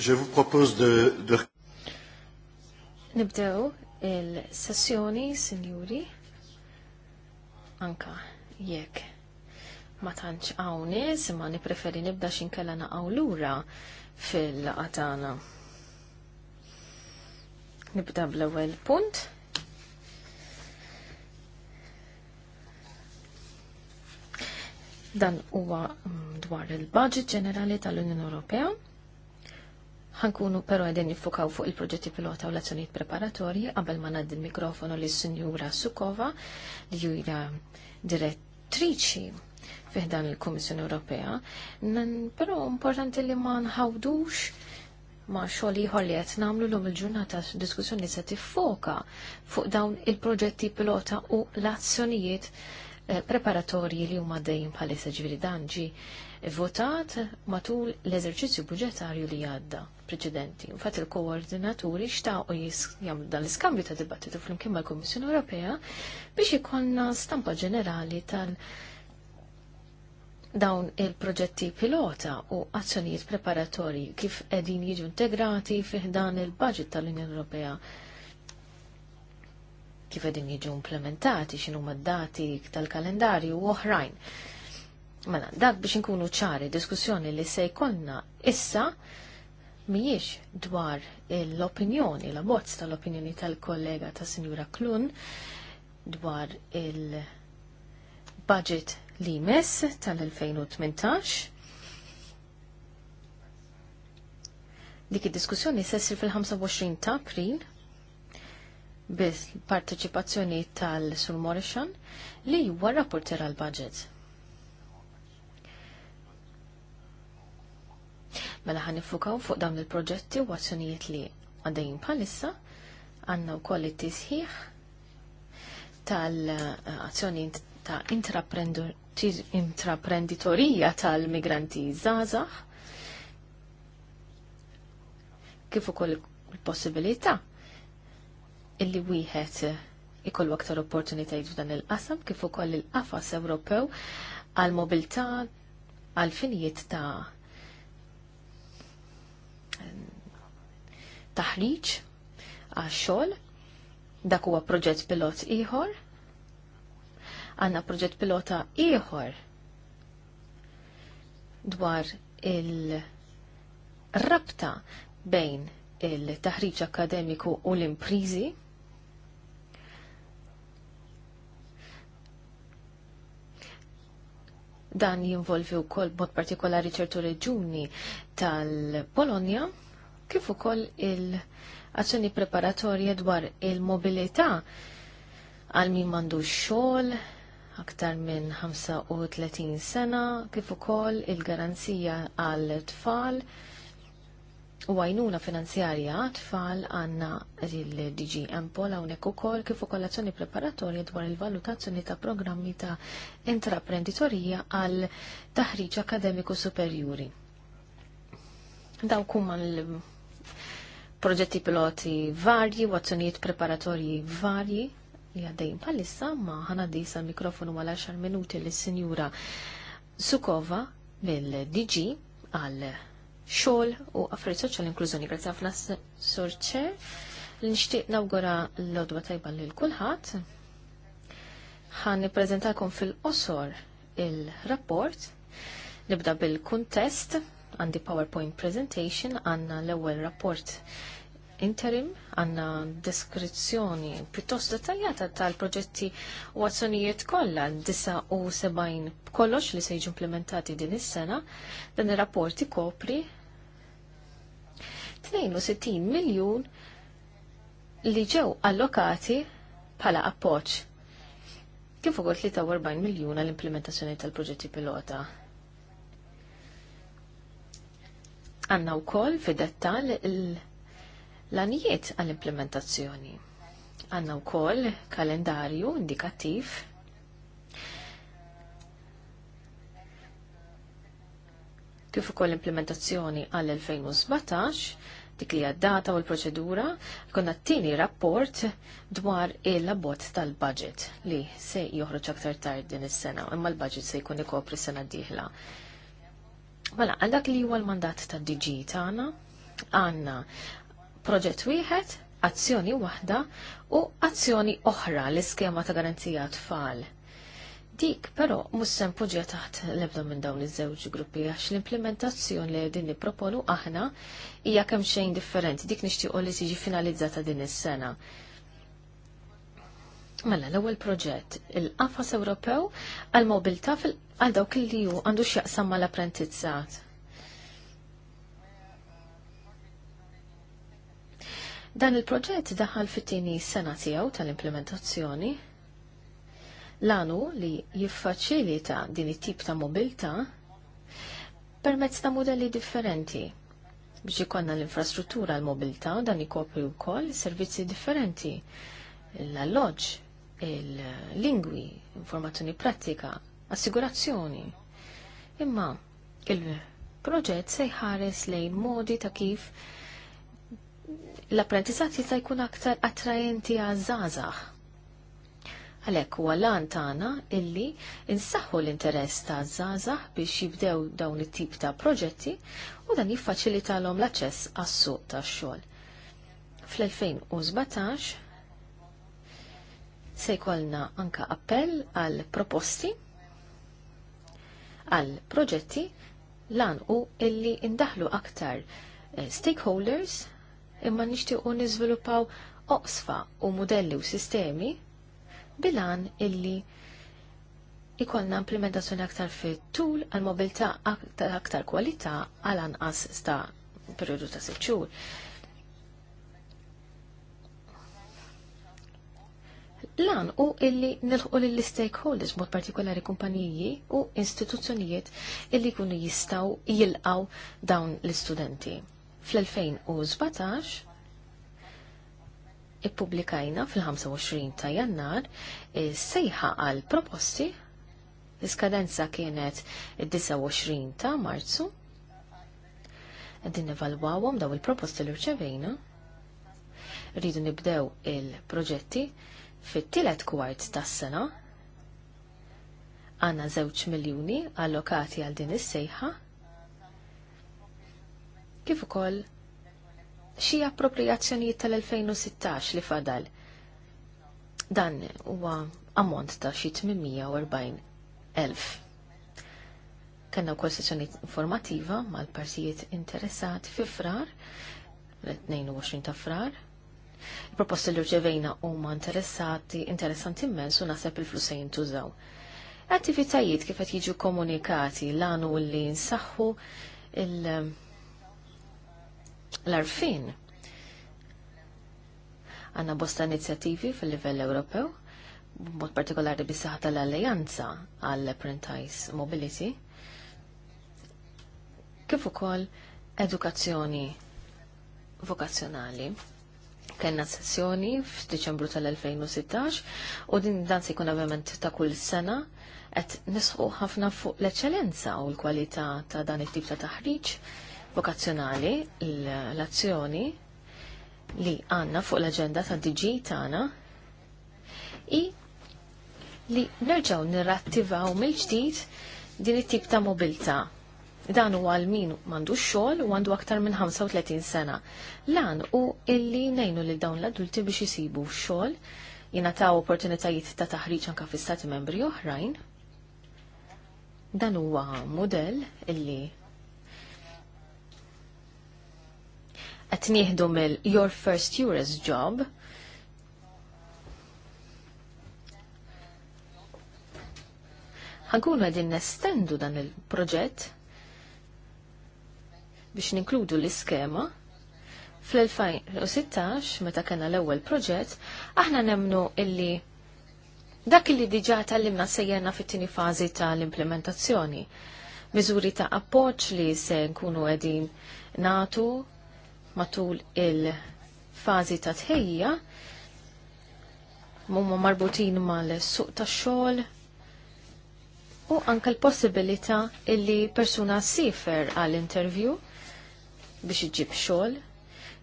Je vous propose de... de... Nibdew il-sessjoni, sinjuri, anka jekk ma tantx għawnis, imma nippreferi nibda xinkella naqaw lura fil-qatana. Nibda bl-ewwel punt. Dan huwa mm, dwar il-budget ġenerali tal-Unjoni Ewropea ħankunu però għedin jiffukaw fuq il-proġetti pilota u l-azzjonijiet preparatorji qabel ma ngħaddi l-mikrofonu lis sinjura Sukova li jura direttriċi fiħdan il-Kummissjoni Ewropea. Però importanti li ma nħawdux ma xogħol ieħor li qed nagħmlu lum il-ġurnata diskussjoni se tiffoka fuq dawn il-proġetti pilota u l-azzjonijiet eh, preparatorji li huma dejjem bħalissa ġifieri dan ġi votat matul l-eżerċizzju budġetarju li għadda preċedenti. Infatti il-koordinaturi xtaqgħu jagħmlu dan l-iskambju ta' dibattitu flimkien mal-Kummissjoni Ewropea biex ikonna stampa ġenerali tal- dawn il-proġetti pilota u azzjonijiet preparatorji kif qegħdin jiġu integrati fih dan il-budget tal-Unjoni Ewropea kif edin jiġu implementati x'inhuma d-dati tal-kalendarju u oħrajn. Mela, dak biex inkunu ċari diskussjoni li se jkollna issa miex dwar l-opinjoni, la bozz tal-opinjoni tal-kollega ta' Sinjura Klun dwar il-budget li mess tal-2018. Dik id-diskussjoni sessir fil-25 ta' April bil-parteċipazzjoni tal-Sur Morishan li huwa rapporter għal-budget. Mela ħan nifukaw fuq dawn il-proġetti u azzjonijiet li għaddejn bħalissa għanna u koll it-tisħiħ tal-azzjoni ta' intraprenditorija tal-migranti zazax kif ukoll il-possibilità illi wieħed ikollu aktar opportunitajiet f'dan il-qasam kif ukoll il-qafas Ewropew għal mobilità għal finijiet ta' taħriġ għax-xogħol, dak huwa proġett pilot ieħor. Għandna proġett pilota ieħor dwar il-rabta bejn il-taħriġ akademiku u l-imprizi Dan jinvolvi wkoll mod partikolari ċertu reġuni tal-Polonja kif ukoll il-azzjoni preparatorja dwar il-mobilità għal min m'għandux xogħol aktar minn 35 sena, kif ukoll il-garanzija għal tfal u għajnuna finanzjarja tfal għanna il-DG Empol għawnek u kol kif kollazzjoni preparatorja dwar il-valutazzjoni ta' programmi ta' intraprenditorija għal taħriġ akademiku superjuri. Daw kumma l-proġetti piloti varji u azzjonijiet preparatorji varji li għaddejn palissa ma ħana disa mikrofonu għal 10 minuti l-Sinjura Sukova mill-DG għal xogħol u affarijiet soċjali inklużjoni. Grazzi ħafna Sur Chair. Nixtieq nawgura l-odwa tajba lil kulħadd. Ħan nippreżentakom fil-qosor il-rapport. Nibda bil-kuntest għandi PowerPoint presentation għanna l-ewwel rapport interim għanna deskrizzjoni pjuttost dettaljata tal-proġetti u azzjonijiet kollha 79 kollox li se jiġu implementati din is-sena dan ir-rapport ikopri 62 miljun li ġew allokati bħala appoġġ. Kif ukoll 43 miljun għall-implementazzjoni tal-proġetti pilota. Għanna wkoll fid-dettall l-anijiet għall-implementazzjoni. Għanna wkoll kalendarju indikattiv kif ukoll implementazzjoni għall-2017 dik li data u l-proċedura, konna t-tini rapport dwar il labot tal-budget li se joħroġ aktar tard din is-sena, imma l-budget se jkun ikopri s-sena d-dieħla. Mela, għal dak li huwa l-mandat ta' DG tagħna, għandna proġett wieħed, azzjoni waħda u azzjoni oħra l-iskema ta' garanzija tfal dik però mhux sem taħt l-ebda minn dawn iż-żewġ gruppi għax l-implementazzjoni li din niproponu aħna hija kemm xejn differenti dik nixtiequ li tiġi finalizzata din is-sena. Mela l-ewwel proġett il-qafas Ewropew għal mobilità għal dawk li hu għandu x'jaqsam mal-apprentizzat. Dan il-proġett daħal fit-tieni sena tiegħu tal-implementazzjoni Lanu li jiffaċilita din it-tip ta' mobilta permezz ta' modelli differenti biex ikonna l-infrastruttura l-mobilta dan ikopri wkoll servizzi differenti l-alloġġ, il-lingwi, informazzjoni pratika, assigurazzjoni. Imma il-proġett se jħares lejn modi ta' kif l-apprentizati ta' jkun aktar attrajenti għazzazax. Għalek u għallan tagħna illi insaħħu l-interess ta' żgħażagħ biex jibdew dawn it-tip ta' proġetti u dan jiffaċilitalhom l-aċċess għas-suq tax-xogħol. Fl-2017 se jkollna anka appell għal proposti għal proġetti lan u illi indaħlu aktar eh, stakeholders imma nixtiequ nizvilupaw oqsfa u modelli u sistemi bilan illi ikollna implementazzjoni aktar fit-tul għal mobilità aktar, aktar kwalità għal anqas sta periodu ta' sitt xhur. Lan u illi nilħu l-stakeholders mod partikolari kumpaniji u istituzzjonijiet illi kunu jistaw jilqaw dawn l-istudenti. Fl-2017 ippubblikajna fil-25 ta' jannar e, sejħa għal proposti. L-iskadenza kienet id-29 ta' marzu. Din nevalwawhom daw il-proposti l urċevejna Rridu nibdew il-proġetti fit-tielet kwart tas-sena. Għanna żewġ miljuni allokati għal din is-sejħa kif ukoll xi appropriazzjonijiet tal-2016 li fadal. Dan huwa ammont ta' xi 840 elf. Kanna wkoll sessjoni informattiva mal-partijiet interessat fi frar, l-22 ta' frar. Il-proposti li rċevejna huma interessati, interessanti immens u naħseb il-flusej jintużaw. Attivitajiet kif qed jiġu komunikati l-għanu li nsaħħu il- L-arfin għanna bosta inizjativi fil-livell Ewropew, mod partikolari bis-saħħa tal-Alleanza għall apprentice Mobility, kif ukoll edukazzjoni vokazzjonali. Kenna sessjoni f'Diċembru tal-2016 u din dan se jkun avvement ta' kull sena qed nisħu ħafna fuq l-eċċellenza u l-kwalità ta' dan it-tip ta' taħriġ vokazzjonali l-azzjoni li għanna fuq l-agenda ta' DG tagħna i li nerġaw nirrattivaw mill-ġdid din it-tip ta' mobilta. Dan huwa għal min mandu xogħol u għandu aktar minn 35 sena. Lan u illi nejnu lil dawn l-adulti biex isibu xogħol jingħataw opportunitajiet ta' taħriġ anka fi stati membri oħrajn. Dan huwa modell illi qed nieħdu mill Your First Euros Job. Ħankunu qegħdin nestendu dan il-proġett biex ninkludu l-iskema fl-2016 meta kena l-ewwel proġett aħna nemnu illi dak li diġà tallimna sejjena fit-tieni fażi tal-implementazzjoni. Miżuri ta' appoġġ li se nkunu qegħdin natu matul il-fazi ta' tħejja mumma marbutin mal-suq ta' xogħol u anka l-possibilità illi persuna sifer għall-intervju biex iġib xogħol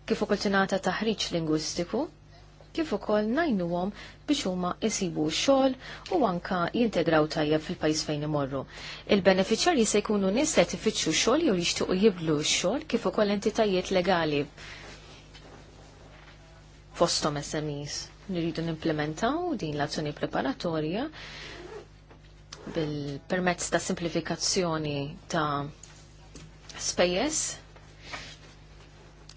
kif u kultinata taħriġ lingwistiku kif ukoll najnuhom biex huma isibu xogħol u anka jintegraw tajjeb fil-pajjiż fejn imorru. Il-beneficjarji se jkunu nies qed ifittxu xogħol jew jixtiequ jiblu x-xogħol kif ukoll entitajiet legali fostom SMEs. Niridu nimplementaw din l-azzjoni preparatorja bil-permezz ta' simplifikazzjoni ta' spejjeż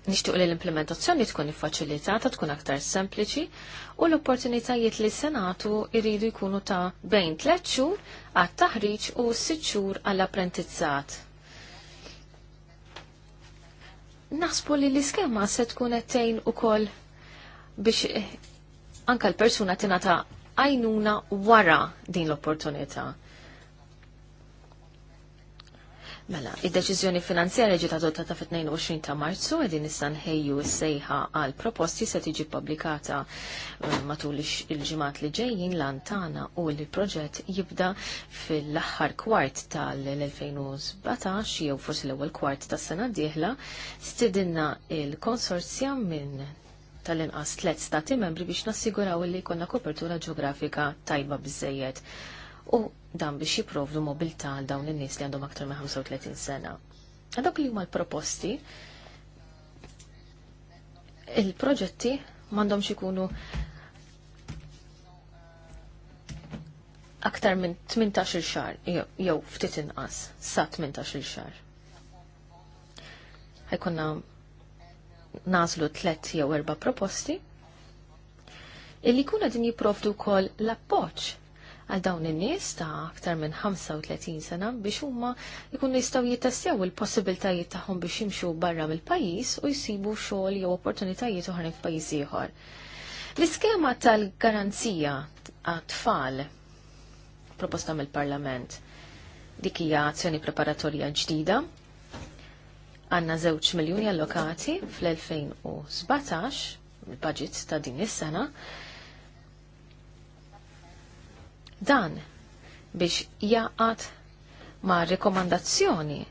nishtuq li l-implementazzjoni tkun iffaċilitata, tkun aktar sempliċi u l-opportunitajiet li senatu jridu jkunu ta' bejn tletxur għat taħriġ u sitxur xhur għall-apprentizzat. Naħsbu li l-iskema se tkun ettejn u ukoll biex eh, anka l-persuna tingħata għajnuna wara din l-opportunità. Mela, id-deċiżjoni finanzjarja ġiet adottata fit-22 ta' Marzu qegħdin issa nħejju s-sejħa għal proposti se tiġi pubblikata uh, matul il-ġimgħat li ġejjin l-antana u l-proġett jibda fil-aħħar kwart tal-2017 jew forsi l-ewwel kwart tas-sena d-dieħla stidinna il-konsorzja minn tal-inqas tliet stati membri biex nassiguraw li jkollna kopertura ġeografika tajba biżejjed u dan biex jiprovdu mobilta għal dawn in-nies li għandhom aktar minn 35 sena. Għadok li huma l-proposti, il-proġetti m'għandhomx ikunu aktar minn 18 xar, jew ftit inqas, sa 18 xar. Ħajkonna nażlu tlet jew erba' proposti illi kuna din jipprovdu kol l-appoċ għal dawn in-nies ta' aktar minn 35 sena biex huma jkunu jistgħu jittestjaw il-possibiltajiet tagħhom biex jimxu barra mill-pajjiż u jsibu xogħol jew opportunitajiet oħra f'pajjiż ieħor. L-iskema tal-garanzija għat-tfal proposta mill-Parlament dik hija azzjoni preparatorja ġdida għanna żewġ miljoni allokati fl-2017, il-budget ta' din is-sena, dan biex jaqat ma' rekomandazzjoni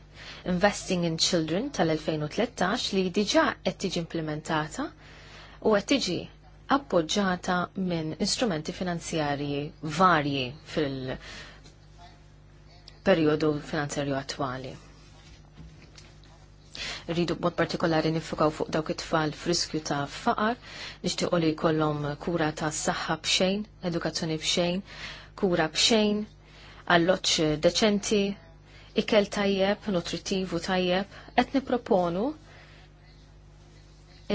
Investing in Children tal-2013 li diġa qed tiġi implementata u qed tiġi appoġġata minn instrumenti finanzjarji varji fil-perjodu finanzjarju attwali. Rridu b'mod partikolari nifukaw fuq dawk it-tfal friskju ta' faqar, nixtiequ li jkollhom kura ta' saħħa b'xejn, edukazzjoni b'xejn, kura bxejn, alloċ deċenti, ikel tajjeb, nutritivu tajjeb, qed niproponu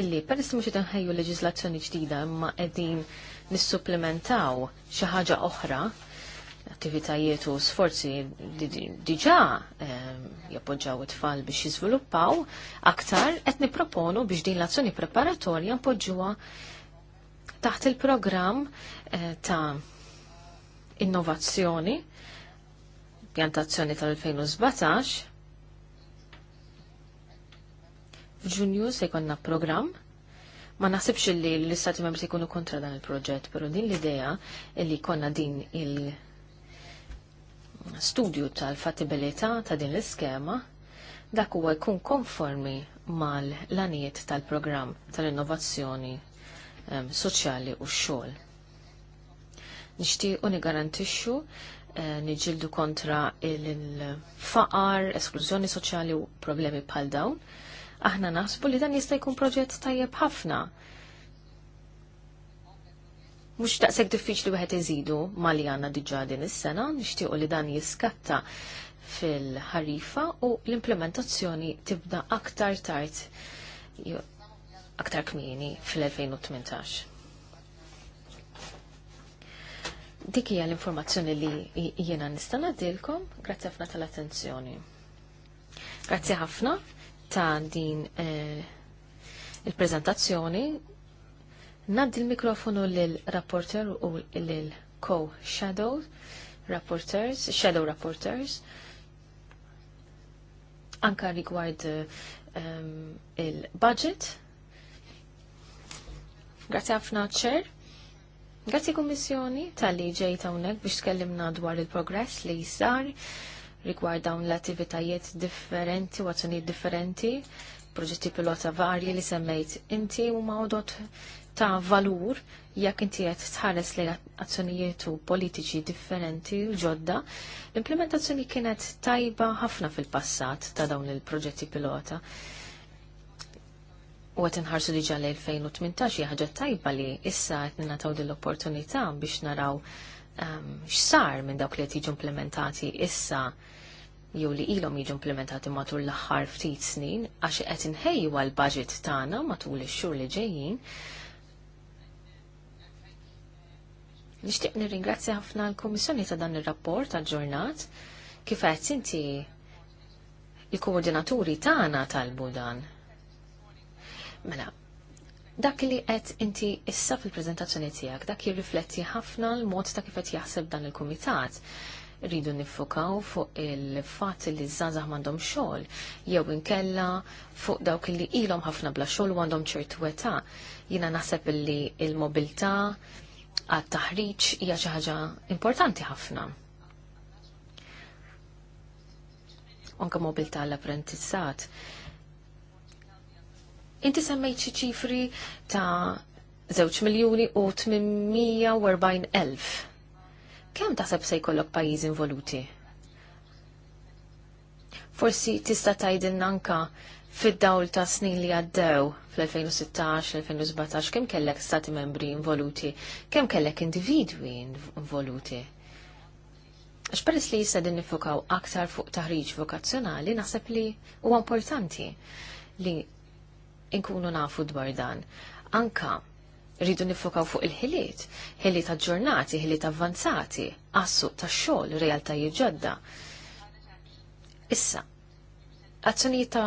illi per mhux qed inħejju leġiżlazzjoni ġdida imma qegħdin nissupplementaw xi ħaġa oħra attivitajiet u sforzi diġa ehm, jappoġġaw it-tfal biex jiżviluppaw aktar qed nipproponu biex din l-azzjoni preparatorja npoġġuha taħt il-programm eh, ta' innovazzjoni, pjantazzjoni tal-2017. F'Ġunju se jkollna programm ma naħsibx li l-istati membri se jkunu kontra dan il-proġett, pero din l-idea li konna din il- studju tal-fattibilità ta' din l-iskema dak huwa jkun konformi mal-lanijiet tal-programm tal-innovazzjoni soċjali u x-xogħol. Nixtiequ nigarantixxu eh, niġildu kontra il-faqar, esklużjoni soċjali u problemi bħal dawn. Aħna naħsbu li dan jista' jkun proġett tajjeb ħafna. Mhux daqshekk diffiċli wieħed iżidu mali għandna diġà din is-sena, nixtiequ li dan jiskatta fil-ħarifa u l-implementazzjoni tibda aktar tard aktar kmieni fil-2018. dik hija l-informazzjoni li jiena nista' ngħidilkom. Grazzi ħafna tal-attenzjoni. Grazzi ħafna ta' din eh, il-preżentazzjoni. Naddi l-mikrofonu lil rapporter u lil co-shadow rapporters, shadow rapporters, anka rigward um, il-budget. Grazie ħafna ċer. Grazzi Kummissjoni tal-li ġejt hawnhekk biex tkellimna dwar il-progress li jsar rigward dawn l-attivitajiet differenti u azzjonijiet differenti, proġetti pilota varji li semmejt inti u mawdot ta' valur jekk inti qed tħares li azzjonijiet u politiċi differenti u ġodda, l-implementazzjoni kienet tajba ħafna fil-passat ta' dawn il-proġetti pilota u għat nħarsu diġa l-2018 ħaġa tajba li issa għat nnataw dell-opportunità biex naraw x ehm, x'sar minn dawk li qed jiġu implementati issa jew li ilhom jiġu implementati matul l-aħħar ftit snin għax qed nħej għal budget tagħna matul ix-xhur li ġejjin. Nixtieq nirringrazzja ħafna l-Kummissjoni ta' dan ir-rapport għal-ġurnat kif qed inti il-koordinaturi tagħna talbu dan Mela, dak li qed inti issa fil-prezentazzjoni tiegħek dak jirrifletti ħafna l-mod ta' kif qed jaħseb dan il-kumitat rridu nifokaw fuq il-fat li zazah mandom xol, jew inkella fuq dawk li ilhom ħafna bla xol u għandhom ċertu età. Jina naħseb li il-mobilità għat taħriġ hija xi ħaġa importanti ħafna. Anke mobilità l apprentissat Inti semmejt xi ċifri ta' 2 miljuni u 840 elf. Kemm taħseb se jkollok pajjiż involuti? Forsi tista' tgħidilna anka fid-dawl ta' snin li għaddew fl-2016-2017 kemm kellek stati membri involuti, kemm kellek individwi involuti. Għax peress li jista' din nifokaw aktar fuq taħriġ vokazzjonali naħseb li huwa importanti li inkunu nafu dwar dan. Anka rridu nifokaw fuq il-ħiliet, ħiliet ġurnati, ħiliet avvanzati, assu ta' xogħol realtà ġodda. Issa, azzjonijiet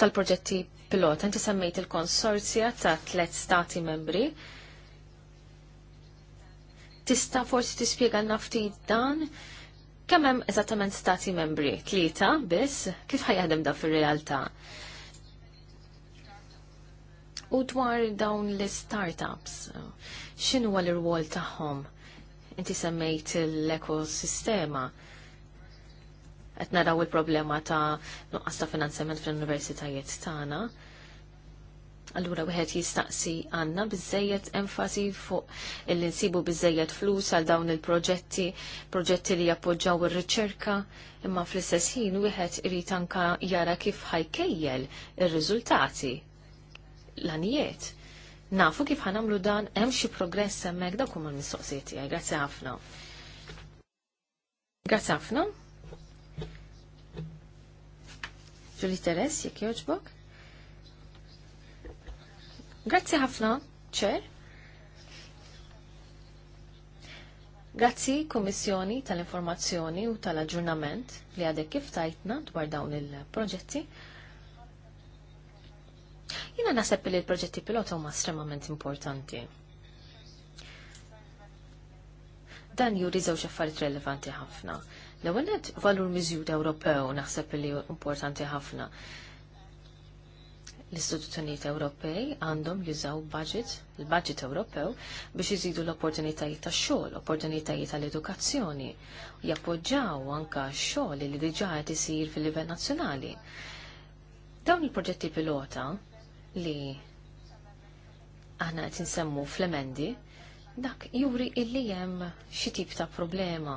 tal-proġetti pilota, inti semmejt il-konsorzja ta' tlet stati membri. Tista' forsi tispjega ftit dan kemm hemm eżattament stati membri? Tlieta biss, kif ħajjaħdem da fir-realtà? U dwar dawn l-startups, x'inhu l-irwol tagħhom? Inti semmejt l-ekosistema qed naraw il-problema ta' nuqqas ta' finanzjament fl-universitajiet tagħna. Allura wieħed jistaqsi għandna biżejjed enfasi fuq illi nsibu biżejjed flus għal dawn il-proġetti, proġetti li jappoġġaw ir-riċerka, imma fl-istess ħin wieħed irid anka jara kif ħajkejjel ir-riżultati l-anijiet. Nafu kif ħanamlu dan, hemm xi progress hemmhekk dak huma l-mistoqsijiet tiegħi. Grazzi ħafna. Grazzi ħafna. Ġuli Teres, jekk jogħġbok? Grazzi ħafna, ċer. Grazzi Komissjoni tal-informazzjoni u tal-aġġornament li għadek kif tajtna dwar dawn il-proġetti. Jena nasab li l-proġetti pilota huma estremament importanti. Dan juri żewġ affarijiet relevanti ħafna. L-ewwel valur miżjud Ewropew naħseb li importanti ħafna. L-istituzzjonijiet Ewropej għandhom jużaw budget, il-budget Ewropew biex iżidu l-opportunitajiet tax-xogħol, opportunitajiet tal-edukazzjoni, jappoġġjaw anka x-xogħol li diġà qed isir fil-livell nazzjonali. Dawn il-proġetti pilota li aħna qed insemmu fl-emendi, dak juri illi hemm xi tip ta' problema.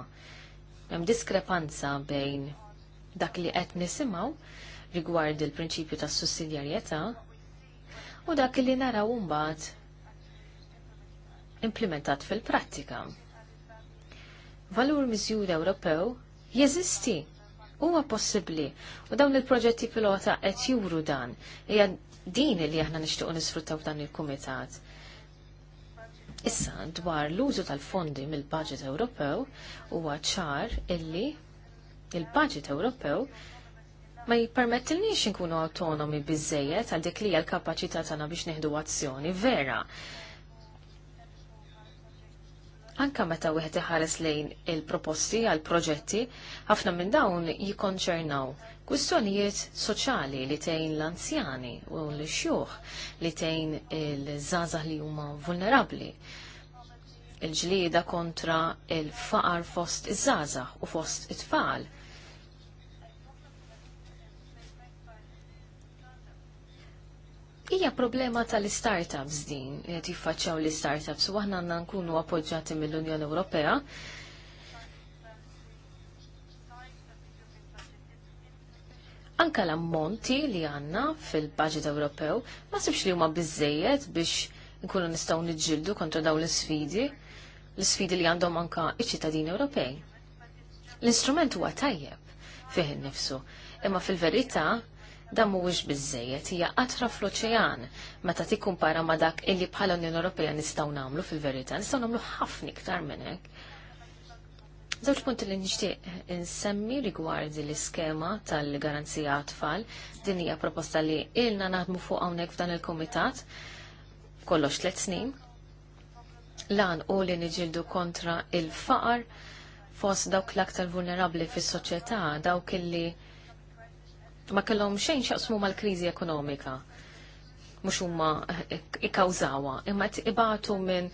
Hemm diskrepanza bejn dak li qed nisimgħu rigward il-prinċipju tas sussidjarjetà u dak li naraw mbagħad implementat fil-prattika. Valur miżjur Ewropew jeżisti huwa possibbli u dawn il-proġetti pilota qed juru dan hija din li aħna nixtiequ nisfruttaw dan il-kumitat. Issa dwar l-użu tal-fondi mill-budget Ewropew huwa ċar illi il-budget Ewropew ma jippermettilniex inkunu autonomi biżejjed għal dik li hija l-kapaċità tagħna biex neħdu azzjoni vera. Anka meta wieħed iħares lejn il-proposti għal proġetti, ħafna minn dawn jikkonċernaw kwistjonijiet soċjali li tejn l-anzjani u l-xjuħ li tejn il-żazah li huma vulnerabbli il-ġlieda kontra il-faqar fost iż-żazah u fost it-tfal. Ija problema tal-startups din, jgħet jiffaċċaw l-startups, u għahna għanna nkunu appoġġati mill-Unjoni Ewropea, Anka l-ammonti li għanna fil-budget Ewropew ma sibx li huma biżejjed biex nkunu nistgħu niġġieldu kontra dawn l-isfidi, l-isfidi li għandhom anka iċ-ċittadini Ewropej. L-istrument huwa tajjeb fih innifsu, imma fil-verità dan mhuwiex biżejjed hija qatra fl-oċean meta tikkumpara ma dak illi bħala Unjoni Ewropea nistgħu nagħmlu fil-verità, nistgħu nagħmlu ħafna iktar minn hekk. Żewġ punti li nixtieq eh, insemmi rigwardi l-iskema tal-garanzija għatfall, tfal Din hija proposta li ilna naħdmu fuq hawnhekk f'dan il-kumitat kollox tliet snin. Lan u li niġildu kontra il-faqar fost dawk l-aktar vulnerabli fis-soċjetà, dawk illi ma kellhom xejn xaqsmu mal-kriżi ekonomika. Mhux huma eh, ikkawżawha, imma tibatu ibatu minn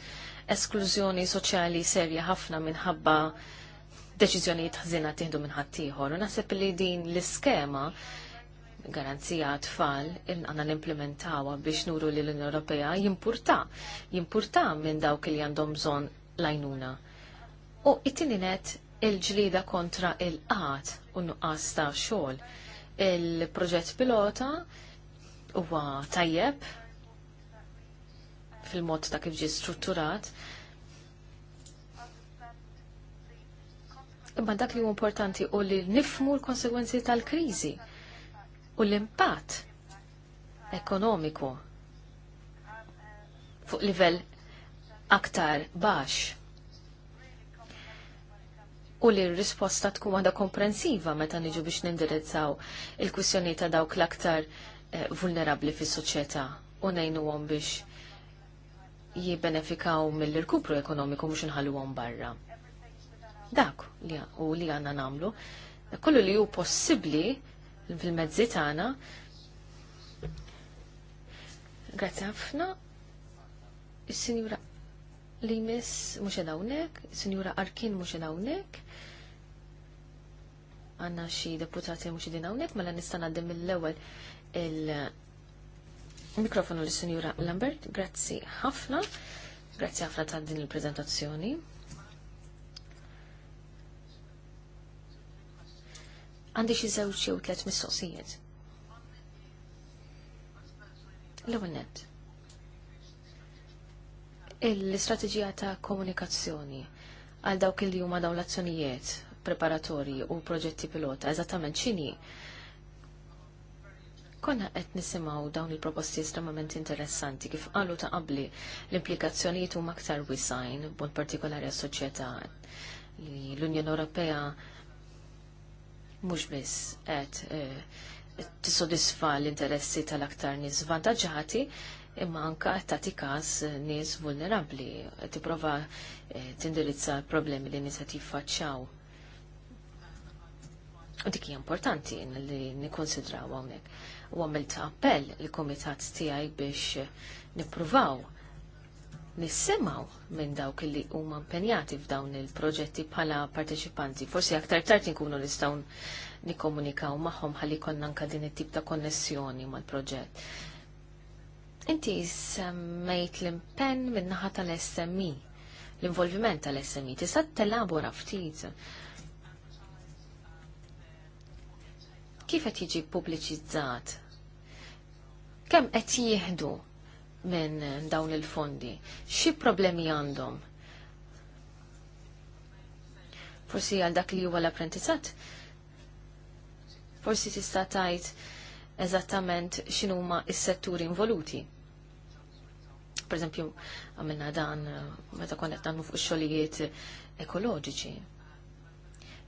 esklużjoni soċjali serja ħafna minħabba deċiżjonijiet ħżina tieħdu minn ħaddieħor. U naħseb li din l-iskema garanzija tfal għanna l-implementawa biex nuru li l-Unjoni Ewropea jimpurta, jimpurta minn dawk li għandhom bżon lajnuna. U it tininet il-ġlida kontra il-qat u nuqqas ta' xogħol. Il-proġett pilota huwa tajjeb fil-mod ta' kif ġi strutturat, Imma dak li huwa importanti u li nifmu l-konsegwenzi tal-kriżi u l-impatt ekonomiku fuq livell aktar baxx. U li r-risposta tkun għandha komprensiva meta niġu biex nindirizzaw il-kwissjoni ta' dawk l-aktar eh, vulnerabli fis soċjetà u nejnuhom biex jibbenefikaw mill-irkupru ekonomiku mhux inħalluhom barra dak li u li għanna namlu. Kollu li ju possibli fil-mezzi tagħna. Grazzi ħafna. Is-Sinjura Limis mhux qed hawnhekk, sinjura Arkin mhux dawnek, hawnhekk. Għanna xi deputati mhux qegħdin hawnhekk, mela nista' għaddim mill-ewwel il-mikrofonu lis-Sinjura Lambert. Grazzi ħafna. Grazie ħafna ta' din il-prezentazzjoni. Għandi xi żewġ jew tliet mistoqsijiet. L-ewwel nett. il istrateġija ta' komunikazzjoni għal dawk il huma dawn l-azzjonijiet preparatorji u proġetti pilota eżattament x'inhi. Konna qed nisimgħu dawn il-proposti estremament interessanti kif qalu ta' qabli l-implikazzjonijiet huma aktar wisajn b'mod partikolari għas-soċjetà li l-Unjoni Ewropea mhux biss qed eh, tissodisfa l-interessi tal-aktar nies vantaġġati, imma anka qed tagħti każ eh, nies vulnerabbli, tipprova eh, tindirizza problemi li nies qed jiffaċċjaw. U dik hija importanti li nikkonsidraw hawnhekk. U għamilt appell il kumitat tiegħi biex nippruvaw nissimaw minn dawk li huma impenjati f'dawn il-proġetti bħala parteċipanti. Forsi aktar tard inkunu nistgħu nikkomunikaw magħhom ħalli konna anka din it-tip ta' konnessjoni mal-proġett. Inti semmejt l-impenn min-naħa tal-SMI, l-involviment tal-SMI, tista' telabora ftit. Kif qed jiġi pubbliċizzat? Kemm qed jieħdu minn dawn il-fondi. Xi problemi għandhom? Forsi għal dak li huwa l-apprentizzat? Forsi tista' tajt eżattament x'inhuma s-setturi involuti. Per eżempju, għamilna dan meta konna qed fuq xogħlijiet ekoloġiċi.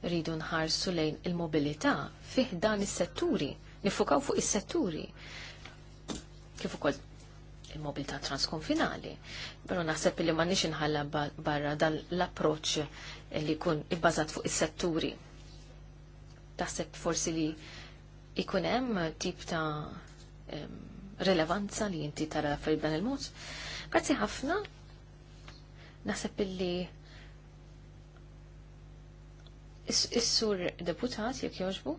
Rridu nħarsu lejn il-mobilità fih dan is-setturi, nifukaw fuq is-setturi. Kif ukoll il-mobilità transkonfinali. Pero naħseb li ma nix inħalla barra dan l-approċ li kun ibbażat fuq is-setturi. Taħseb forsi li ikun hemm tip ta' rilevanza li inti tara fil dan il-mod. Grazzi ħafna. Naħseb li is-sur deputat jekk jogħġbu.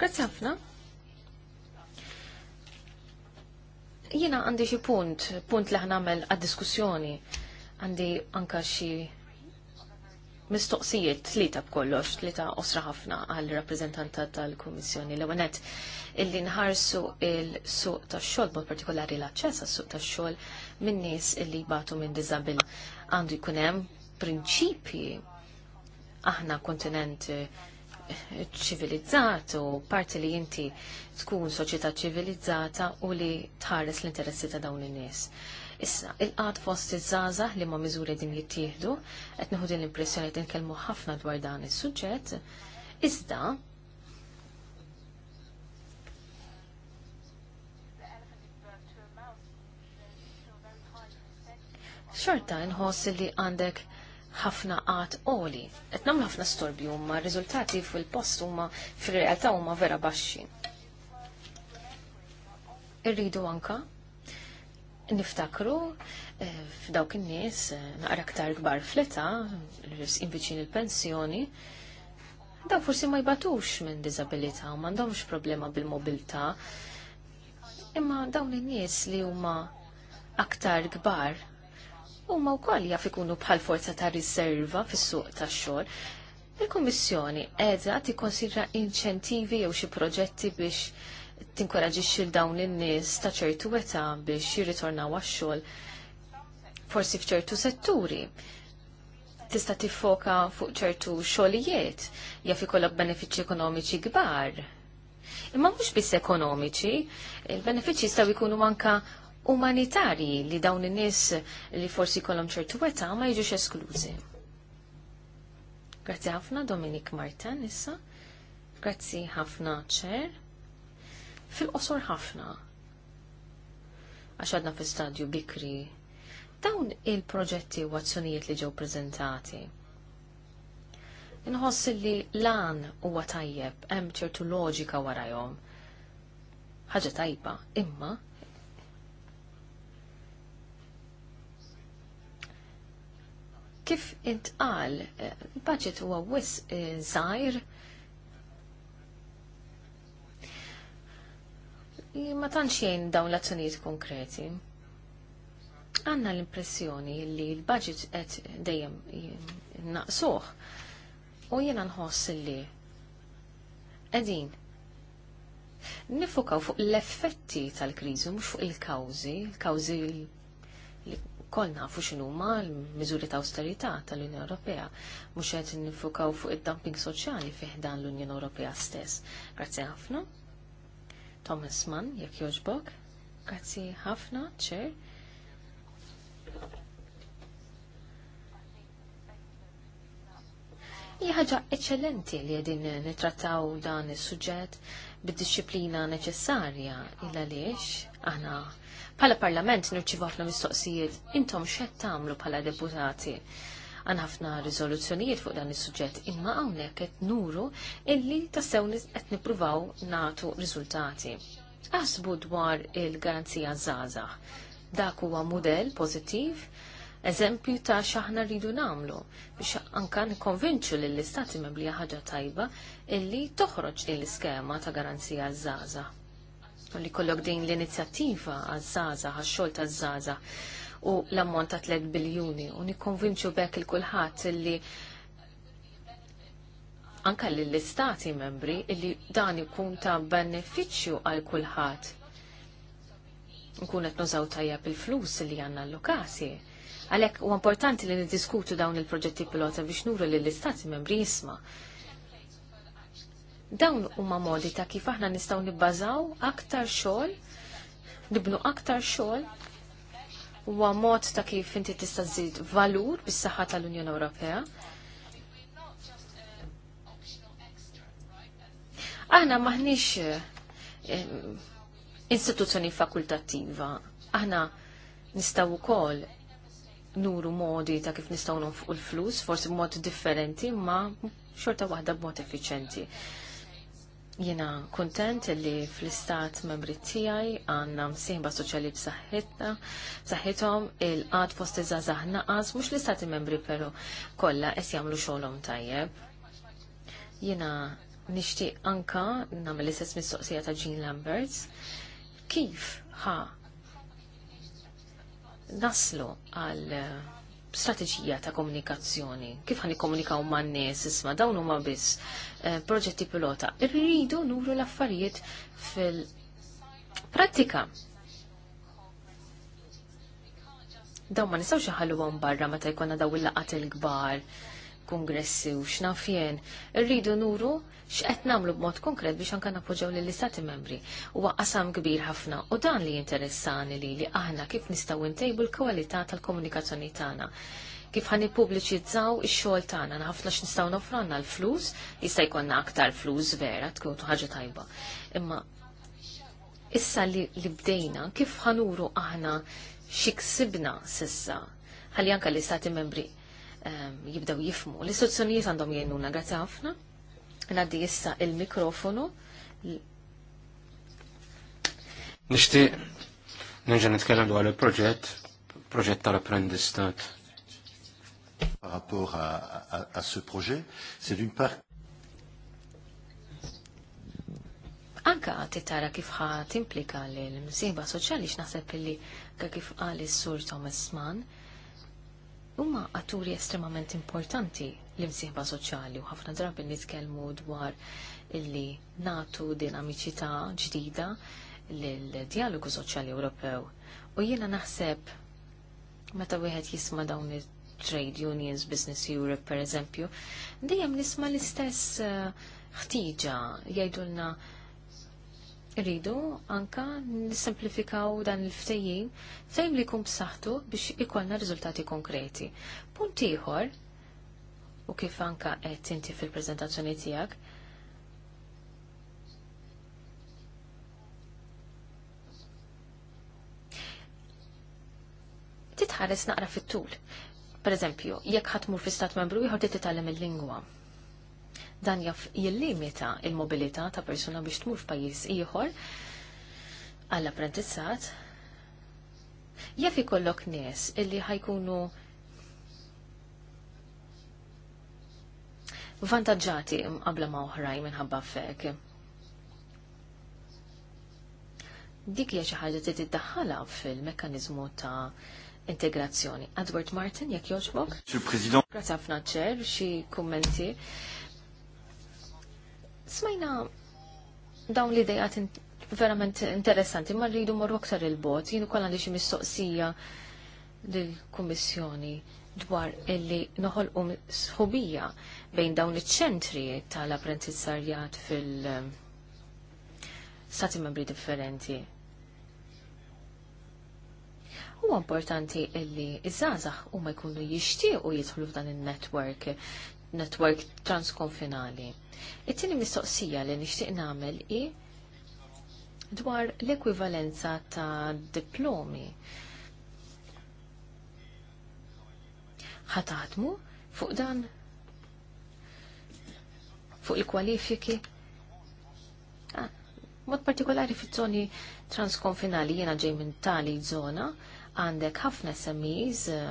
Grazzi ħafna. Jiena għandi xi punt, punt li ħnamel għad-diskussjoni. Għandi anka xi mistoqsijiet tlieta b'kollox, tlieta osra ħafna għal rappreżentanta tal-Kummissjoni l għanet illi nħarsu il-suq tax-xogħol mod partikolari l-aċċess għas-suq tax-xogħol minn nies illi jbatu minn diżabil għandu jkun hemm prinċipji aħna kontinenti. Eh, ċivilizzat u parti li jinti tkun soċjetà ċivilizzata u li tħares l-interessi ta' dawn in-nies. Issa, il-qad fost iż-żaza li ma miżuri din jittieħdu, qed nieħu din l-impressjoni qed inkellmu ħafna dwar dan is-suġġett, iżda xorta nħoss li għandek ħafna għat oli. Qed nagħmlu ħafna storbi umma, riżultati fil-post huma fir-realtà huma vera baxxi. Irridu anka niftakru eh, f'dawk in-nies eh, naqra aktar kbar fl-età, inviċin il-pensjoni, daw forsi ma jbatux minn diżabilità u m'għandhomx problema bil-mobilità. Imma dawn in-nies li huma aktar kbar huma wkoll jaf ikunu bħal forza ta' riserva fis-suq tax-xogħol. Il-Kummissjoni qiegħda tikkonsidra inċentivi jew xi proġetti biex tinkoraġixxi xil dawn in-nies ta' ċertu età biex jirritornaw għax-xogħol forsi f'ċertu setturi tista' tiffoka fuq ċertu xogħlijiet jaf ikollok benefiċċji ekonomiċi kbar. Imma mhux biss ekonomiċi, il-benefiċċji jistgħu jkunu anka umanitarji li dawn in-nies li forsi kolom ċertu weta ma jiġux esklużi. Grazzi ħafna Dominik Martin issa. Grazzi ħafna ċer. Fil-qosor ħafna. Għax għadna fil-stadju bikri. Dawn il-proġetti u azzjonijiet li ġew prezentati. Inħoss li lan huwa tajjeb hemm ċertu loġika warajhom. Ħaġa tajba, imma Kif intqal, il-budget eh, huwa wis eh, żgħir ma tantx jgħin dawn l-azzjonijiet konkreti. Għanna l-impressjoni li l-budget qed dejjem naqsuh u jiena nħoss li qegħdin nifokaw fuq l-effetti tal-kriżi mhux fuq il-kawżi, il-kawżi ukoll nafu x'inhuma l-miżuri ta' austerità tal-Unjoni Ewropea mhux qed nifukaw fuq id-dumping soċjali fih dan l-Unjoni Ewropea stess. Grazzi ħafna. Thomas Mann, jekk jogħġbok. Grazzi ħafna, ċer. Hija ħaġa eċċellenti li qegħdin nitrattaw dan is-suġġett bid-disciplina neċessarja illa għaliex aħna Pala parlament nirċi ħafna mistoqsijiet, intom xed tagħmlu pala deputati. Għan ħafna rizoluzzjonijiet fuq dan is-suġġett, imma hawnhekk qed nuru illi tassew qed nippruvaw nagħtu riżultati. Aħsbu dwar il-garanzija zaza. Dak huwa mudell pożittiv eżempju ta' xaħna rridu namlu biex anka nikonvinċu lill istati membri ħaġa tajba illi toħroġ lill iskema ta' garanzija zaza li kollok din l-inizjattiva għazzaza, għaxxol ta' zaza u l-ammont ta' 3 biljuni u nikkonvinċu bekk il-kulħat li anka l-istati membri li dan ikun ta' beneficju għal kulħat. Nkun qed nużaw tajjeb il-flus li għandna lokasi Għalhekk u importanti li niddiskutu dawn il-proġetti pilota biex nuru li l-istati membri jisma' Dawn huma modi ta' kif aħna nistgħu nibbażaw aktar xogħol, nibnu aktar xogħol huwa mod ta' kif inti tista' żid valur bis-saħħa tal-Unjoni Ewropea. Aħna maħniex eh, istituzzjoni fakultattiva. Aħna nistgħu ukoll nuru modi ta' kif nistgħu nonfuq l-flus, forsi b'mod differenti, ma xorta waħda b'mod effiċenti. Jena kontent li fl-istat membri tijaj għanna msimba soċjali b'saħħitna, saħħithom il-qad fost iżazah naqas, mux l-istati membri pero kolla es jamlu xolom tajjeb. Jena nishti anka namel l-istess mistoqsija ta' Jean Lambert, kif ħa naslu għal strateġija ta' komunikazzjoni. Kif ħani ma' man nies isma' dawn huma biss eh, proġetti pilota. Irridu nuru l-affarijiet fil-prattika. Dawn ma nistgħux iħalluhom barra meta jkollna daw il-laqat il-kbar kongressi u x'naf rridu nuru x'qed nagħmlu b'mod konkret biex anka nappoġġaw lill-istati membri. u għasam kbir ħafna u dan li interessani li li aħna kif nistgħu ntejbu l-kwalità tal-komunikazzjoni tagħna kif ħan ippubbliċizzaw ix-xogħol tagħna ħafna x'nistgħu nofronna l-flus, jista' jkollna aktar flus vera tkun ħaġa tajba. Imma issa li, bdejna kif ħanuru aħna xiksibna sissa ħalli anka l-istati membri Ehm, jibdaw jifmu. L-istituzzjonijiet għandhom jgħinuna grazzi ħafna. Naddi issa il-mikrofonu. Nishti nġa nitkellem dwar il-proġett, proġett tal-apprendistat. Par rapport à ce projet, c'est d'une part Anka għati tara kif ħat implika li l-msiba soċjali x'naħseb illi kif għali s sur Thomas Mann huma atturi estremament importanti l-imsieħba soċjali u ħafna drabi nitkellmu dwar illi natu din amiċità ġdida lill-dialogu soċjali Ewropew. U jiena naħseb meta wieħed jisma' dawn trade unions, Business Europe per eżempju, dejjem nisma l-istess eh, ħtiġa uh, jgħidulna Rridu anka nisimplifikaw dan il-ftejjim fejn li jkun b'saħħtu biex ikolna riżultati konkreti. Punt ieħor u kif anka qed inti fil-preżentazzjoni tiegħek titħares naqra fit-tul. Per eżempju, jekk ħatmur fi stat membru ieħor tititgħallem il-lingwa Dan jaff jillimita il-mobilità ta' persuna biex tmur f'pajjiż ieħor għall-apprentizzat. jaff ikollok nies illi ħajkunu vantaġġati qabla ma oħrajn minħabba fek. Dik hija xi ħaġa trid fil-mekkaniżmu ta' integrazzjoni. Edward Martin, jekk jogħġbok? Grazie ħafna ċer, xi kummenti. Smajna dawn l-idejat verament interessanti, ma rridu morru aktar il-bot, jienu kolla li xi mistoqsija lill-Kummissjoni dwar illi noħolqu sħubija bejn dawn iċ-ċentri tal-apprentizzarjat fil- um, stati membri differenti. Huwa importanti illi iż-żgħażagħ huma jkunu jixtiequ jidħlu f'dan in-network network transkonfinali. It-tieni mistoqsija li nixtieq nagħmel hi dwar l-ekwivalenza ta' diplomi. ħatatmu fuq dan fuq il-kwalifiki ah, mod partikolari fit-żoni transkonfinali jiena ġej minn tali żona għandek ħafna SMEs, eh,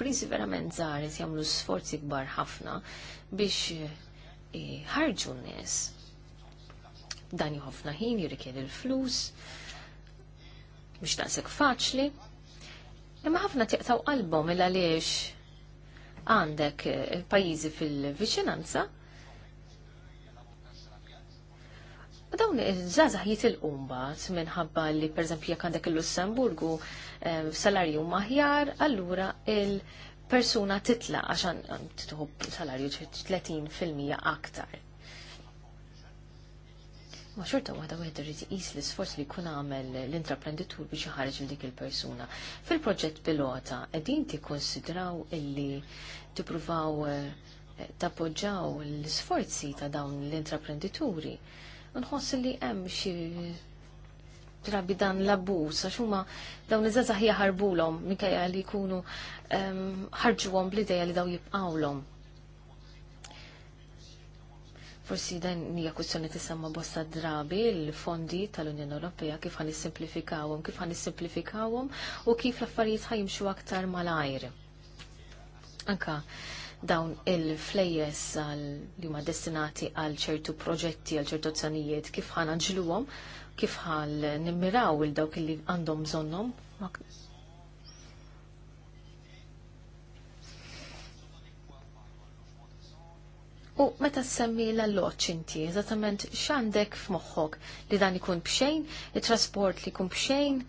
prinsi verament zaħar, jagħmlu sforzi kbar ħafna biex eh, ħarġu n-nies. Dan ħafna ħin jirrikjedi l-flus biex naqsek faċli. Imma ħafna tiqtaw qalbhom il għaliex għandek eh, pajjiżi fil-viċinanza Dawn il żazah jitilqu mbagħad minħabba li pereżempju jekk għandek il-Lussemburgu eh, salarju maħjar, allura il-persuna titla għaxan titħob salarju 30% aktar. Ma xorta waħda wieħed irid iqis l-isforz li jkun għamel l-intraprenditur biex ħarġ il dik il-persuna. Fil-proġett pilota, qegħdin tikkonsidraw illi tippruvaw eh, tappoġġaw l-isforzi ta' dawn l-intraprendituri nħoss li hemm xi drabi dan l-abbuż għax huma dawn iż-żazaħ jaħarbulhom minkejja li jkunu ehm, ħarġuhom bl-idea li daw jibqawlhom. Forsi dan hija kwistjoni tisemma bosta drabi l-fondi tal-Unjoni Ewropea kif ħan issimplifikawhom, kif ħan issimplifikawhom u kif l-affarijiet ħajimxu aktar malajr. Anka dawn il-flejjes li huma destinati għal ċertu proġetti, għal ċertu azzjonijiet, kif ħana ġluhom, kif ħal nimmiraw il dawk li għandhom bżonnhom. U meta semmi l-alloċ inti, eżattament x'għandek f'moħħok li dan ikun bxejn, it-trasport li jkun bxejn,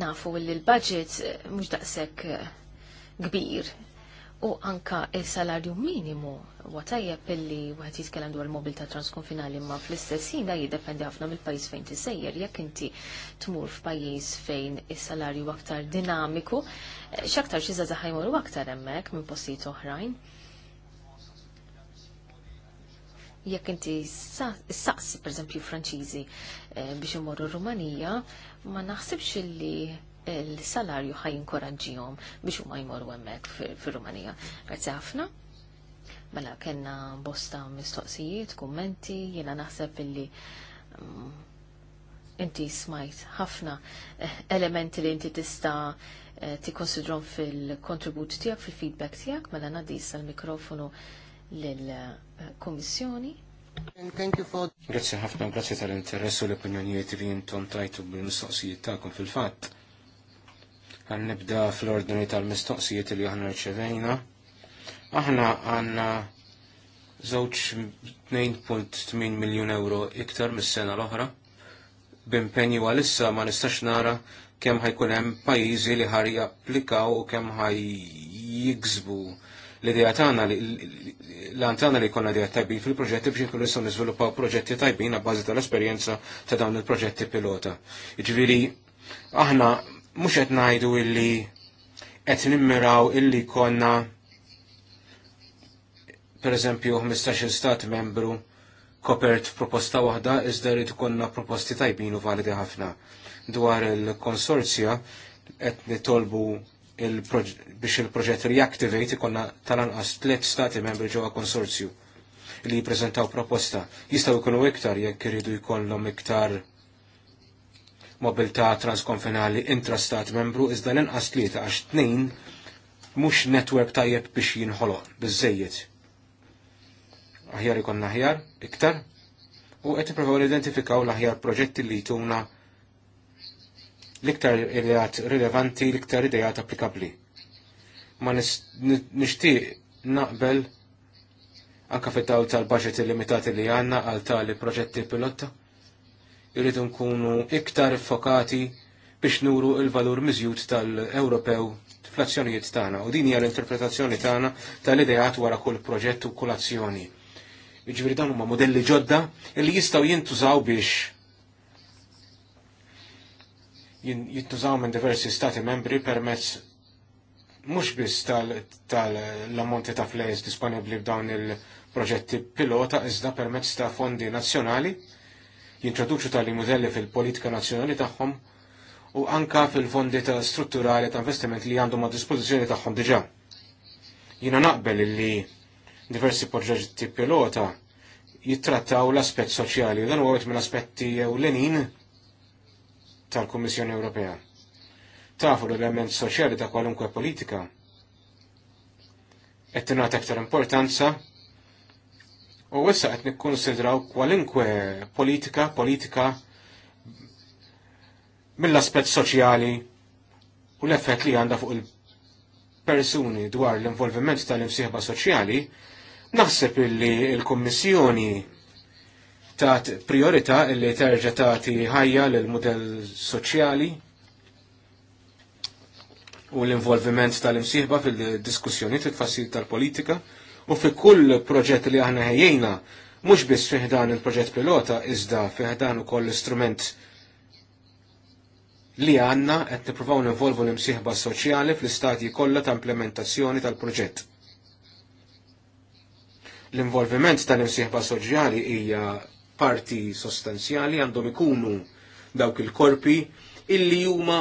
nafu li l-budget eh, mhux daqshekk eh, kbir u anka il-salarju minimu huwa tajjeb illi wieħed jitkellem dwar ta' transkonfinali ma fl-istess da jiddependi ħafna mill-pajjiż fejn tisejjer jekk inti tmur f'pajjiż fejn is-salarju aktar dinamiku eh, x'aktar xi żgħażagħ jmorru aktar hemmhekk minn postijiet oħrajn jekk inti saqsi per eżempju Franċiżi eh, biex imorru Rumanija, ma naħsibx li l-salarju ħaj inkoraġġihom biex huma jmorru hemmhekk fir-Rumanija. Grazzi ħafna. Mela kellna bosta mistoqsijiet, kummenti, jiena naħseb illi mm, inti smajt ħafna eh, elementi li inti tista' eh, tikkonsidrom fil-kontribut tiegħek, fil-feedback tiegħek, mela ngħaddi l mikrofonu lill-Kummissjoni. Grazzi ħafna, grazzi tal-interess u l-opinjonijiet li jintom tajtu bil-mistoqsijiet tagħkom fil-fatt. Għan nibda fl-ordni tal-mistoqsijiet li aħna rċevejna. Aħna għanna żewġ 2.8 miljun euro iktar mis-sena l-oħra. B'impenju għalissa ma nistax nara kemm ħajkun hemm pajjiżi li ħar japplikaw u kemm ħaj jiksbu L-idea tagħna l-antana li jkollna idea tajbin fil-proġetti biex nkunu nistgħu niżviluppaw proġetti tajbin għabbażi tal-esperjenza ta' dawn il-proġetti pilota. Jiġifieri aħna mhux qed ngħidu illi qed nimmiraw illi konna per eżempju 15 stat membru kopert proposta waħda iżda rrid konna proposti tajbin u validi ħafna. Dwar il-konsorzja qed nitolbu biex il-proġett reactivate ikonna tal-anqas tliet stati membri ġewwa konsorzju li jippreżentaw proposta. Jistgħu jkunu iktar jekk iridu jkollhom iktar mobilità transkonfinali intrastat membru iżda l-inqas tliet għax tnejn mhux netwerk tajjeb biex jinħoloq biżejjed. Aħjar ikonna aħjar, iktar, u qed l identifikaw l-aħjar proġetti li jtuna l-iktar ideat rilevanti, l-iktar ideat applikabli. Ma nixtieq naqbel anka fit-dawl tal-budget limitati li għanna għal tali proġetti pilotta. Irridu nkunu iktar fokati biex nuru il-valur miżjud tal-Ewropew fl-azzjonijiet tagħna u din hija l-interpretazzjoni tagħna tal-ideat wara kull proġett u kull azzjoni. Jiġifieri dawn huma modelli ġodda li jistgħu jintużaw biex jittużaw minn diversi stati membri permezz mhux biss tal-ammonti ta' flejs disponibbli f'dawn il-proġetti pilota iżda permezz ta' fondi nazzjonali jintroduċu tali modelli fil-politika nazzjonali tagħhom u anka fil-fondi ta' strutturali ta' investiment li għandhom ma' dispożizzjoni tagħhom diġà. Jina naqbel li diversi proġetti pilota jittrattaw l-aspett soċjali u dan minn aspetti ewlenin lenin tal-Kummissjoni Ewropea. Tafu l-element soċjali ta' kwalunkwe politika qed tingħata aktar importanza u issa qed nikkonsidraw kwalunkwe politika, politika mill-aspett soċjali u l-effett li għandha fuq il-persuni dwar l-involviment tal-imsieħba soċjali, naħseb illi il-Kommissjoni il kummissjoni il tat priorita li terġa tagħti ħajja l mudell soċjali u l-involviment tal-imsieħba fil-diskussjoni fil tal-politika u fi kull proġett li aħna ħejjejna mhux biss fiħdan il-proġett pilota iżda fiħdan ukoll l-istrument li għanna qed nippruvaw nivolvu l-imsieħba soċjali fl-istadji kollha ta' implementazzjoni tal-proġett. L-involviment tal-imsieħba soċjali hija parti sostanzjali għandhom ikunu dawk il-korpi illi huma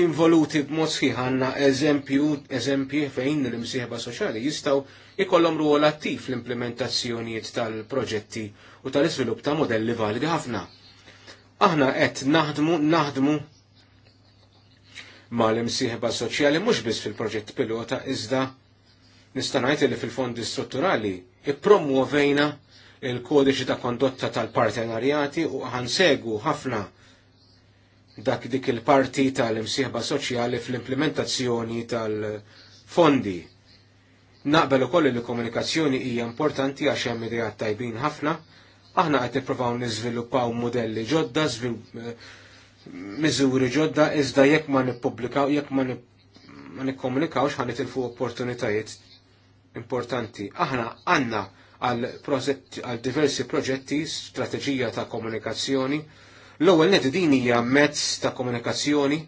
involuti b'mod sħiħanna eżempju, eżempji fejn l-imsieħba soċjali jistaw ikollhom ruol attiv fl-implementazzjonijiet tal-proġetti u tal-iżvilupp ta' modelli validi ħafna. Aħna qed naħdmu naħdmu ma l-imsieħba soċjali mhux biss fil-proġett pilota iżda nista' ngħid li fil-fondi strutturali ippromuovejna il-kodiċi ta' kondotta tal-partenarjati u ħansegu ħafna dak dik il-parti tal-imsieħba soċjali fl-implementazzjoni tal-fondi. Naqbel ukoll li komunikazzjoni hija importanti għax hemm idejat tajbin ħafna, aħna qed nippruvaw niżviluppaw modelli ġodda, miżuri ġodda, iżda jekk ma nippubblikaw, jekk ma nikkomunikawx ħanet il-fuq opportunitajiet importanti. Aħna għandna għal diversi proġetti, strateġija ta' komunikazzjoni. L-ewwel net din hija mezz ta' komunikazzjoni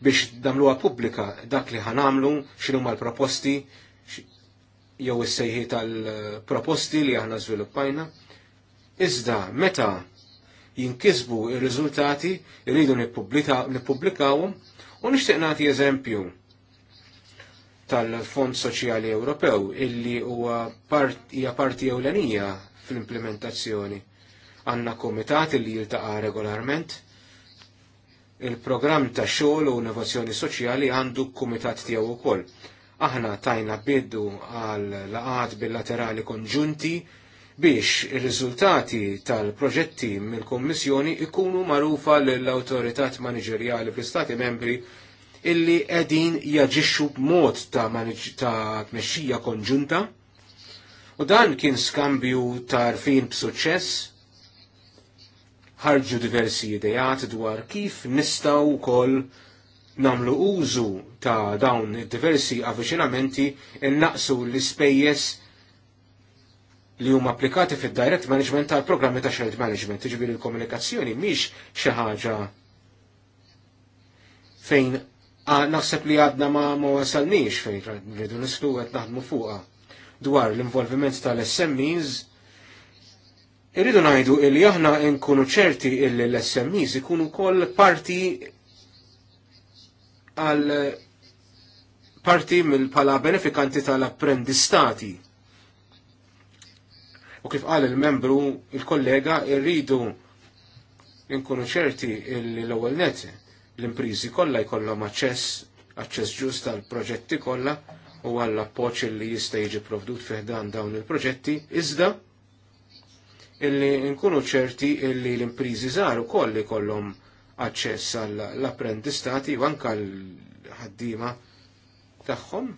biex damluha pubblika dak li ħanamlu, x'inhuma l-proposti, jew is-sejħi tal-proposti li aħna żviluppajna. Iżda meta jinkisbu ir-riżultati irridu nippubblikawhom u nixtieq nagħti eżempju tal-Fond Soċjali Ewropew illi huwa hija parti ewlenija fl-implementazzjoni. Għanna komitat illi jiltaqa regolarment. Il-programm ta' xogħol u innovazzjoni soċjali għandu kumitat tiegħu wkoll. Aħna tajna biddu għal laqat bilaterali konġunti biex ir-riżultati tal-proġetti mill-Kommissjoni ikunu marufa lill awtoritat maniġerjali fl-Stati membri illi edin jaġixxu b'mod ta' ta' tmexxija konġunta. U dan kien skambju ta' rfin b'suċċess. Ħarġu diversi idejat dwar kif nistaw ukoll namlu użu ta' dawn diversi avviċinamenti innaqsu l-ispejjeż li huma applikati fid-direct management tal-programmi ta' shared management, ġifieri il komunikazzjoni mhix xi ħaġa fejn Ah, naħseb li għadna ma ma wasalniex fejn rridu nistgħu qed naħdmu fuqha dwar l-involviment tal-SMEs. Irridu ngħidu li aħna nkunu ċerti illi l-SMEs ikunu wkoll parti għal parti mill-pala benefikanti tal-apprendistati. U kif qal il-membru, il-kollega, irridu nkunu ċerti l-ewwel net l-imprizi kollha jkollhom aċċess aċċess ġust tal-proġetti kollha u għall appoġġ li jista' jiġi provdut fiħdan dawn il-proġetti, iżda illi nkunu ċerti illi l-imprizi żgħar ukoll li jkollhom aċċess għall-apprendistati u anke l-ħaddiema tagħhom.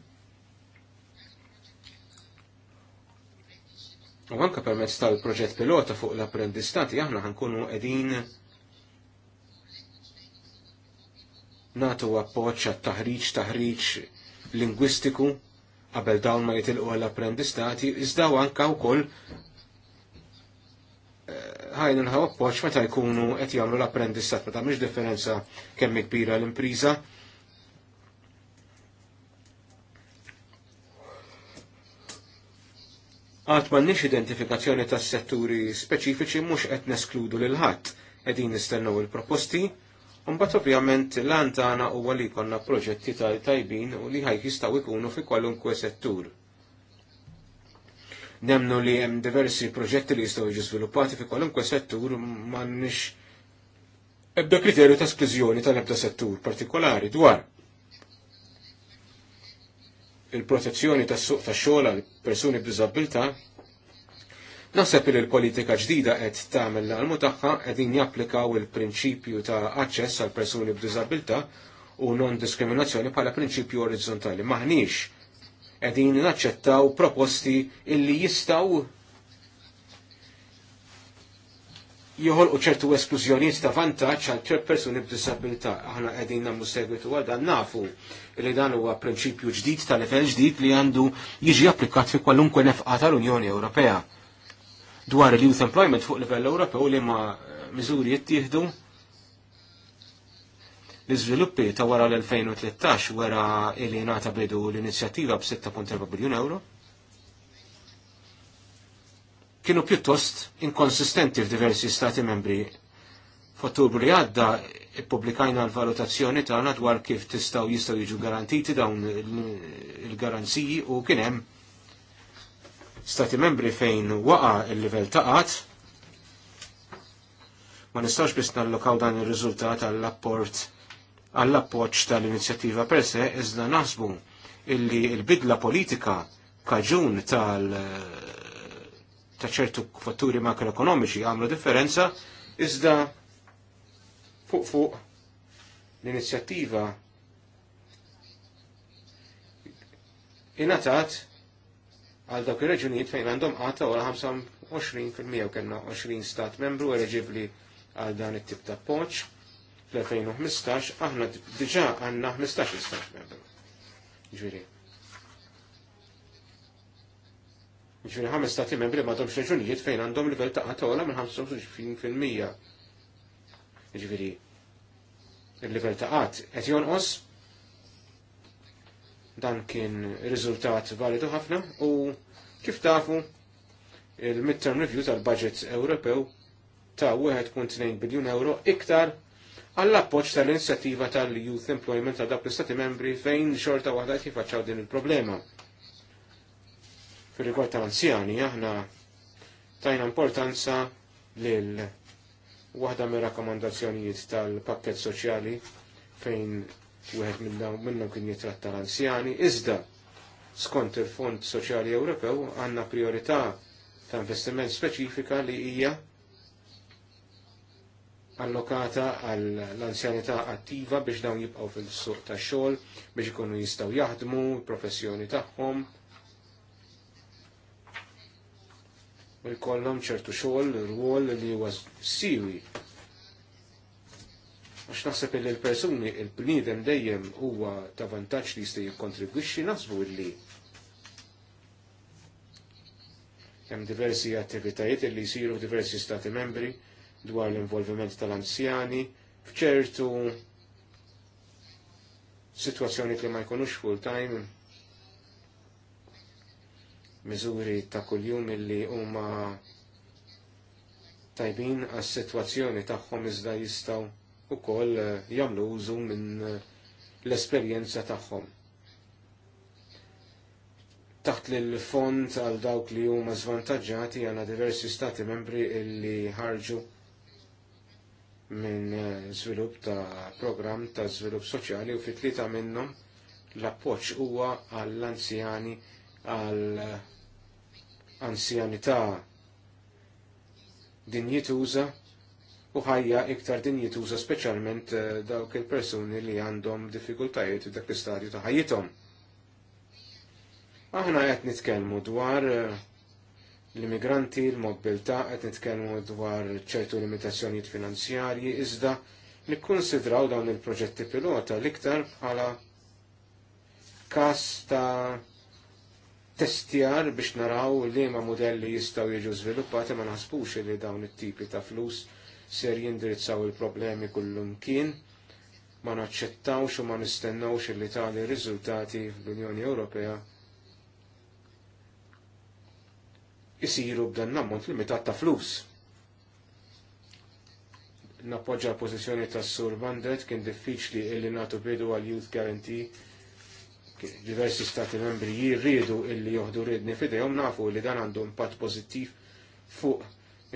U anke permezz tal-proġett pilota fuq l-apprendistati aħna ħankunu qegħdin natu appoċ għat taħriġ taħriġ lingwistiku qabel dawn ma jitilqu għall-apprendistati, izdaw anka wkoll eh, ħajn nħaw appoċ meta jkunu qed jagħmlu l-apprendistat meta mhix differenza kemm kbira l-impriża. Għat ma nix identifikazzjoni tas setturi speċifiċi mhux qed neskludu lil ħadd qegħdin nistennew il-proposti Mbagħad ovvjament lan tagħna huwa li jkollna proġetti tajbin u li ħajk jistgħu jkunu fi kwalunkwe settur. Nemnu li hemm diversi proġetti li jistgħu jiġu żviluppati fi kwalunkwe settur m'għandniex ebda kriterju ta' esklużjoni tal-ebda settur partikolari dwar il-protezzjoni tas suq tax xogħol għal persuni b'diżabilità Naħseb li l-politika ġdida qed tagħmel l-almu tagħha qegħdin japplikaw il-prinċipju ta' aċċess għal persuni b'diżabilità u non diskriminazzjoni bħala prinċipju orizzontali. Maħniex qegħdin naċċettaw proposti illi jistgħu joħolqu ċertu esklużjonijiet ta' vantaġġ għal ċert persuni b'disabilità. Aħna qegħdin nagħmlu segwitu għal dan nafu li dan huwa prinċipju ġdid ta' level ġdid li għandu jiġi applikat fi kwalunkwe nefqa tal-Unjoni Ewropea dwar il-youth employment fuq livell Ewropew li ma eh, miżuri jittieħdu l-iżviluppi ta' wara l-2013 wara li nata bidu l-inizjattiva b'6.4 biljun euro kienu pjuttost inkonsistenti f'diversi stati membri. F'Ottubru li għadda ippubblikajna l-valutazzjoni tagħna dwar kif tistaw jistgħu jiġu garantiti dawn il-garanziji u kien hemm stati membri fejn waqa il-livell ta' qatt, ma nistax biss nallokaw dan ir-riżultat għall-apport għall-appoġġ tal-inizjattiva per se iżda naħsbu illi l-bidla politika kaġun tal ta' ċertu fatturi makroekonomiċi għamlu differenza iżda fuq fuq l-inizjattiva inatat għal dawk ir-reġunijiet fejn għandhom għata għal 25% u kellna 20 stat membru eliġibli għal dan it-tip ta' poċ. Fl-2015 aħna diġà għandna 15 stat membru. Ġviri. Ġviri ħames stati membri m'għadhomx reġunijiet fejn għandhom livell ta' għata għala minn 25%. Ġviri. Il-livell ta' għat qed jonqos Dan kien riżultat validu ħafna u kif tafu il-midterm review tal-budget Ewropew ta' 1.2 biljun euro iktar għall-appoġġ tal-inizjattiva tal-Youth Employment ta' dawk l-Istati membri fejn xorta waħda qed jifaċċaw din il-problema. Fir-rigward tal-anzjani aħna tajna importanza lil waħda mir rakkomandazzjonijiet tal-pakket soċjali fejn wieħed minnhom kien jitratta l-anzjani, iżda skont il-Fond Soċjali Ewropew għandna priorità ta' investiment speċifika li hija allokata għall-anzjanità attiva biex dawn jibqgħu fil-suq tax-xogħol biex ikunu jistgħu jaħdmu professjoni tagħhom. U jkollhom ċertu xogħol rwol li huwa siwi Għax naħseb li l-persuni, il bnidem dejjem huwa ta' vantaġġ li jista' jikkontribwixxi naħsbu li hemm diversi attivitajiet li jsiru f'diversi stati membri dwar l-involviment tal-anzjani f'ċertu situazzjoni li ma jkunux full time miżuri ta' kuljum illi huma tajbin għas sitwazzjoni tagħhom iżda jistgħu ukoll eh, jagħmlu użu minn eh, l-esperjenza tagħhom. Taħt l-fond għal dawk li huma żvantaġġati għandna diversi stati membri li ħarġu minn eh, żvilupp ta' programm ta' żvilupp soċjali u fitlita minnhom l-appoġġ huwa għall-anzjani għall anzjanità din jituża u ħajja iktar din jituża speċjalment eh, dawk il-persuni li għandhom diffikultajiet u dak l-istadju ta' ħajjithom. Aħna qed nitkellmu dwar eh, l-immigranti, l-mobilità, qed nitkellmu dwar ċertu limitazzjonijiet finanzjarji, iżda nikkonsidraw dawn il-proġetti pilota l-iktar bħala kas ta' testjar biex naraw li ma modelli jistaw jiġu sviluppati ma naħsbux li dawn it-tipi ta' flus ser jindirizzaw il-problemi kullum kien, ma naċċettawx u ma nistennawx li tali riżultati fl-Unjoni Ewropea isiru b'dan nammont limitat ta' flus. Nappoġġa l-pożizzjoni tas sur Bandet kien diffiċli illi natu bidu għal Youth Guarantee diversi stati membri jirridu illi joħdu ridni fidejhom nafu li dan għandu impatt pożittiv fuq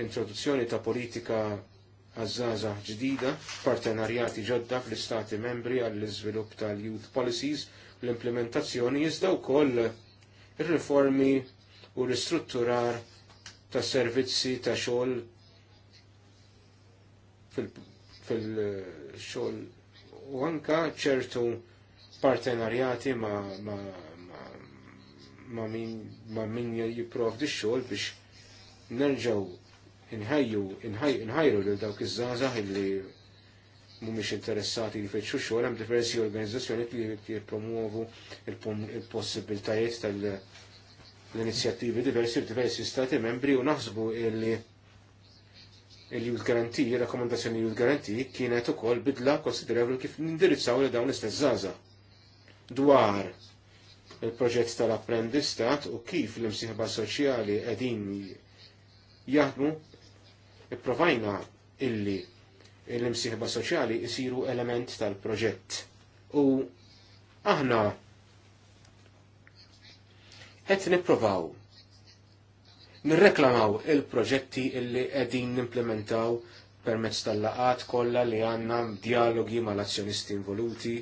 introduzzjoni ta' politika għazzaza ġdida, partenarjati ġodda fl-istati membri għall-izvilupp tal-youth policies, l-implementazzjoni jizda wkoll ir-riformi u ristrutturar ta' servizzi ta' xogħol fil-xogħol u anka ċertu partenarjati ma, ma, ma, ma min, ma min jiprovdi xogħol biex nerġaw inħajju, inħajru lil dawk iż-żazah li mhumiex interessati li feċu xogħol hemm diversi organizzazzjoni li jippromuovu il-possibiltajiet tal-inizjattivi diversi f'diversi stati membri u naħsbu illi il-Youth garanti, il-rakkomandazzjoni Youth Garanti kienet ukoll bidla konsiderevoli kif nindirizzaw li dawn l-istess żgħażagħ dwar il-proġett tal-apprendistat u kif l-imsieħba soċjali qegħdin jaħdmu Ipprovajna illi l-imsieħba soċjali jisiru element tal-proġett. U aħna qed nipprovaw nirreklamaw il-proġetti illi qegħdin nimplementaw permezz tal-laqat kollha li għandna dialogi mal-azzjonisti involuti,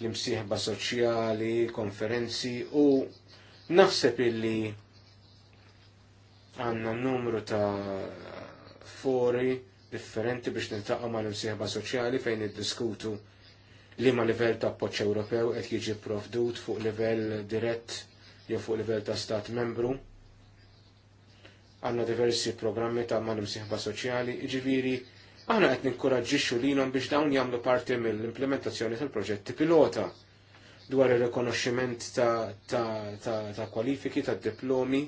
l-imsieħba soċjali, konferenzi u naħseb illi għanna numru ta' fori differenti biex niltaqgħu mal-imsieħba soċjali fejn iddiskutu li ma livell ta' poċċ Ewropew qed jiġi provdut fuq livell dirett jew fuq livell ta' stat membru. Għanna diversi programmi ta' ma' l-imsieħba soċjali, jiġifieri aħna qed ninkoraġġixxu lilhom biex dawn jagħmlu parti mill-implementazzjoni tal-proġetti pilota dwar ir-rikonoxximent ta', ta, ta, ta kwalifiki, ta' diplomi,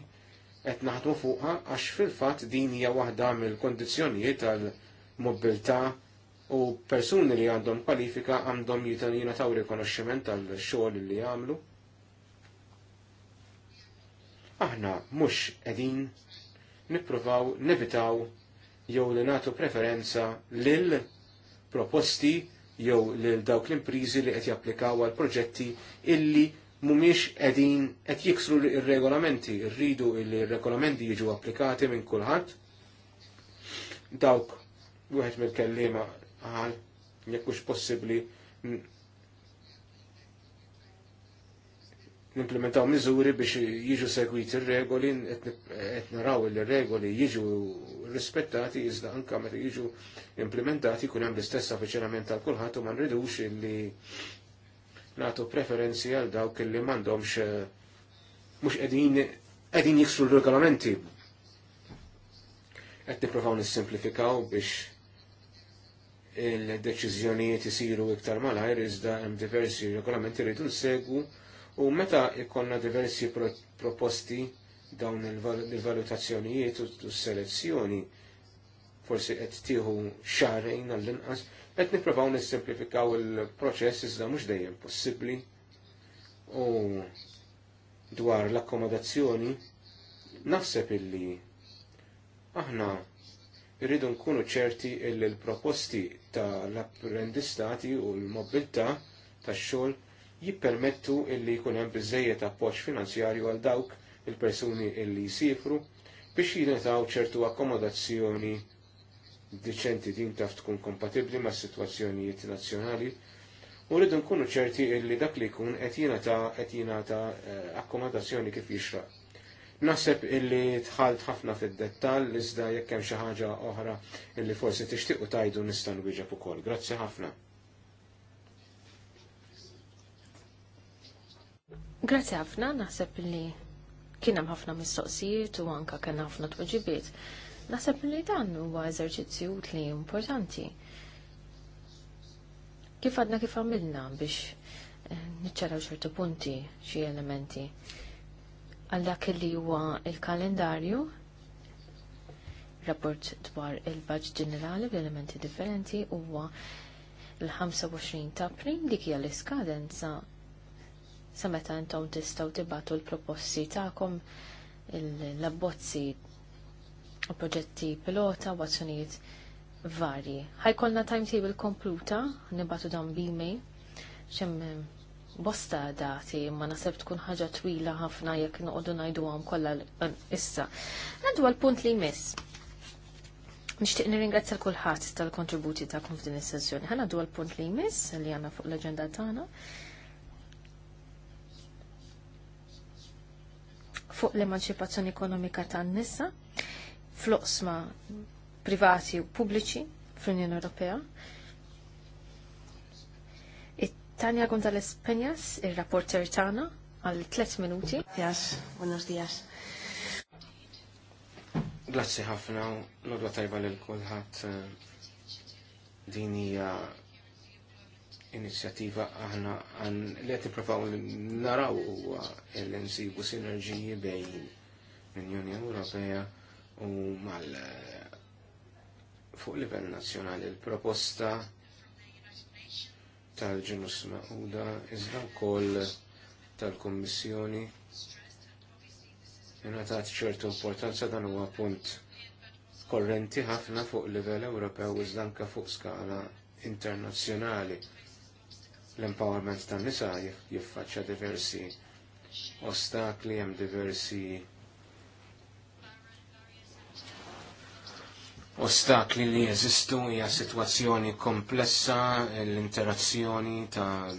qed naħdmu fuqha għax fil-fatt din hija waħda mill-kondizzjonijiet tal-mobilità u persuni li għandhom kwalifika għandhom jitanina taw rikonoxximent tal-xogħol li għamlu. Aħna mhux qegħdin nippruvaw nevitaw jew li nagħtu preferenza lil proposti jew lil dawk l-imprizi li qed japplikaw għal proġetti illi mumiex edin qed jiksru ir-regolamenti, rridu il-regolamenti jiġu applikati minn kulħadd. Dawk wieħed mill-kellima għal jekk hux possibbli implementaw miżuri biex jiġu segwiti ir-regoli, qed naraw il-regoli jiġu rispettati iżda anke meta jiġu implementati kunem hemm l-istess avviċinament tal kulħadd u ma il illi nagħtu preferenzi għal dawk li m'għandhomx eh, mhux qegħdin qegħdin jiksru l-regolamenti. Qed nippruvaw nissimplifikaw biex il-deċiżjonijiet isiru iktar malajr iżda hemm diversi regolamenti rridu nsegwu u meta ikonna diversi proposti dawn il-valutazzjonijiet u s-selezzjoni forsi qed tieħu xarejn għall-inqas, qed nippruvaw nissimplifikaw il-proċess iżda mhux dejjem possibbli. U dwar l-akkomodazzjoni naħseb illi aħna rridu nkunu ċerti illi l-proposti tal-apprendistati u l-mobilità tax-xogħol jippermettu illi jkun hemm biżejjed appoġġ finanzjarju għal dawk il-persuni illi jsifru biex jinetaw ċertu akkomodazzjoni diċenti din taf tkun kompatibbli ma' situazzjonijiet nazzjonali u rridu nkunu ċerti illi dak li jkun qed jingħata qed jingħata eh, akkomodazzjoni kif jixra. Naħseb illi tħalt ħafna fid-dettall iżda jekk hemm xi ħaġa oħra illi forsi tixtiequ tajdu nista' nwieġeb ukoll. Grazzi ħafna. Grazzi ħafna, naħseb illi kien hemm ħafna mistoqsijiet u anke kien ħafna tweġibiet. Naħseb li dan huwa eżerċizzju utli importanti. Kif għadna kif għamilna biex eh, niċċaraw ċertu punti xi elementi għal dak li huwa il-kalendarju rapport dwar il-baġġ ġenerali b'elementi elementi differenti huwa l-25 ta' April dik hija l-iskadenza sa meta intom tistgħu tibatu l-proposti tagħkom l-abbozzi u proġetti pilota u varji. Ħajkolna timetable kompluta, nibatu dan b-email, xem eh, bosta dati, ma nasib tkun ħaġa twila ħafna jekk noqogħdu najdu għam kollha issa. Għandu għal-punt li jmiss. Nixtieq nirringrazzja kulħadd tal-kontributi ta' f'din is-sessjoni. Ħana għaddu punt li jmiss li għandna fuq l-aġenda tagħna. Fuq l-emanċipazzjoni ekonomika tan-nisa fl-oqsma privati u pubbliċi fl-Unjoni Ewropea. Tania Gonzalez Peñas, il-rapporter tana, għal tlet minuti. Yes, buenos dias. Grazie ħafna, l-odwa tajba l kulħadd eh, dinija inizjativa inizjattiva aħna għan li għati nippruvaw naraw huwa l-insibu sinerġiji bejn l-Unjoni Ewropea u mal eh, fuq livell nazzjonali l-proposta tal-ġinus maquda iżda wkoll tal-Kummissjoni ingħatat ċertu importanza dan huwa punt korrenti ħafna fuq livell Ewropew iżda anke fuq skala internazzjonali. L-empowerment tan nisa jiffaċċja diversi ostakli, hemm diversi ostakli li jeżistu hija sitwazzjoni komplessa l-interazzjoni ta'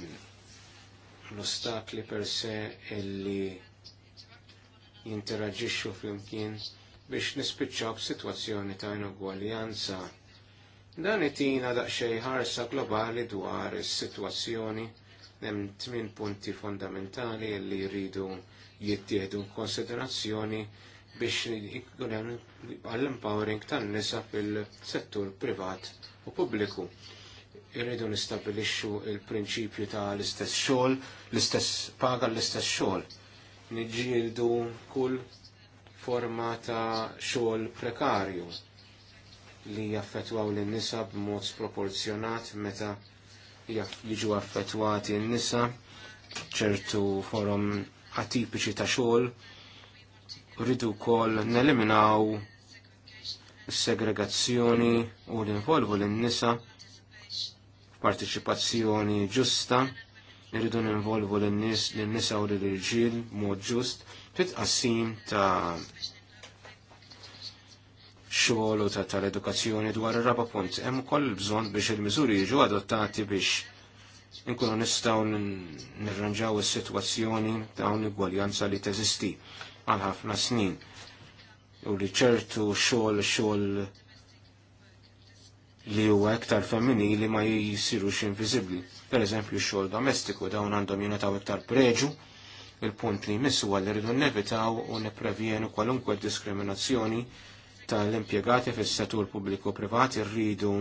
l-ostakli per se illi jinteraġixxu flimkien biex nispiċċaw b'sitwazzjoni ta' inugwaljanza. Dan itina daqsxejn ħarsa globali dwar is-sitwazzjoni hemm tmien punti fondamentali li jridu jittieħdu konsiderazzjoni biex ikun hemm għall-empowering tan-nisa fil-settur privat u pubbliku. Irridu nistabilixxu il-prinċipju ta' l-istess xogħol, l-istess paga l-istess xogħol. Niġġieldu kull forma ta' xogħol prekarju li jaffetwaw lin-nisa b'mod sproporzjonat meta jiġu affettwati n-nisa ċertu forum atipiċi ta' xogħol rridu wkoll neliminaw is-segregazzjoni u l-involvu lin-nisa f'partiċipazzjoni ġusta, rridu ninvolvu lin-nies lin-nisa u l-irġiel mod ġust fit-qassim ta' xogħol u ta' tal-edukazzjoni dwar ir-raba punt. Hemm ukoll bżonn biex il-miżuri jiġu adottati biex inkunu nistgħu nirranġaw is-sitwazzjoni ta' un-igwaljanza li teżisti għal ħafna snin. U li ċertu xogħol xogħol li huwa iktar femminili ma jisirux invizibbli. Per eżempju xogħol domestiku dawn għandhom jingħataw iktar preġu il-punt li jmissu li rridu nevitaw u neprevjenu kwalunkwe diskriminazzjoni tal-impiegati fis settur pubbliku privati rridu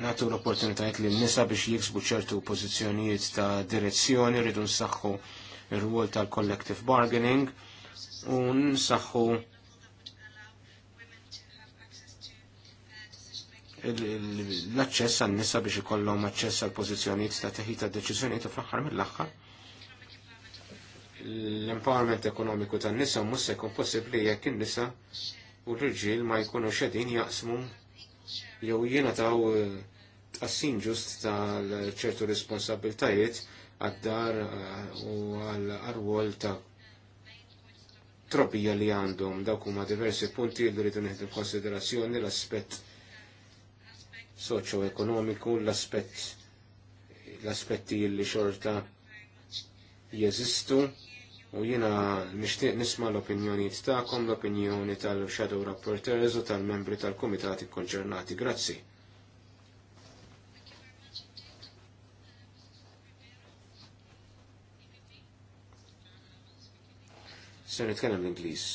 natu l-opportunitajiet li nisa biex jiksbu ċertu pożizzjonijiet ta' direzzjoni, rridu nsaħħu ir-rwol tal-collective bargaining u nsaxħu l-aċċess għan nisa biex ikollhom aċċess għal pożizzjonijiet ta' teħita deċiżjonijiet u fl-aħħar mill-aħħar. L-empowerment ekonomiku tan nisa mhux se jkun possibbli jekk in-nisa u l-irġiel ma jkunu xedin jaqsmu jew jiena taw eh, tqassim ġust tal ċertu responsabiltajiet għad-dar eh, u għal-arwol ta' tropija li għandhom dawk huma diversi punti li rridu neħdu konsiderazzjoni l-aspett soċjo-ekonomiku, l-aspett l-aspetti li xorta jeżistu U jina nishtiq nisma l-opinjoni ta'kom, l-opinjoni tal-Shadow Rapporteurs u tal-membri tal-Komitati konġernati. Grazzi. Se nitkellem l-Ingliż.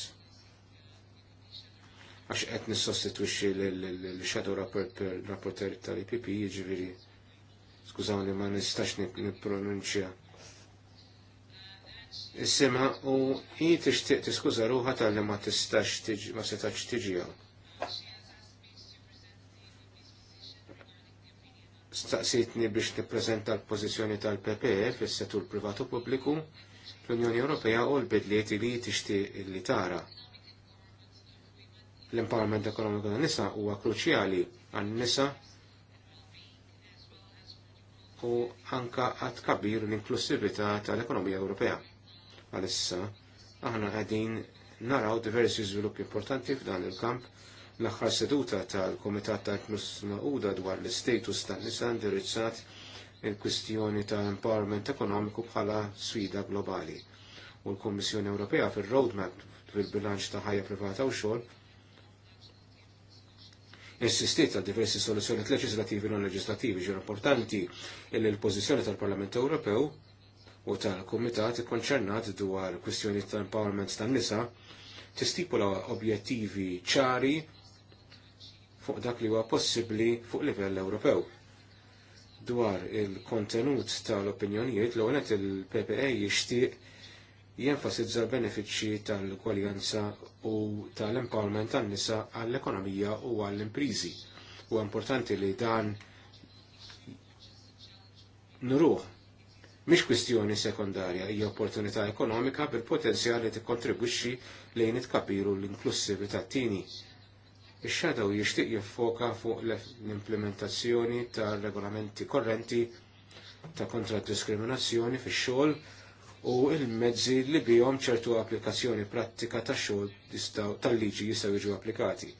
Għax qed nissostitwixxi l-Shadow Rapporteur tal-IPP, jiġifieri skużawni ma nistax nippronunċja simha u hi tixtieq tiskuża ruha tal-li ma tistax tiġi ma setax tiġiha. Staqsitni biex nippreżenta l-pożizzjoni tal-PPE fis-settur privatu pubbliku l-Unjoni Ewropea u l-bidliet li tixtieq li tara. L-empowerment ekonomiku tan-nisa huwa kruċjali għan-nisa u anka għad kabir l-inklusivita tal-ekonomija Ewropea. Għalissa, aħna għadin naraw diversi żviluppi importanti f'dan il-kamp l-axħar seduta tal-Komitat ta' knusna Uda dwar l istatus ta' nisa indirizzat il-kwistjoni ta' empowerment ekonomiku bħala sfida globali. U l-Kommissjoni Ewropea fil-roadmap fil-bilanċ ta' ħajja privata u xogħol insistiet għal diversi soluzzjonijiet leġislativi non leġislativi ġir importanti il-pozizjoni pożizzjoni tal-Parlament Ewropew u tal-Kumitat ikkonċernat dwar kwistjoni tal empowerment tan-nisa tistipula objettivi ċari fuq dak li huwa possibbli fuq livell Ewropew. Dwar il-kontenut tal-opinjonijiet l għonet il-PPA jixtieq jenfasizza l-benefiċċji tal-kwaljanza u tal-empowerment tan-nisa għall-ekonomija u għall-imprizi. U importanti li dan nruħ Mhix kwistjoni sekundarja, hija opportunità ekonomika bil-potenzjal li tikkontribwixxi lejn itkapiru l l-inklussività tini. ix xadow jixtieq jiffoka fuq l-implementazzjoni tar regolamenti korrenti ta' kontra diskriminazzjoni fix-xogħol u il-mezzi li bihom ċertu applikazzjoni prattika ta' xogħol tal-liġi jistgħu jiġu applikati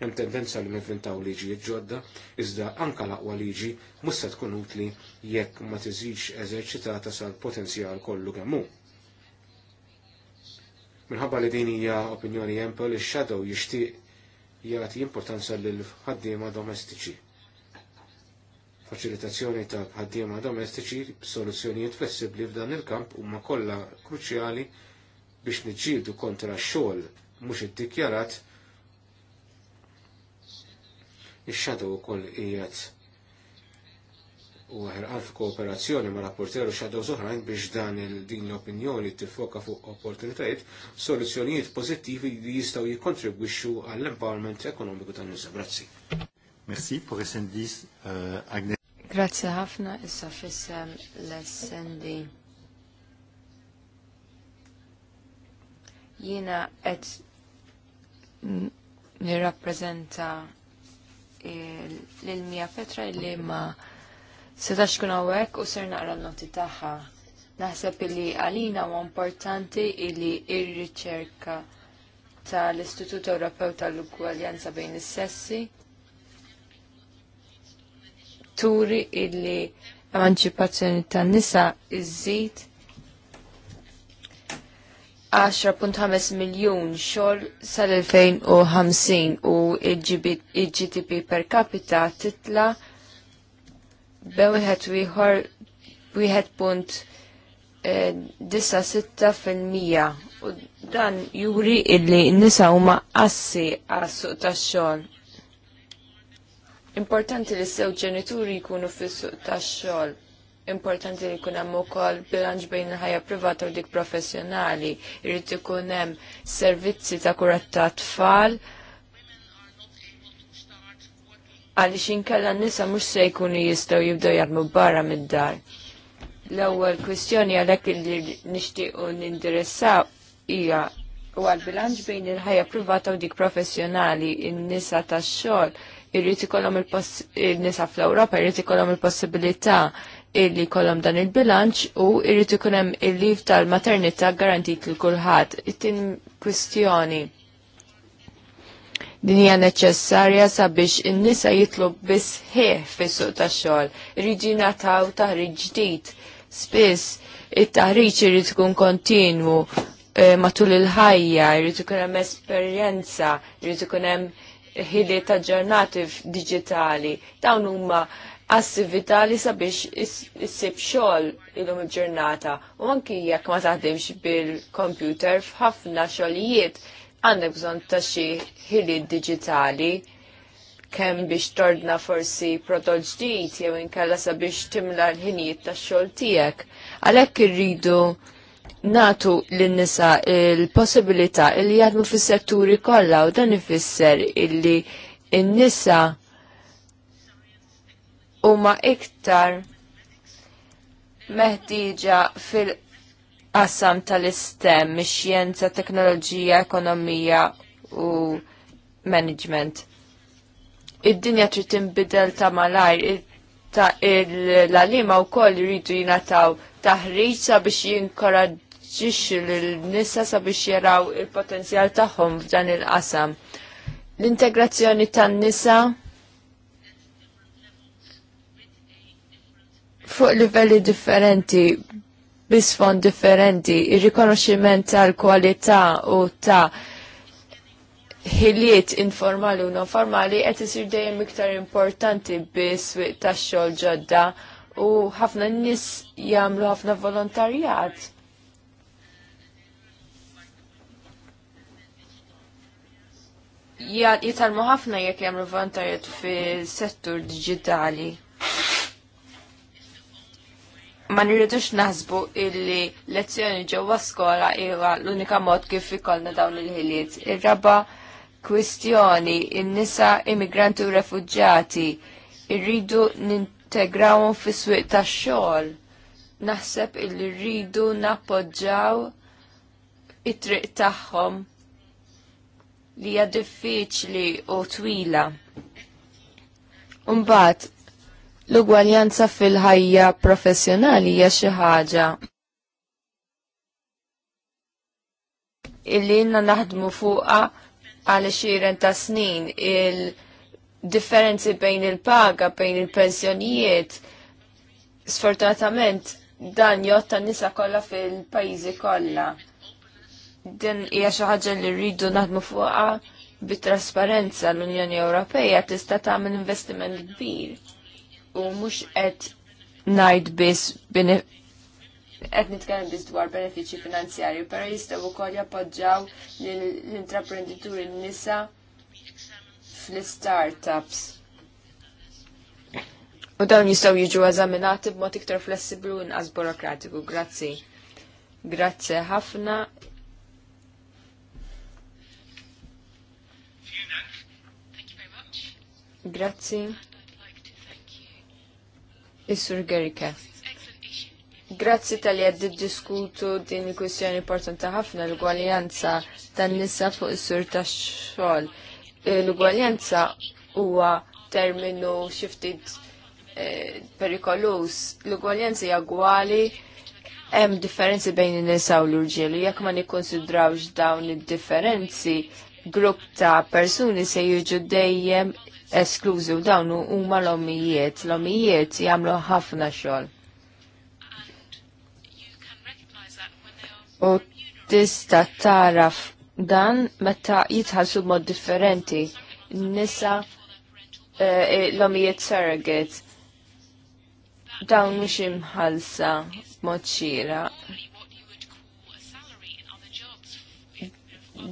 hemm tendenza li ninventaw liġijiet ġodda, iżda anka l-aqwa liġi mhux se tkun utli jekk ma tiżix eżerċitata sal-potenzjal kollu kemm hu. Minħabba li din hija opinjoni Ample, ix-shadow jixtieq jagħti importanza lil ħaddiema domestiċi faċilitazzjoni ta' ħaddiema domestiċi b'soluzzjonijiet flessibbli f'dan il-kamp huma kollha kruċjali biex niġġieldu kontra x-xogħol mhux iddikjarat Ix-xadu koll qiegħed u għalf f'kooperazzjoni ma' rapporteru xadu zuħrajn biex dan il din l-opinjoni tiffoka fuq opportunitajiet, soluzzjonijiet pozittivi li jistgħu jikkontribwixxu għall-empowerment ekonomiku tan-nisa. Grazzi. Merci pour SNDs uh, Agnes. Grazzi ħafna issa fissem l-SND. Jina qed nirrappreżenta l-Mija Petra li ma setax kun għawek u ser naqra n-noti taħħa. Naħseb li għalina u importanti li ir-riċerka tal-Istitut Ewropew tal-Ugwaljanza bejn is-sessi turi illi emanċipazzjoni tan-nisa iżżid 10.5 miljon xogħol sal-2050 u il-GDP per capita titla bewieħed wieħor wieħed punt eh, disa fil-mija u dan juri illi nisa huma assi għas-suq tax-xogħol. Importanti li sew ġenituri jkunu fis-suq tax-xogħol importanti li jkun hemm ukoll bilanċ bejn il-ħajja privata u dik professjonali. Irid ikun hemm servizzi ta' kurat ta' tfal għaliex inkella n-nisa mhux se jkunu jistgħu jibdew jaħdmu barra mid-dar. L-ewwel kwestjoni għalhekk li nixtiequ nindiressaw hija u għal-bilanċ bejn il-ħajja privata u dik professjonali, in-nisa tax-xogħol irrid ikollhom il-nisa fl-Ewropa irrid ikollhom il-possibilità il illi kolom dan il-bilanċ u irrit ikun hemm il-liv tal-maternità garantit lil kulħadd. It-tin kwistjoni din hija neċessarja sabiex in-nisa jitlu biss ħieħ fis-suq tax-xogħol. Irriġi nataw taħriġ ġdid. Spiss it-taħriġ irid ikun kontinwu eh, matul il-ħajja, irid ikun hemm esperjenza, irid ikun hemm ħili ta' ġurnati digitali. Dawn huma assivita li sabiex issib xogħol ilhom il-ġurnata u anki jekk ma taħdimx bil kompjuter f'ħafna xogħlijiet għandek bżonn ta' xi ħiliet diġitali kemm biex tordna forsi protol ġdid jew inkella sabiex timla l-ħinijiet tax-xogħol tiegħek. Għalhekk irridu natu lin-nisa il-possibilità li jadmu fis-setturi kollha u dan ifisser illi n-nisa huma iktar meħtieġa fil- qasam tal-istem, xjenza, teknoloġija, ekonomija u management. Id-dinja trid tinbidel ta' malajr, l-għalima u koll jridu jinataw taħriġ sabiex jinkoraġġix l-nisa sabiex jaraw il-potenzjal tagħhom f'dan il-qasam. L-integrazzjoni tan-nisa fuq livelli differenti bisfond differenti, ir rikonoximent tal-kwalità u ta' ħiliet informali u non formali qed isir dejjem iktar importanti biss tax-xogħol ġodda u ħafna nies jagħmlu ħafna volontarjat. Jitalmu ħafna jekk jagħmlu volontarjat fis-settur diġitali ma nirridux naħsbu illi lezzjoni ġewwa skola hija l-unika mod kif ikollna dawn il-ħiliet. Ir-raba kwistjoni in-nisa immigranti u refuġġati irridu nintegrawhom fis-swieq tax-xogħol. Naħseb illi rridu nappoġġaw it-triq tagħhom li hija diffiċli u twila. Umbagħad l-ugwaljanza fil-ħajja professjonali hija xi ħaġa illi jenna naħdmu fuqa għal xiren ta' snin il-differenzi bejn il-paga, bejn il-pensjonijiet. Sfortunatament dan jotta nisa kollha fil-pajjiżi kollha. Din hija xi ħaġa li rridu naħdmu fuqha bit-trasparenza l-Unjoni Ewropea tista' tagħmel investiment kbir u mhux qed ngħid biss qed nitkellem biss dwar benefiċċji finanzjarji, però jistgħu wkoll jappoġġjaw l intraprenditur in nisa fl-startups. U dawn jistgħu jiġu eżaminati b'mod iktar flessibbli u inqas burokratiku. Grazzi. Grazzi ħafna. Grazzi. Is-Sur Gerike. Grazzi tal-li għaddi diskutu din il-kwistjoni importanti ħafna l-gwaljanza tan nisa fuq is-sur tax L-gwaljanza huwa terminu xiftit eh, perikolus. L-gwaljanza hija gwali hemm differenzi bejn in-nisa u l-urġiel. Jekk ma nikkonsidrawx dawn id-differenzi, grupp ta' persuni se jiġu dejjem esklużi u dawn huma l-omijiet. L-omijiet jagħmlu ħafna xogħol. U tista' taraf dan meta jitħallsu mod differenti. Nisa eh, l-omijiet surrogates dawn mhux imħallsa b'mod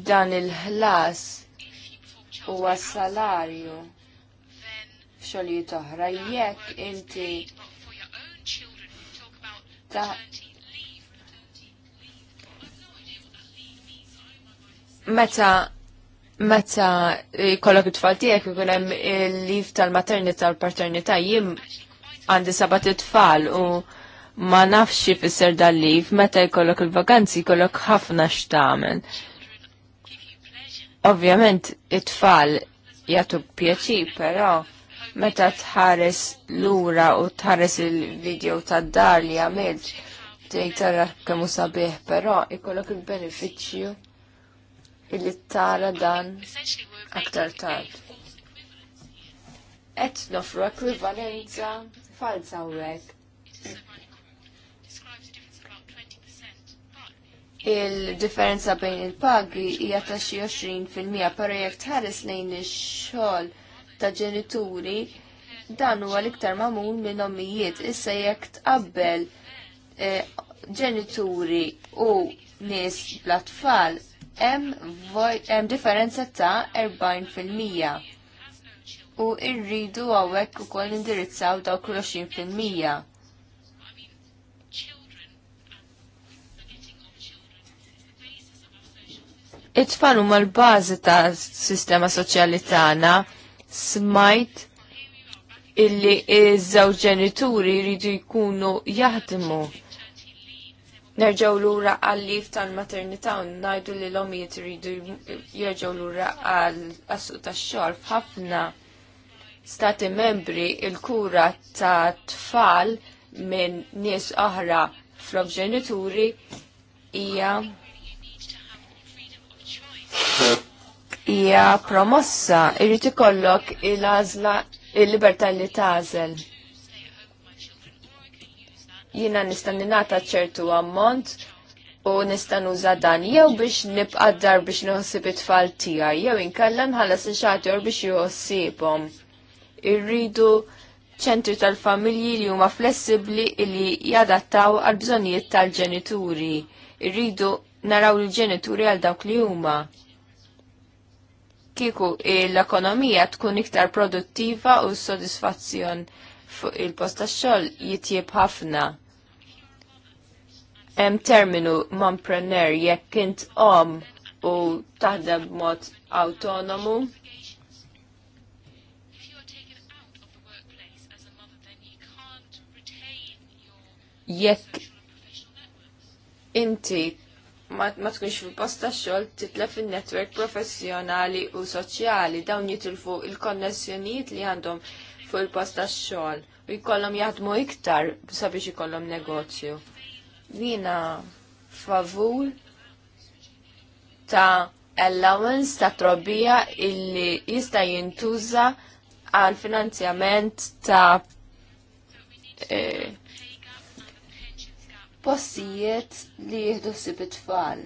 Dan il-ħlas huwa salarju xogħlijiet toħra jekk inti meta meta kollok it-tfal tiegħek ikun hemm il lif tal-maternità u l-paternità jien għandi sabat it-tfal u ma nafx fisser dal lif meta jkollok il-vakanzi jkollok ħafna x'tagħmel. Ovvjament it-tfal jagħtuk pjaċir però meta tħares lura u tħares il-video tad dar li għamilt tgħid tara kemm hu sabiħ, però ikollok il-benefiċċju illi tara dan aktar tard. Qed nofru ekvivalenza falsa hawnhekk. Il-differenza bejn il-pagi hija ta' xi 20 fil-mija, però jekk tħares lejn ix-xogħol ta' ġenituri dan huwa l-iktar mamul minn ommijiet. Issa jekk tqabbel eh, ġenituri u nies bl-atfal hemm differenza ta' 40%. U rridu hawnhekk ukoll indirizzaw dawk l 20 It-tfal huma l-bażi ta' sistema soċjali tagħna smajt illi iż-żaw ġenituri jridu jkunu jaħdmu. Nerġaw lura għal-lif tal-maternità u najdu li l-omijiet jridu jerġaw lura għal-assuq ta' xogħol f'ħafna stati membri il-kura ta' tfal minn nies oħra flok ġenituri hija hija promossa, irrid ikollok il-għażla il-libertà li tażel. Jiena nista' ninata ċertu ammont u nista' nuża dan jew biex nibqa' dar biex noħsib it-tfal tiegħi jew inkella nħallas ix-xator biex joħossibhom. Irridu ċentri tal-familji li huma flessibbli li jadattaw għal bżonnijiet tal-ġenituri. Irridu naraw il-ġenituri għal dawk li huma kieku l-ekonomija tkun iktar produttiva u s-sodisfazzjon fuq il-post tax-xogħol jitjieb ħafna. Hemm terminu mompreneur jekk int om u taħdem mod autonomu. Jekk inti ma tkunx fil-post xogħol titlef in-netwerk professjonali u soċjali dawn jitilfu il-konnessjonijiet li għandhom fuq il-post xogħol u jkollhom jaħdmu iktar sabiex ikollhom negozju. Jiena favur ta' allowance ta' trobija illi jista' jintuża għal finanzjament ta' eh, postijiet li jihdu sib it-tfal.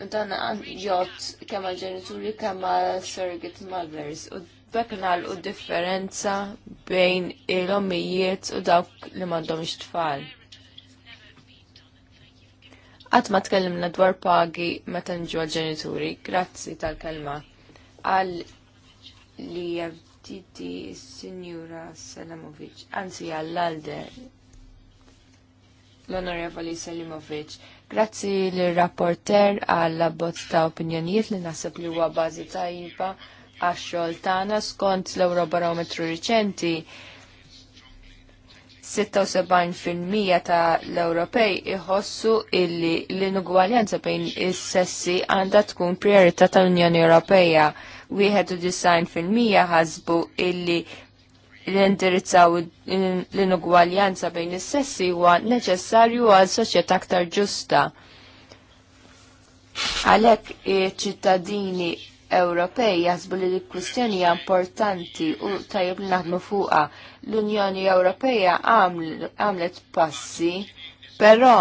U dan għanġot kemm ġenituri kemm surrogate mothers. U bekk nagħlqu differenza bejn il-omijiet u dawk li m'għandhomx tfal. Qatt ma tkellimna dwar pagi meta nġu għal-ġenituri, grazzi tal-kelma. Għal li s Signora Salamovic, anzi għall-alde l-Onorevoli Selimovic. Grazzi l-rapporter għalla bozz ta' opinjonijiet li nasib li huwa bażi tajba għax-xogħol tagħna skont l-Eurobarometru riċenti. 76% ta' l-Ewropej iħossu illi l-inugwaljanza bejn is-sessi għandha tkun priorità tal-Unjoni Ewropea. Wieħed u fil-mija ħasbu illi l-indirizzaw eh, l-inugwaljanza bejn is-sessi huwa neċessarju għal soċjetà aktar ġusta. Għalhekk iċ-ċittadini Ewropej jaħsbu li l-kwistjoni hija importanti u tajjeb li naħdmu fuqha. L-Unjoni Ewropea għamlet passi, però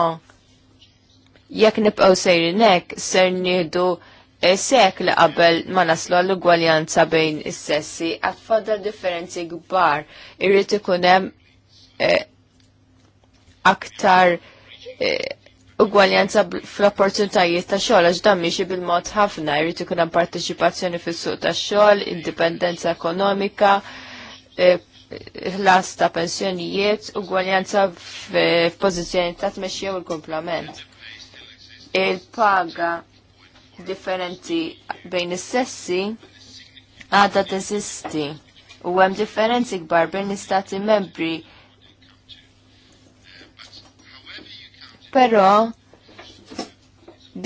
jekk nibqgħu sejrin hekk ser nieħdu E li qabel ma naslu għall-ugwaljanza bejn is-sessi, għatfadal differenzi kbar irrit ikun hemm e, aktar e, ugwaljanza fl-opportunitajiet ta' xogħol għax dan mhix bil-mod ħafna, irrid ikun hemm partiċipazzjoni fis-suq tax xogħol, indipendenza ekonomika, ħlas ta' pensjonijiet, ugwaljanza f'pożizzjoni ta' tmexxija u l-komplement. Il-paga differenti bejn is-sessi għadha teżisti u hemm differenzi kbar bejn l-istati membri. Però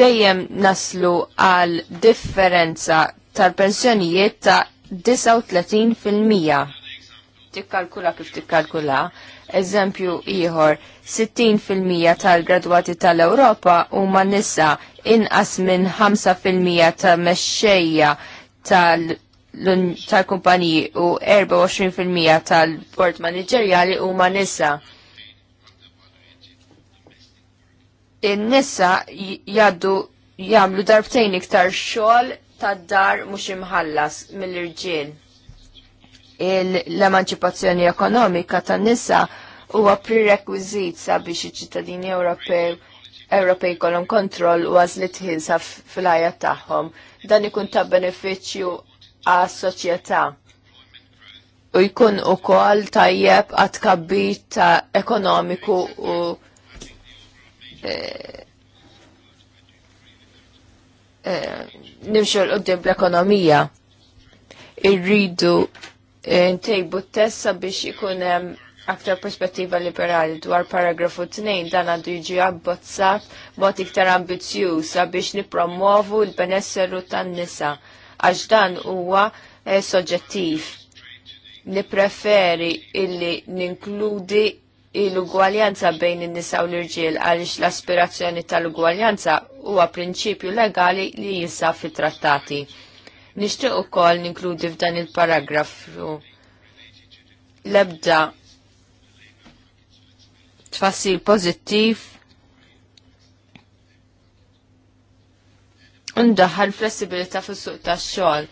dejjem naslu għal differenza tal-pensjonijiet ta' 39%. Tikkalkula kif tikkalkula. Eżempju ieħor, 60% tal-gradwati tal-Ewropa huma nisa inqas minn 5% ta' mexxejja tal-kumpaniji u 24% tal-bord u huma nisa. In-nisa jaddu jagħmlu darbtejn iktar xogħol tad-dar mhux imħallas mill-irġiel l-emanċipazzjoni ekonomika tan nisa huwa prerequisite sabiex iċ-ċittadini Ewropew Ewropej kolom kontroll u għazlit ħilsa fil-ħajja tagħhom. Dan ikun ta' benefiċċju għas soċjetà u jkun ukoll tajjeb għat kabbit ta' ekonomiku u e, e, nimxu l-qoddim l-ekonomija. Irridu e, ntejbu t-tessa biex ikun hemm aktar perspettiva liberali dwar paragrafu 2 dan għandu jiġi abbozzat mod iktar ambizzjuż sabiex nipromovu l-benesseru tan-nisa għax dan huwa eh, soġġettiv. Nipreferi illi ninkludi l-ugwaljanza bejn in-nisa u l-irġiel għaliex l-aspirazzjoni tal-ugwaljanza huwa prinċipju legali li jinsa fit-trattati. Nixtieq ukoll ninkludi f'dan il-paragrafu l-ebda tfassil pozittiv ndaħħal flessibilità fis-suq tax-xogħol.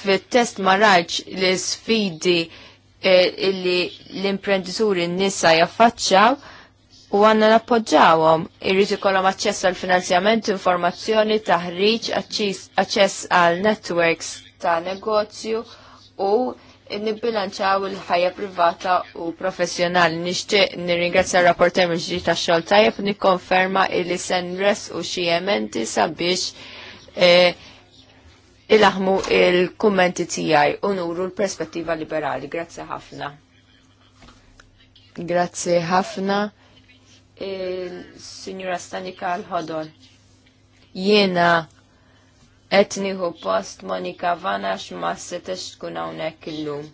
Fit-test ma rajtx li sfidi eh, illi l-imprenditori n-nisa jaffaċċaw u għanna nappoġġawhom irrid ikollhom aċċess għal finanzjament, informazzjoni, taħriġ, aċċess għal networks ta' negozju u nibbilanċaw il-ħajja privata u professjonali. Nixtieq nirringrazzja r-rapporter mill-ġdid tax-xogħol tajjeb nikkonferma li se u xi ementi sabiex eh, ilaħmu il-kummenti tiegħi u nuru l-perspettiva liberali. Grazzi ħafna. Grazzi ħafna. Signora Stanika l-ħodor. Jiena etniħu post Monika Vanax ma setex tkun hawnhekk illum.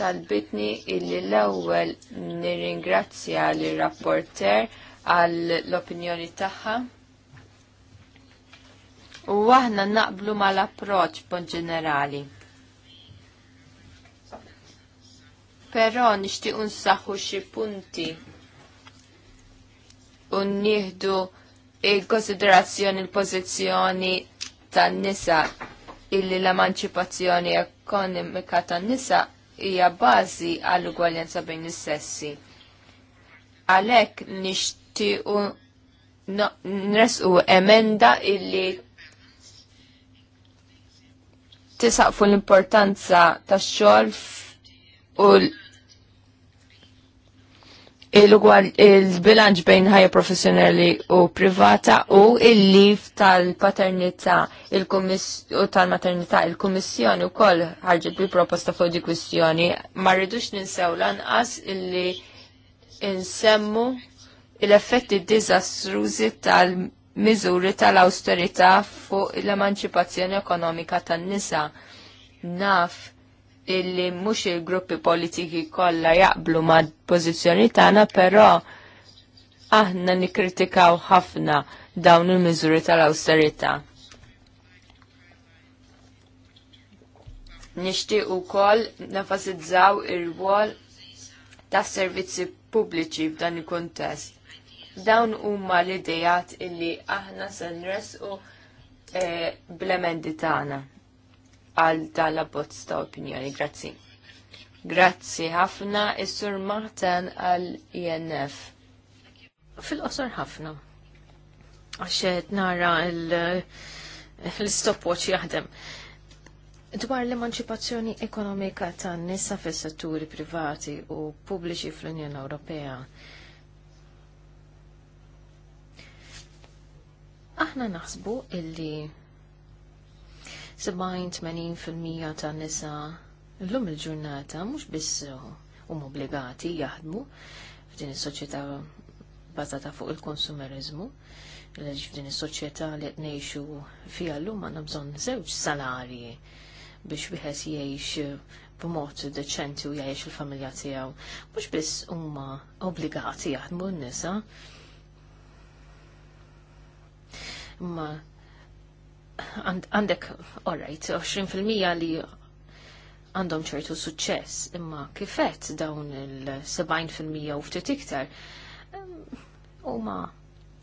Talbitni illi l-ewwel nirringrazzja li rapporter għal l-opinjoni tagħha. U aħna naqblu mal-approċ bon ġenerali. Però nishtiqun saħu xi punti u il-konsiderazzjoni l-pożizzjoni tan-nisa illi l-emanċipazzjoni ekonomika tan-nisa hija bażi għall-ugwaljanza bejn is-sessi. Għalhekk nixtiequ nresqu emenda illi tisaqfu l-importanza tax-xogħol u il-bilanċ bejn ħajja professjonali u privata u il-lif tal-paternità il u tal-maternità il-Kummissjoni u koll ħarġet bi proposta fuq di kwistjoni. Ma rridux ninsew lanqas illi insemmu l-effetti dizastruzi tal-miżuri tal-austerità fuq l-emanċipazzjoni ekonomika tan-nisa. Naf illi mhux il-gruppi politiki kollha jaqblu ma' pożizzjoni tagħna, però aħna nikkritikaw ħafna dawn il-miżuri tal-awsterità. u kol nafasizzaw ir wol tas servizzi pubbliċi f'dan il-kuntest. Dawn huma l-idejat illi aħna se nresqu eh, bl-emendi tagħna għal dalla bozz ta' opinjoni. Grazzi. Grazzi ħafna is-sur Martin għal INF. E Fil-qosor ħafna. Għaxed nara l-stopwatch jaħdem. Dwar l-emanċipazzjoni ekonomika tan nisa fis setturi privati u pubbliċi fl-Unjoni Ewropea, aħna naħsbu illi 70-80% ta' nisa l-lum il-ġurnata mux biss um obbligati jaħdmu f'din is-soċjetà bbażata fuq il-konsumerizmu. Leġ f'din is-soċjetà li qed ngħixu fiha llum għandna bżonn żewġ salarji biex wieħed jgħix b'mod deċenti u jgħix il-familja tiegħu. Mhux biss huma obbligati jaħdmu n-nisa. Ma għandek, all right, 20% li għandhom ċertu suċċess, imma kifet dawn il-70% u ftit iktar huma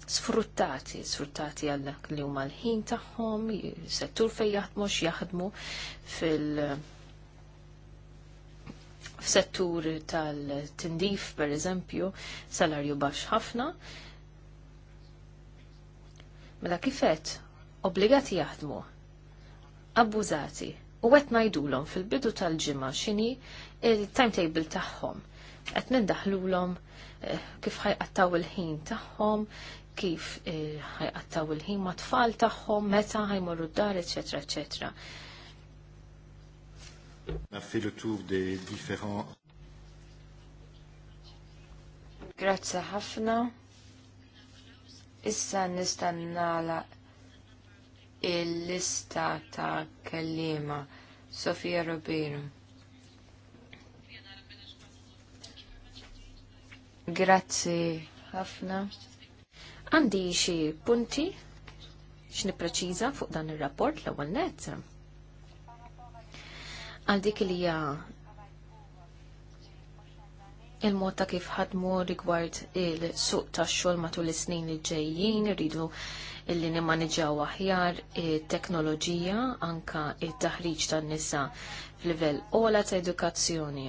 sfruttati, sfruttati għal li huma l-ħin tagħhom, settur fejn jaħdmu jaħdmu fil- f'settur tal-tindif, per eżempju, salarju baxx ħafna. Mela kifet obbligati jaħdmu, abbużati, u għet najdulom fil-bidu tal-ġimma xini il-timetable tagħhom. Qed nindaħlulhom eh, kif ħajqattaw il-ħin tagħhom, kif eh, ħajqattaw il-ħin ma' tfal tagħhom, meta ħajmorru d-dar, eċetera, eċetera. On Grazie ħafna. Issa nistanna la' il-lista ta' kellima Sofia Robiro. Grazzi ħafna. Għandi xi punti x'nippreċiża fuq dan ir-rapport l-ewwel nett. Għal dik li hija il-mod ta' kif ħadmu rigward il-suq tax xogħol matul is-snin li ġejjin, iridu illi nimmaniġaw aħjar teknoloġija anka it-taħriġ tan-nisa f'livell ola ta' edukazzjoni.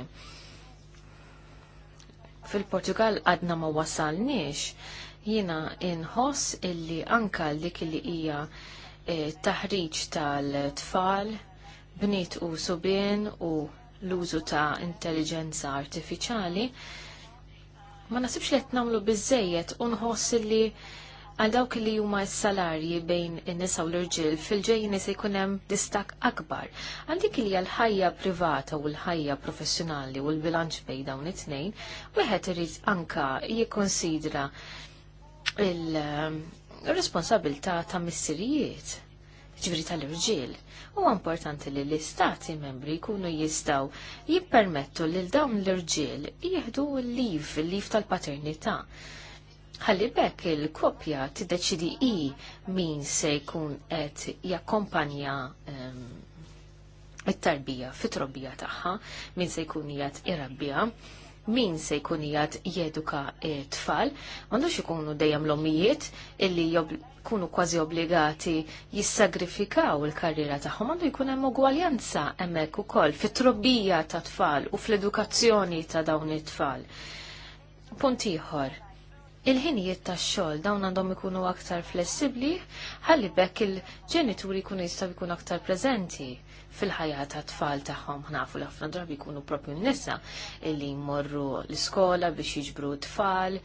Fil-Portugal għadna ma wasalniex, jina inħoss illi anka dik li hija e, taħriġ tal-tfal, bnit u subien u l-użu ta' intelligenza artifiċjali ma nasibx li qed nagħmlu biżejjed u nħoss li għal dawk li huma s-salarji bejn in-nisa u l-irġiel fil-ġejjin se jkun hemm distak akbar. Għandik li l-ħajja privata u l-ħajja professjonali u l-bilanċ bejn dawn it-tnejn, wieħed irid anka jikkonsidra il-responsabilità ta' missirijiet ġifri tal-irġiel. U importanti li l-istati membri jkunu jistaw jippermettu li l-dawn l-irġiel jieħdu l-liv, l-liv tal-paternità. Ħalli bekk il-kopja tiddeċidi i min se jkun qed jakkompanja ehm, it-tarbija fit-trobbija tagħha, min se jkun jgħat irabbija, min se jkun jgħat jeduka tfal, għandux ikunu dejjem l-omijiet illi kunu kważi obbligati jissagrifikaw il-karriera tagħhom għandu jkun hemm ugwaljanza hemmhekk ukoll fit-trobbija ta' tfal u fl-edukazzjoni ta' dawn it-tfal. Punt ieħor, il-ħinijiet tax-xogħol dawn għandhom ikunu aktar flessibbli ħalli bekk il-ġenituri jkunu jistgħu jkunu aktar prezenti fil-ħajja ta' tfal tagħhom nafu l ħafna drabi jkunu propju n-nisa li jmorru l-iskola biex jiġbru tfal.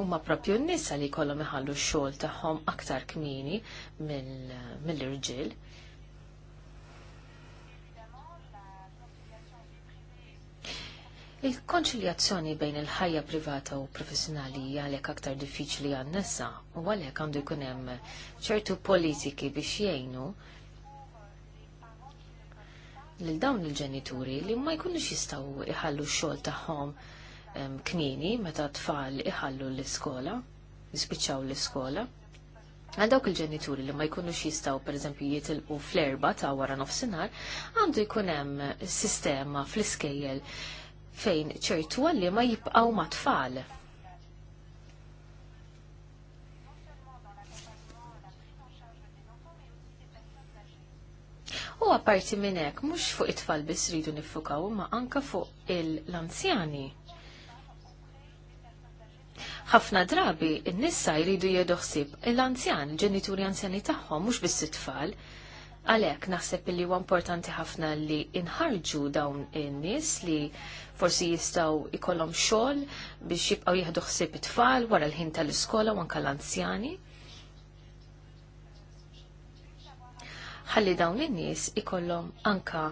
Huma propju n-nisa li jkollhom iħallu x-xogħol tagħhom aktar kmini mill-irġiel. Il-konċiljazzjoni bejn il-ħajja privata u professjonali għalek aktar diffiċli għannessa u għalek għandu jkun hemm ċertu politiki biex jgħinu lil dawn il-ġenituri li ma jkunux jistaw iħallu x-xogħol tagħhom knini meta tfal iħallu l-iskola, jispiċċaw l-iskola. Għal dawk il-ġenituri li ma jkunux jistaw per eżempju jitilqu fl-erba ta' wara nofsinhar, għandu jkun hemm sistema fl-iskejjel fejn ċertu għalli ma jibqaw ma tfal. U għaparti minnek, mux fuq it-tfal bis ridu nifukaw, ma anka fuq il-anzjani. ħafna drabi, n-nissa jridu jedoħsib l-anzjan, ġenituri anzjani taħħom, mux bis it-tfal, Għalek naħseb li huwa importanti ħafna li inħarġu dawn in-nies li forsi jistaw ikollhom xogħol biex jibqgħu jieħdu ħsieb it-tfal wara l-ħin tal-iskola u anke l-anzjani. Ħalli dawn in-nies ikollhom anke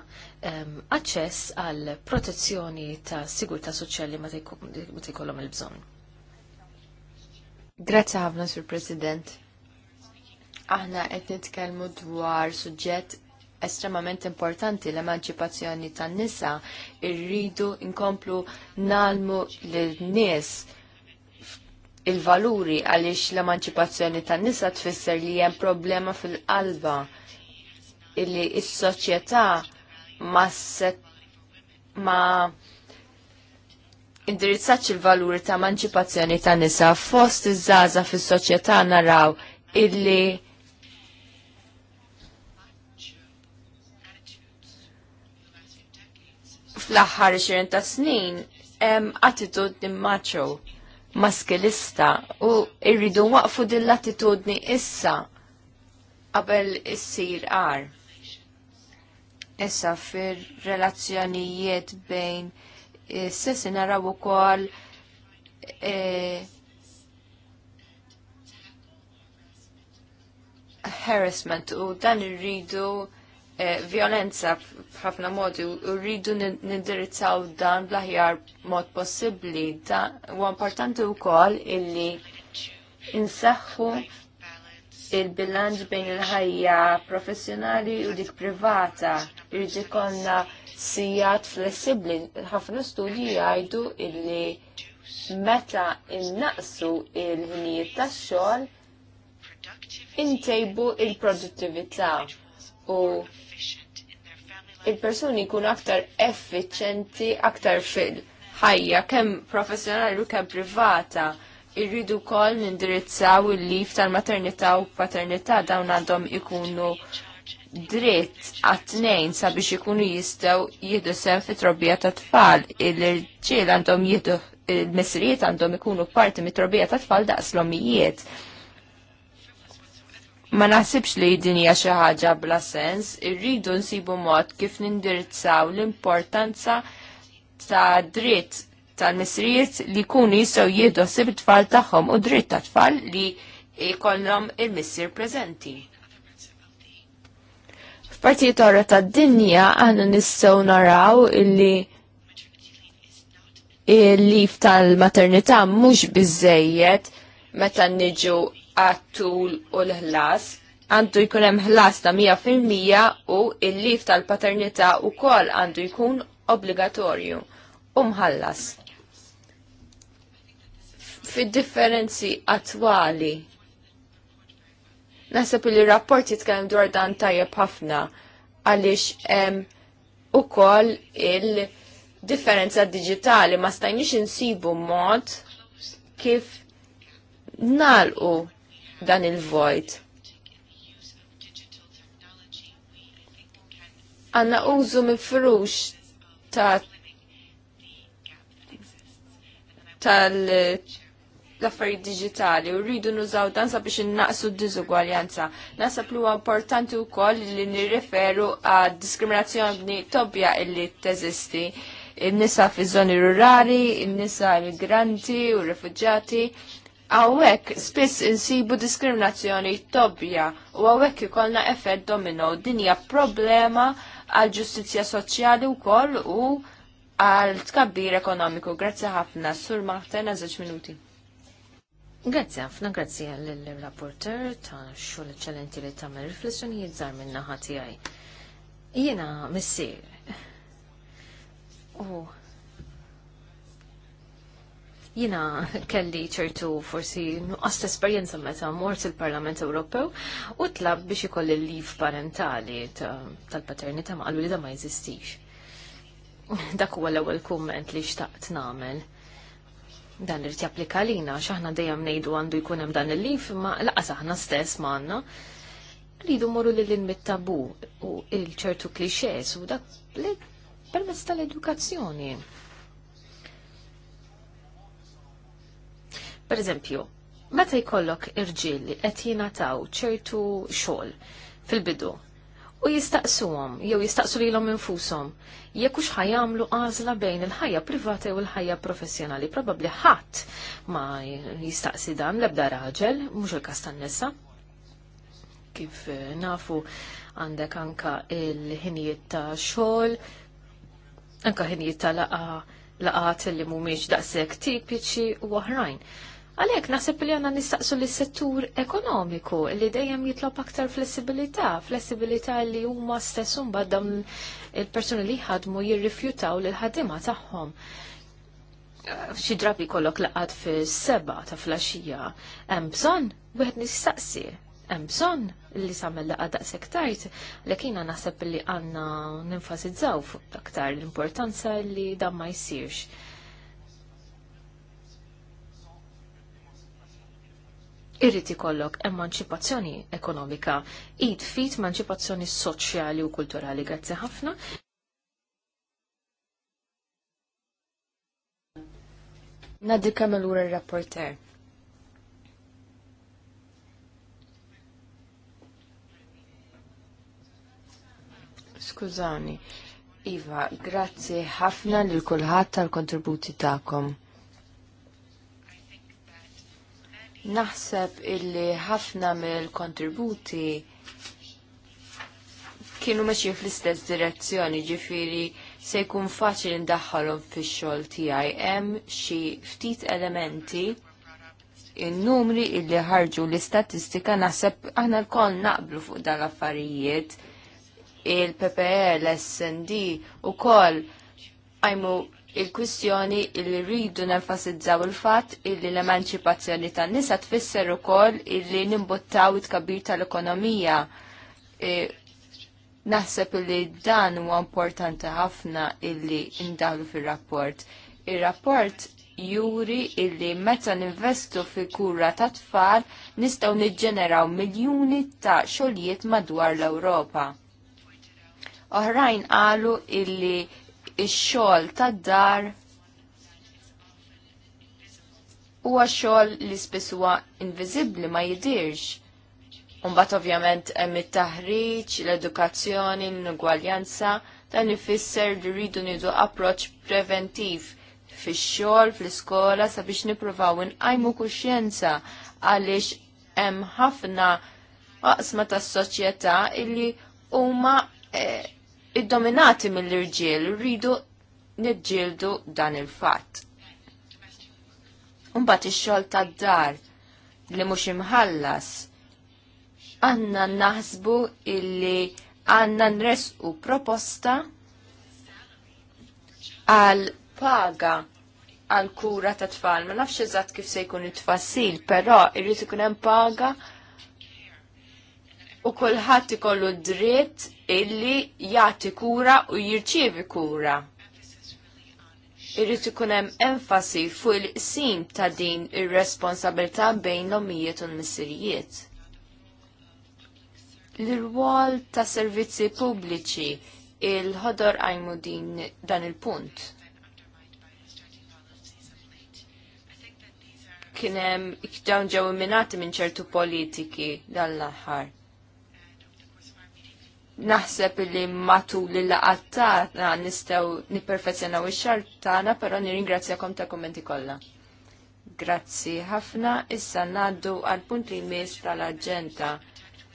ehm, aċċess għal protezzjoni ta' sigurtà soċjali meta jkollhom il-bżonn. Grazzi ħafna, Sur President. Aħna qed nitkellmu dwar suġġett estremament importanti l-emanċipazzjoni tan-nisa irridu nkomplu nalmu lin-nies il-valuri għaliex l-emanċipazzjoni tan-nisa tfisser li hemm problema fil-qalba illi s-soċjetà ma set ma indirizzax il-valuri ta' emanċipazzjoni tan-nisa fost iż-żaża fis-soċjetà naraw illi fl-aħħar xirin ta' snin hemm attitudni maċo maskilista u irridu waqfu din l-attitudni issa qabel issir għar. Issa fir-relazzjonijiet bejn is-sessi naraw ukoll e, harassment u dan irridu Eh, violenza f'ħafna modi u rridu nindirizzaw dan bl-aħjar mod possibbli. U importanti wkoll illi insaħħu il-bilanċ bejn il-ħajja professjonali u dik privata. rridu konna sijat flessibli. ħafna studji jgħidu illi meta innaqsu il-ħinijiet tax-xogħol intejbu il-produttività u il-persuni jkunu aktar effiċenti aktar fil-ħajja, kemm professjonali u kemm privata. Irridu kol nindirizzaw il-lif tal-maternità u paternità dawn għandhom ikunu dritt għat-tnejn sabiex ikunu jistaw jihdu sem fit-trobbija ta' tfal. il ġil għandhom jihdu il-messrijiet għandhom ikunu parti mit trobija ta' tfal daqs ma naħsibx li din hija xi ħaġa bla sens, irridu nsibu mod kif nindirizzaw l-importanza ta' dritt tal-misrijiet li jkunu jistgħu jieħdu sib tfal tagħhom u dritt ta' tfal li jkollhom il-missier preżenti. F'partijiet oħra tad-dinja aħna nistgħu naraw illi il-lif tal-maternità mhux biżejjed meta niġu għattul u l-ħlas għandu jkun hemm ħlas ta' 100% u il-lif tal-paternità wkoll għandu jkun obbligatorju u mħallas. Fid-differenzi attwali Nasab li rapport jitkellem dwar dan tajjeb ħafna għaliex hemm ukoll il-differenza digitali ma stajniex insibu mod kif nalqu dan il-vojt. Għanna użu mifrux ta' tal laffari digitali u rridu nużaw dan sabiex innaqsu d-diżugwaljanza. Nasa li huwa importanti wkoll li nirreferu għad diskriminazzjoni tobja illi teżisti in-nisa fi zoni rurali, in-nisa immigranti u rifugġati. Għawek spiss insibu diskriminazzjoni tobja u għawek ikolna effett domino dinja problema għal ġustizja soċjali u koll u għal tkabbir ekonomiku. Grazzi ħafna, sur maħten għazax minuti. Grazzi ħafna, grazzi l rapporter ta' xul eccellenti li tamer riflessjonijiet jizzar minna ħati għaj. Jena missir. U Jina kelli ċertu forsi nuqqas esperjenza meta mort il-Parlament Ewropew u tlab biex ikolli il liv parentali tal paternita ma qalu li da ma jeżistix. Dak huwa l-ewwel kumment li xtaqt nagħmel dan irid japplika lina x'aħna dejjem ngħidu għandu jkun hemm dan il-lif ma laqas aħna stess m'għandna. Rridu morru lil mit tabu u il-ċertu klixes u dak li permezz tal-edukazzjoni. Per eżempju, meta jkollok irġiel li qed jingħataw ċertu xogħol fil-bidu u jistaqsuhom jew jistaqsu lilhom infushom jekk hux ħajamlu għażla bejn il-ħajja privata u l-ħajja professjonali. Probabbli ħadd ma jistaqsi dan l-ebda raġel, mhux il-każ tan-nisa. Kif nafu għandek anka il-ħinijiet ta' xogħol, anka ħinijiet ta' laqa laqat li mhumiex daqshekk tipiċi u oħrajn. Għalek, nasib li għanna nistaqsu li settur ekonomiku li dejjem jitlob aktar flessibilità, flessibilità li huma stessum baddam il-personi li ħadmu jirrifjutaw li l-ħadima tagħhom. Xi drabi kollok laqad fi seba ta' flaxija, hemm bżonn wieħed nistaqsi, hemm bżonn li samel laqad daqshekk li lekin naħseb li għandna ninfasizzaw fuq aktar l-importanza li dan ma jsirx irrid ikollok emancipazzjoni ekonomika, id fit emancipazzjoni soċjali u kulturali. Grazzi ħafna. Nadi kamelur il-rapporter. Skużani, Iva, grazzi ħafna lil kulħadd tal-kontributi tagħkom. Naħseb illi ħafna mill-kontributi kienu meċi fl-istess direzzjoni ġifiri se jkun faċli ndaħħalhom fix-xogħol tiegħi hemm xi ftit elementi in-numri illi ħarġu l-istatistika naħseb aħna lkoll naqblu fuq dal-affarijiet il-PPL, SND u koll għajmu il-kwistjoni illi rridu nenfasizzaw il-fatt illi l-emanċipazzjoni tan-nisa tfisser ukoll illi nimbuttaw it-kabir tal-ekonomija. E, Naħseb illi dan huwa importanti ħafna illi ndaħlu fir-rapport. Ir-rapport il juri illi meta ninvestu fi kura ta' tfal nistgħu niġġeneraw miljuni ta' xogħlijiet madwar l-Ewropa. Oħrajn qalu illi ix-xogħol tad-dar huwa xogħol li spiss invizibli inviżibbli ma jidirx. Umbat ovvjament hemm it-taħriġ, l-edukazzjoni, l-ugwaljanza, dan ifisser li rridu nidu approċċ preventiv fix-xogħol, fl-iskola sabiex nippruvaw inqajmu kuxjenza għaliex hemm ħafna qasma tas-soċjetà illi huma eh, iddominati mill-irġiel, rridu nidġildu dan il-fatt. Umbat ix-xogħol tad-dar li mhux imħallas għandna naħsbu illi għandna nresqu proposta għal paga għal kura ta' tfal. Ma nafx eżatt kif se jkun it-tfassil, però irrid ikun hemm paga u kulħadd ikollu dritt illi jagħti kura u jirċievi kura. Irrid ikun hemm enfasi fuq il-qsim ta' din ir-responsabilità bejn l-omijiet u l-missirijiet. L-irwol ta' servizzi pubbliċi il-ħodor għajmu din dan il-punt. Kienem ikdawn ġew minati minn ċertu politiki dal-aħħar naħseb li matul li laqat tagħna nistgħu nipperfezzjonaw ix pero tagħna, però nirringrazzjakom ta' kommenti kollha. Grazzi ħafna, issa ngħaddu għal punt li jmiss tal-aġenda.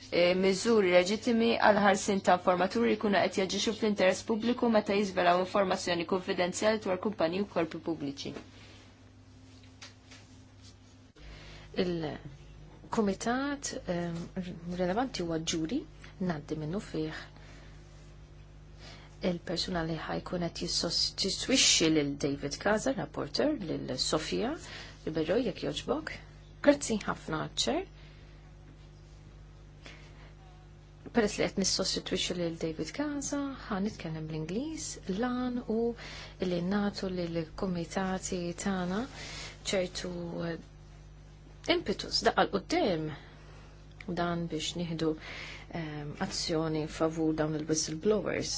E, miżuri reġitimi għal ħarsin ta' informaturi jkunu qed jaġixu fl-interess pubbliku meta jiżvelaw informazzjoni konfidenzjali dwar kumpaniji u korpi pubbliċi. Il-Kumitat relevanti rilevanti huwa ġuri naddi minnu fiħ. il-persuna li ħajkun qed jissostitwixxi lil David Kazar, rapporter, lil Sofia Ribeiro jekk joġbok. Grazzi ħafna ċer. Peress li qed nissostitwixxi lil David Kaza, ħan nitkellem l-Inglis, ingliż lan u li nagħtu l kumitati tagħna ċertu eh, impetus daqal qudiem dan biex nieħdu Ehm, azzjoni favur dawn il-whistleblowers,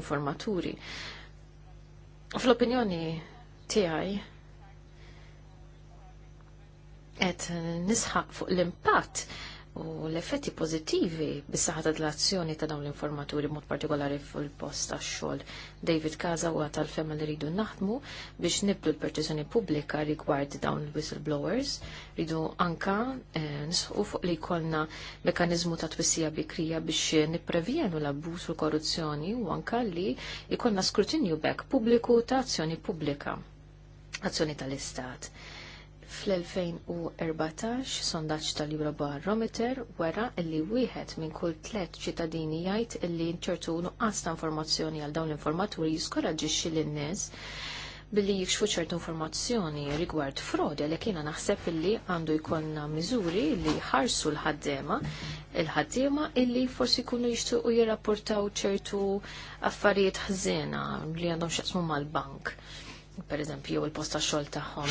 informaturi. Fl-opinjoni tiegħi qed nisħaq fuq l-impatt u l-effetti pozittivi bis-saħħa tal-azzjoni ta' dawn l-informaturi mod partikolari fil-post għax xogħol David Kaza huwa tal fem li rridu naħdmu biex nibdu l-perċezzjoni pubblika rigward dawn il-whistleblowers, rridu anka eh, nisħu fuq li jkollna mekanizmu ta' twissija bikrija biex nipprevjenu l-abbuż u l korruzzjoni u anka li jkollna skrutinju bekk pubbliku ta' azzjoni pubblika, azzjoni tal-istat Fl-2014, sondaġġ tal libra Barometer wera li wieħed minn kull tliet ċittadini jgħid illi nċertu nuqqas ta' informazzjoni għal dawn l-informaturi jiskoraġixxi lin-nies billi jikxfu ċertu informazzjoni rigward frodi li kiena naħseb illi għandu jkollna miżuri li ħarsu l-ħaddiema il-ħaddiema illi forsi jkunu u jirrapportaw ċertu affarijiet ħżiena li għandhom xaqsmu mal-bank per eżempju, il-posta xogħol tagħhom.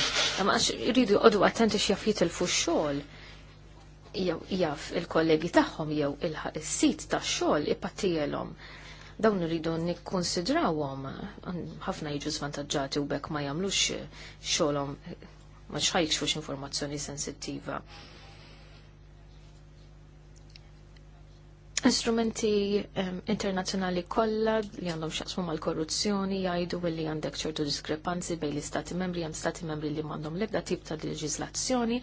Ma irridu jqogħdu attenti x'jaf jitilfu x-xogħol jew jaf il-kollegi tagħhom jew il-sit tax-xogħol ipattijelhom. Dawn irridu nikkonsidrawhom ħafna jiġu żvantaġġati u bekk ma jagħmlux xogħolhom ma xħajkx fux informazzjoni sensittiva. Instrumenti um, internazzjonali kollha li għandhom xaqsmu mal-korruzzjoni jgħidu li għandek ċertu diskrepanzi bejn l-istati membri hemm stati membri li m'għandhom l-ebda tip ta' leġiżlazzjoni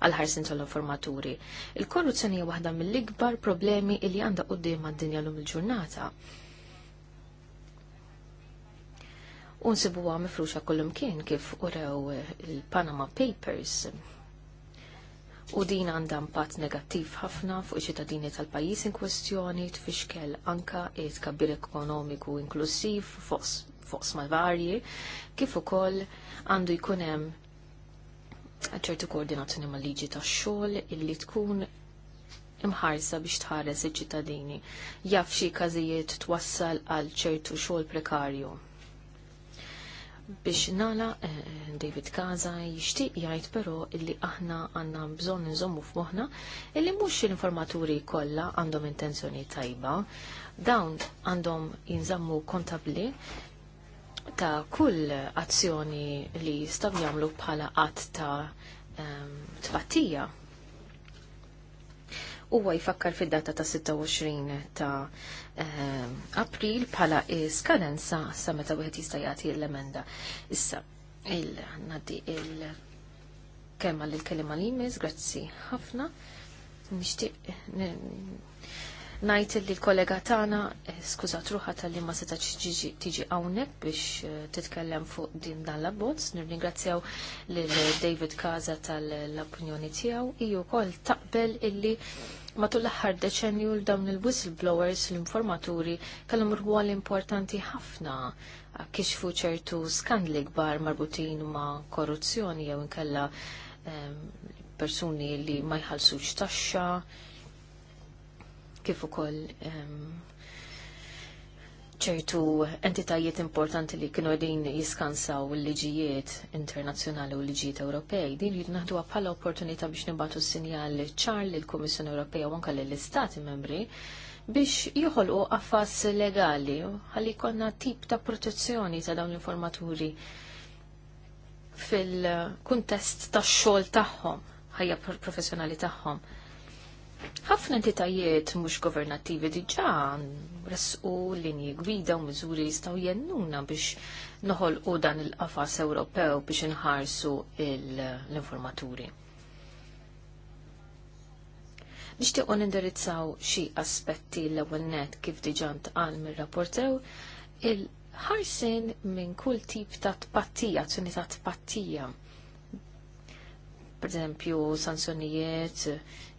għal ħarsin tal-informaturi. Il-korruzzjoni hija waħda mill-ikbar problemi li għandha quddiem għad-dinja lum il-ġurnata. Unsibuha mifruxa kollum kien kif urew il-Panama Papers u din għandha impatt negattiv ħafna fuq iċ-ċittadini tal-pajjiż in kwestjoni tfixkel anka it-kabbir ekonomiku inklusiv fuq ma varji, kif ukoll għandu jkun hemm ċertu koordinazzjoni mal-liġi tax-xogħol illi tkun imħarsa biex tħares iċ-ċittadini. Jaf xi każijiet twassal għal ċertu xogħol prekarju Biex nala eh, David Kaza jixtieq jgħid però illi aħna għandna bżonn nżommu f'moħħna illi mhux l-informaturi kollha għandhom intenzjoni tajba, dawn għandhom jinżammu kontabli ta' kull azzjoni li staw jagħmlu bħala qatt ta' ehm, tfattija huwa jfakkar fid-data ta' 26 ta' ehm, April bħala skadenza sa meta wieħed jista' jagħti l-emenda. Issa il-nadi il kemm l-kelima li grazzi ħafna. Nixtieq Najt li l-kollega tagħna eh, skuża truħa tal-li ma setax tiġi hawnhekk biex eh, titkellem fuq din dan l-abbozz. Nirringrazzjaw lil eh, David Kaza tal-opinjoni tiegħu. Iju wkoll taqbel illi matul l-aħħar deċenju l dawn il-whistleblowers l-informaturi kellhom rwol importanti ħafna kixfu ċertu skandli kbar marbutin ma' korruzzjoni jew inkella ehm, persuni li ma jħallsux taxxa kif ukoll ċertu entitajiet importanti li kienu għedin jiskansaw l-liġijiet internazzjonali u l-liġijiet Ewropej, din li naħduha bħala opportunità biex nibatu sinjal ċar l kummissjoni Ewropea u anke l-Istati membri biex joħolqu affas legali ħalli jkollna tip ta' protezzjoni ta' dawn l-informaturi fil-kuntest tax xogħol tagħhom, ħajja professjonali tagħhom. Ħafna entitajiet mhux governattivi diġà resqu linji gwida u miżuri jistgħu jennuna biex noħolqu dan il-qafas Ewropew biex inħarsu l-informaturi. Nixtiequ nindirizzaw xi aspetti l-ewwel net kif diġà ntqal mir-rapportew il-ħarsin minn kull tip ta' tpattija, azzjoni ta' tpattija pereżempju sanzjonijiet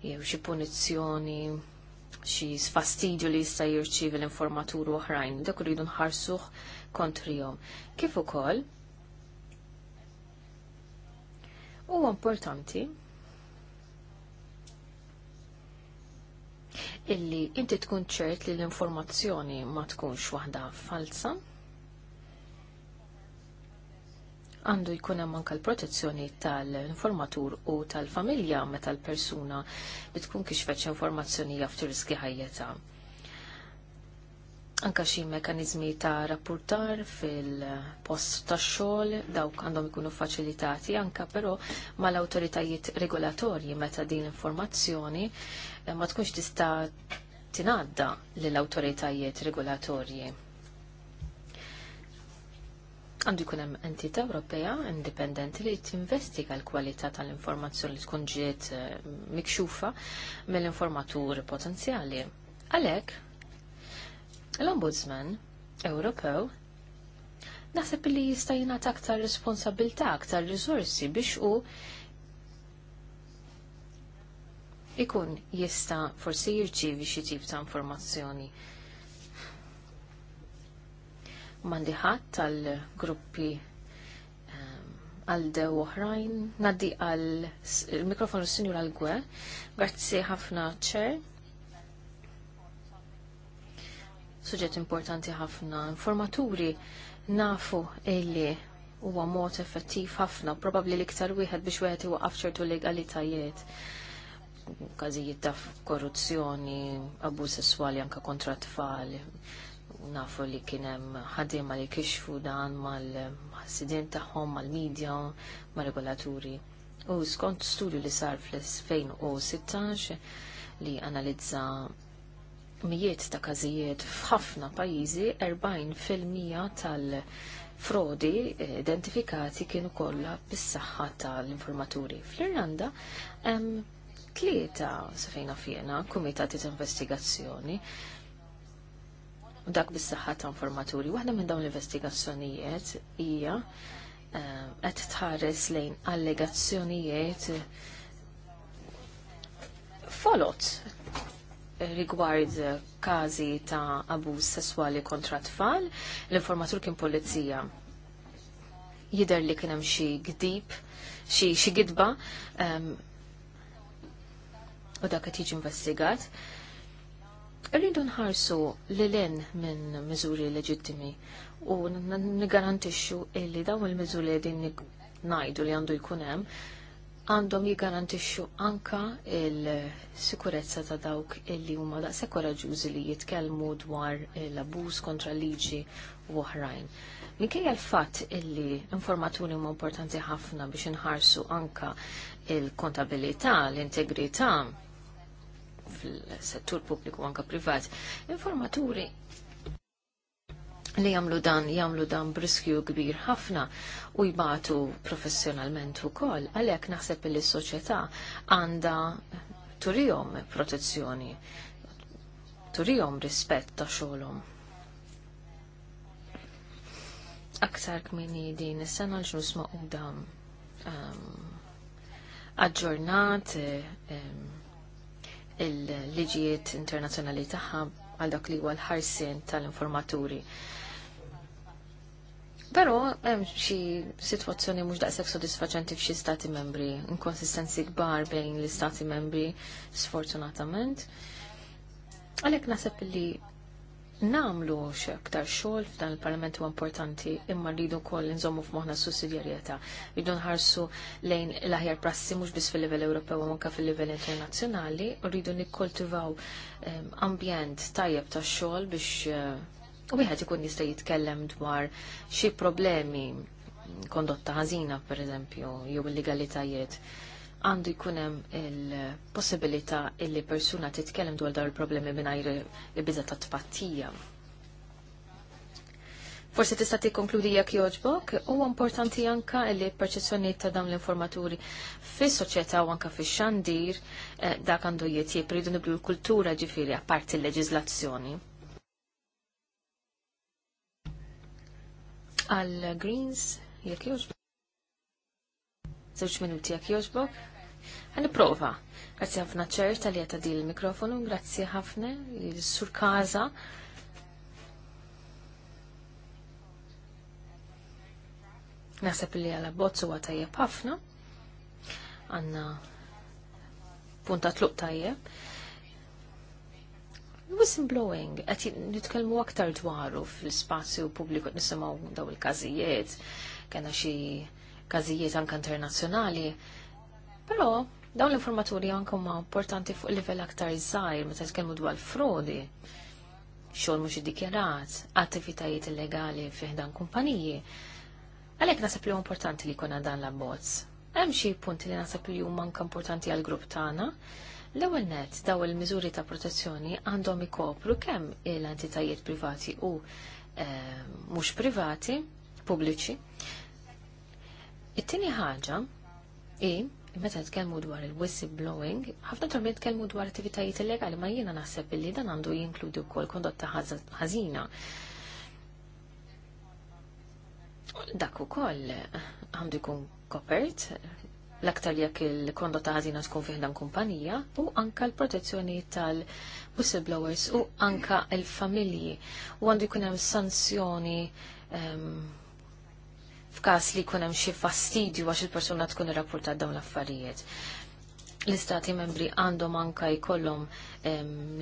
jew xi punizzjoni xi sfastidju li jista' jirċievi l-informatur oħrajn, dak li nħarsuh kontrihom. Kif ukoll huwa importanti illi inti tkun ċert li l-informazzjoni ma tkunx waħda falsa għandu jkun hemm anke l-protezzjoni tal-informatur u tal-familja meta l-persuna li tkun kixfet informazzjoni jaf riski ħajjeta. Anka xi mekanizmi ta' rapportar fil-post tax xogħol dawk għandhom ikunu faċilitati anka però mal-awtoritajiet regolatorji meta din l-informazzjoni eh, ma tkunx tista' tingħadda lill-awtoritajiet regolatorji Għandu jkun hemm entità Ewropea indipendenti li tinvestiga l-kwalità tal-informazzjoni li tkun ġiet eh, mikxufa mill-informatur potenzjali. Għalhekk, l-Ombudsman Ewropew naħseb li jista' jingħata aktar responsabilità, aktar riżorsi biex hu ikun jista' forsi jirċievi xi tip ta' informazzjoni mandi ħadd tal-gruppi għal ehm, dew oħrajn, naddi għal il-mikrofonu sinjur għal gwe, grazzi ħafna ċer. Suġġett importanti ħafna, informaturi nafu illi huwa mod effettiv ħafna, probabbli l-iktar wieħed biex wieħed iwaqaf ċertu legalitajiet każijiet ta' korruzzjoni, abbuż sesswali anke kontra tfal, nafu li kienem ħadima li kixfu dan mal-ħassidin taħħom, mal-medja, mal-regolaturi. U skont studju li sar fl-2016 li analizza mijiet ta' kazijiet f'ħafna pajjiżi 40% tal-frodi identifikati kienu kollha bis-saħħa tal-informaturi. Fl-Irlanda tlieta sefejna fjena kumitati ta' investigazzjoni u dak bis-saħħa ta' informaturi. Waħda minn dawn l-investigazzjonijiet hija ehm, qed tħares lejn allegazzjonijiet folot rigward każi ta' abuż sesswali kontra tfal, l-informatur kien pulizija. Jider li kien hemm xi gdib, xi xi gidba ehm, u dak qed jiġi investigat. Rridu nħarsu l-len minn miżuri leġittimi u nigarantixxu illi dawn il-miżuri li din najdu li għandu jkun hemm għandhom jigarantixxu anka il-sikurezza ta' dawk illi huma daqshekk koraġużi li jitkellmu dwar l-abuż kontra liġi u oħrajn. Minkejja l-fatt illi informaturi huma importanti ħafna biex inħarsu anka il-kontabilità, l-integrità, fil-settur pubbliku anka privat, informaturi li jamlu dan, jamlu dan briskju kbir ħafna u jibatu professjonalment u koll, għalek naħseb li s-soċieta għanda turijom protezzjoni, turijom rispett ta' xolom. Aktar kmini din is-sena l-ġnus ma' u dam um, aġġornat, um, il-liġijiet internazzjonali tagħha għal dak li huwa l-ħarsien tal-informaturi. Però hemm xi sitwazzjoni mhux daqshekk sodisfaċenti f'xi stati membri, inkonsistenzi kbar bejn l-istati membri sfortunatament. Għalhekk naħseb li namlu xektar xogħol f'dan il-Parlament huwa importanti imma rridu wkoll nżommu f'moħħna s-sussidjarjetà. Rridu nħarsu lejn l-aħjar prassi mhux biss fil-livell Ewropew u anke fil-livell internazzjonali, rridu nikkultivaw ehm, ambjent tajjeb tax-xogħol biex eh, wieħed ikun jista' jitkellem dwar xi problemi kondotta ħażina pereżempju jew il-legalitajiet għandu jkunem il-possibilita illi persuna titkellem dwar dar il-problemi mingħajr il-biza ta' tpattija. Forse tista' tikkonkludi jekk joġbok, huwa importanti anka li perċezzjoni ta' dawn l-informaturi fis-soċjetà u anka fix-xandir eh, dak għandu jitjieb rridu nibdu l-kultura ġifieri apparti l-leġiżlazzjoni. Għal Greens jekk joġbok. Zewġ minuti jekk joġbok. Għaniprofa. Grazzi ħafna ċerta li għata di l-mikrofonu, grazzi ħafna sur kaza. Nasab li għala bozzu tajjeb ħafna. Għanna punta tluq tajjeb. Whistleblowing, għat nitkelmu aktar dwaru fil-spazju publiku nisimaw daw il-kazijiet, kena xie kazijiet anka internazjonali, pero Dawn l-informaturi anke ma importanti fuq livell aktar żgħir meta tkellmu dwar frodi, xogħol mhux dikjarat, attivitajiet illegali fih dan kumpaniji. Għalhekk nasab li importanti li kuna dan l-abbozz. Hemm xi punti li nasab li huma anke importanti għall grupp tagħna. L-ewwel nett daw il-miżuri ta' protezzjoni għandhom ikopru kemm l-entitajiet privati u eh, mhux privati, pubbliċi. It-tieni ħaġa i Meta tkellmu dwar il-whistleblowing, ħafna drabi tkellmu dwar attivitajiet illegali, ma jiena naħseb li dan għandu jinkludi wkoll kondotta ħażina. Dak ukoll għandu jkun kopert l-aktar jekk il-kondotta ħażina tkun fih dan kumpanija u anka l-protezzjoni tal-whistleblowers u anka l-familji u għandu jkun hemm sanzjoni ehm, f'każ li jkun hemm xi fastidju għax il-persuna tkun irrapportat dawn l-affarijiet. L-istati membri għandhom anka jkollhom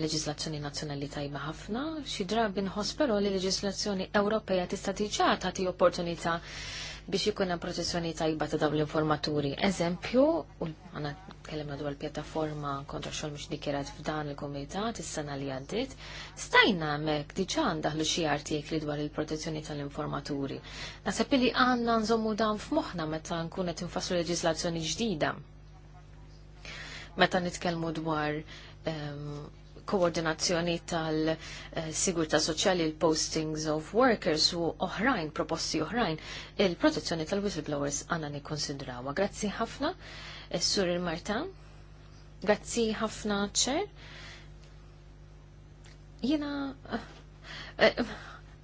leġislazzjoni nazzjonali tajba ħafna, xi drabi nħoss però li leġislazzjoni Ewropea tista' tiġà tagħti opportunità biex ikun hemm protezzjoni tajba ta' dawn l-informaturi. Eżempju, u għana kellimna dwar pjattaforma kontra xogħol mhux dikjerat f'dan il-kumitat is-sena li għaddiet, stajna hemmhekk diġà daħlu xi artikli dwar il-protezzjoni tal-informaturi. Naħseb li għandna nżommu dan f'moħħna meta nkun qed infasslu leġislazzjoni ġdida. Meta nitkellmu dwar um, koordinazzjoni tal-sigurta soċjali, il-postings of workers u oħrajn, proposti oħrajn, il-protezzjoni tal-whistleblowers għanna konsidrawa. Grazzi ħafna, Sur il-Marta. Grazzi ħafna, ċer. Jena, eh, eh,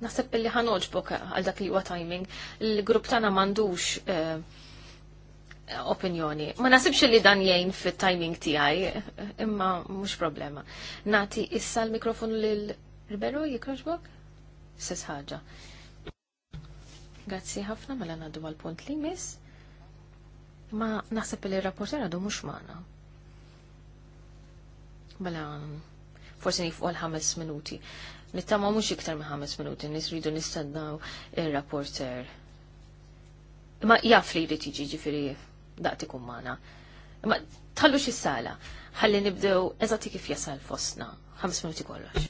naħseb li ħanoġbok għal dak li huwa timing. Il-grupp tagħna m'għandux eh, opinjoni. Ma nasibx li dan jgħin fit-timing tiegħi, imma mhux problema. Nati issa l-mikrofonu lil Riberu jikroġbok? Sis ħaġa. Grazzi ħafna mela ngħaddu għall-punt li miss. Ma naħseb li r-rapporter għadu mhux magħna. Mela forsi nifqu l-ħames minuti. Nittama mhux iktar minn ħames minuti, nisridu nistennaw ir-rapporter. Ma jaf li jrid jiġi ġifieri daqtikum maħna. Ma tħallux is-sala, ħalli nibdew eżati kif jasal fostna. 5 minuti kollox.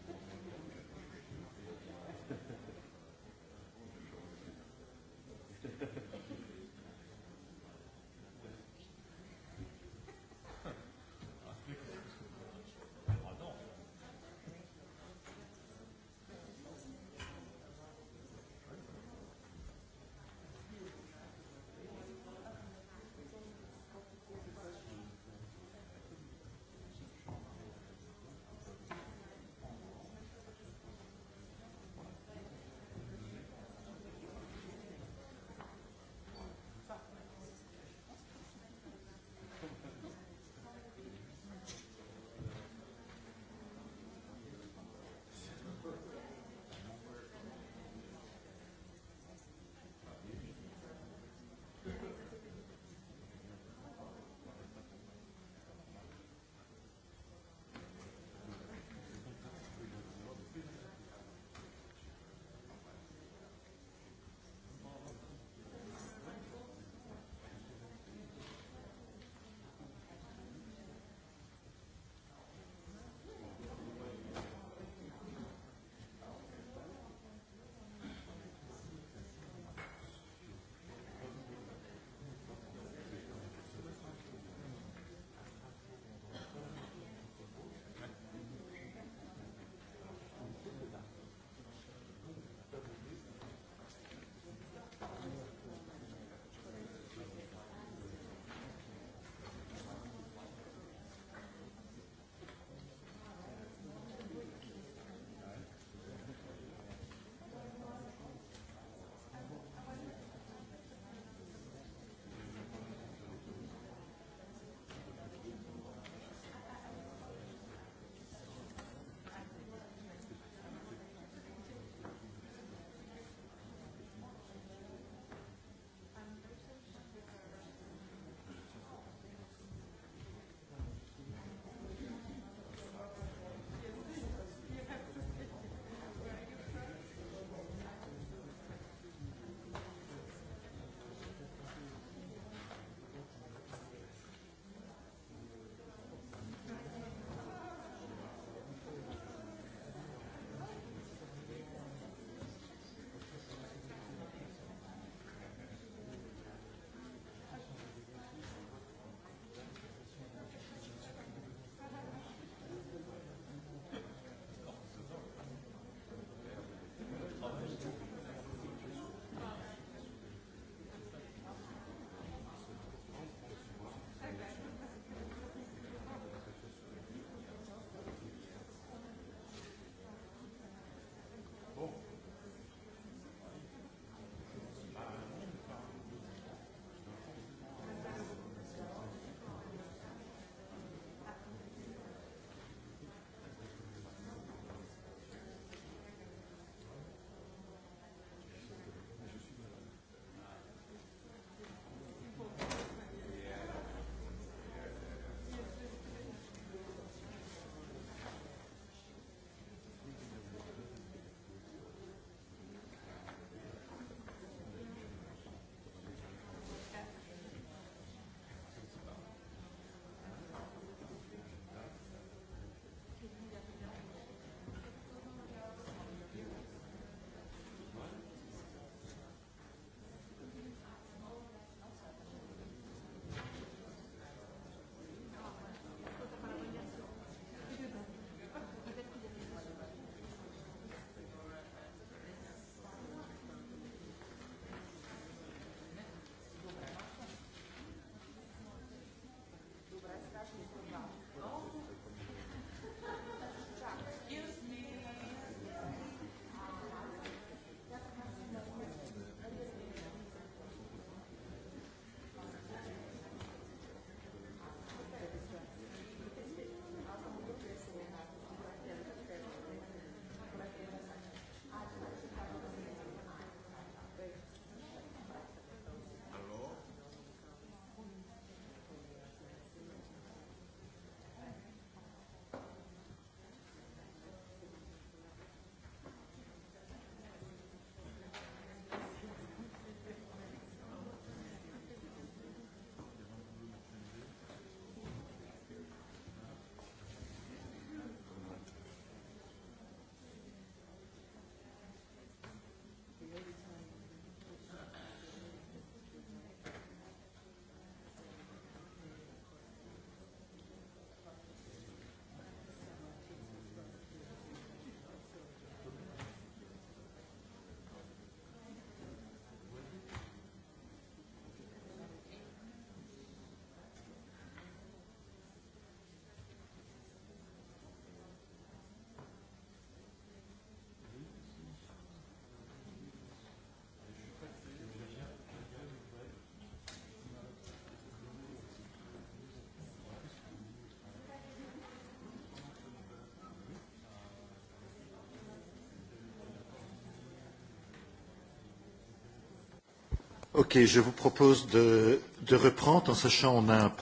Ok, je vous propose de, de reprendre en sachant on a un...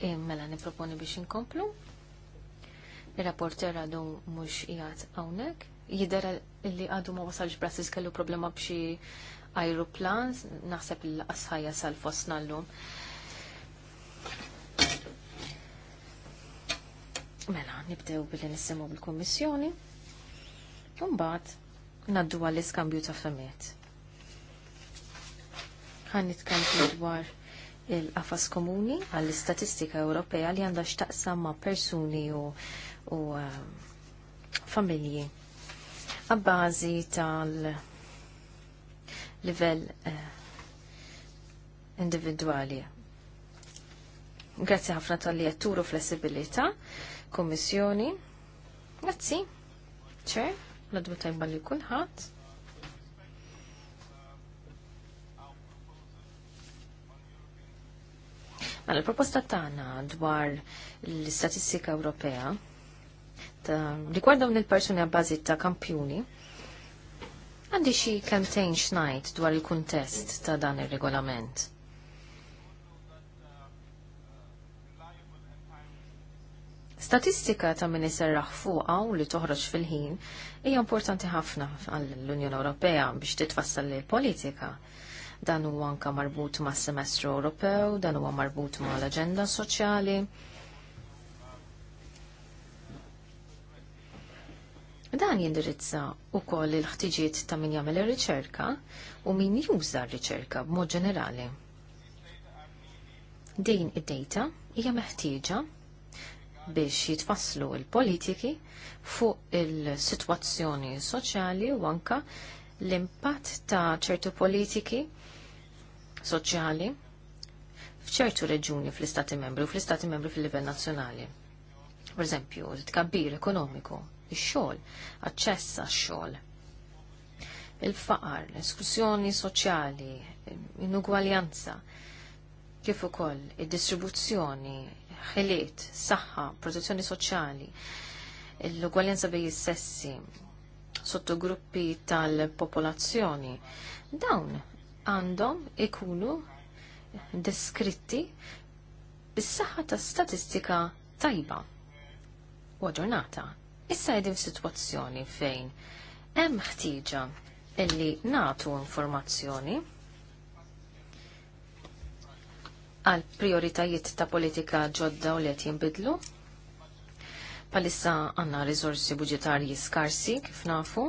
E, mela biex inkomplu. Il-rapporter għadu mux jgħat għawnek. Jidera li għadu ma wasalx brasis kellu problema bxi aeroplans, naħseb l-asħajja sal-fosna l-lum. Mela, nibdew billi nissimu bil komissjoni Umbat, naddu għall-iskambju ta' femiet għan nitkallmu dwar il-qafas komuni għall-istatistika Ewropea li għandha x'taqsam ma' persuni u, uh, familji ab'bażi tal-livell uh, individwali. Grazzi ħafna tal-li jatturu flessibilita, kommissjoni. Grazzi, ċer, l-adbu tajba li kullħat. Għal mela, il-proposta tagħna dwar l-istatistika Ewropea rigward dawn il-persuni għabbażi ta' kampjuni, għandi xi kemtejn xnajt dwar il-kuntest ta' dan ir-regolament. Statistika ta' minister raħfu għaw li toħroġ fil-ħin hija importanti ħafna għall-Unjoni Ewropea biex titfassal li politika dan huwa anka marbut ma' semestru Ewropew, dan huwa marbut ma' l-aġenda soċjali. Dan jindirizza wkoll il-ħtiġiet ta' min jagħmel ir-riċerka u min juża r-riċerka b'mod ġenerali. Din id-data hija meħtieġa biex jitfasslu l politiki fuq il-sitwazzjoni soċjali u anka l-impatt ta' ċertu politiki soċjali f'ċertu reġuni fl-Istati membri u fl-Istati membri fil-livell nazzjonali. Per eżempju, tkabbir ekonomiku, ix-xogħol, aċċess għax-xogħol. Il-faqar, l-esklusjoni soċjali, inugwaljanza, kif ukoll id-distribuzzjoni, ħiliet, saħħa, protezzjoni soċjali, l-ugwaljanza bejn is-sessi, sottogruppi tal-popolazzjoni, dawn għandhom ikunu deskritti bis-saħħa ta' statistika tajba u aġġornata. Issa jedin situazzjoni fejn hemm ħtieġa illi natu informazzjoni għal prioritajiet ta' politika ġodda u li qed jinbidlu. Palissa għanna riżorsi budġetarji skarsi kif nafu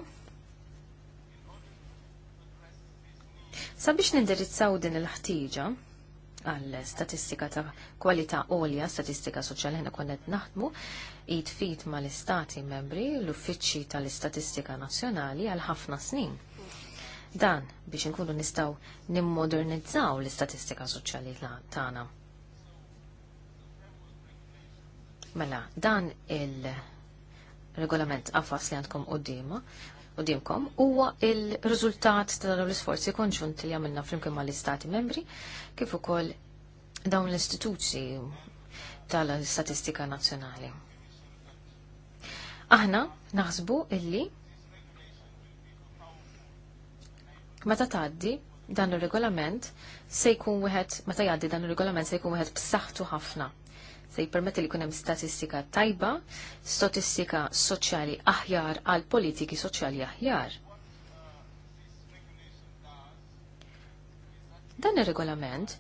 Sabiex nindirizzaw din il-ħtieġa għal statistika ta' kwalità għolja, statistika soċjali ħna konnet naħdmu, id fit ma l-istati membri l-uffiċċji tal-istatistika nazzjonali għal ħafna snin. Dan biex inkunu nistaw nimmodernizzaw l-istatistika soċjali tagħna. Mela, dan il- regolament għafas li għandkom qoddima quddiemkom huwa il-riżultat ta' dawn l-isforzi konġunti li għamilna flimkien mal-Istati membri kif ukoll dawn l istituzzi tal-Statistika Nazzjonali. Aħna naħsbu illi meta tgħaddi dan ir regolament se jkun wieħed meta jgħaddi dan ir regolament se jkun wieħed b'saħħtu ħafna se jipermetti li kunem statistika tajba, statistika soċjali aħjar għal politiki soċjali aħjar. Dan ir-regolament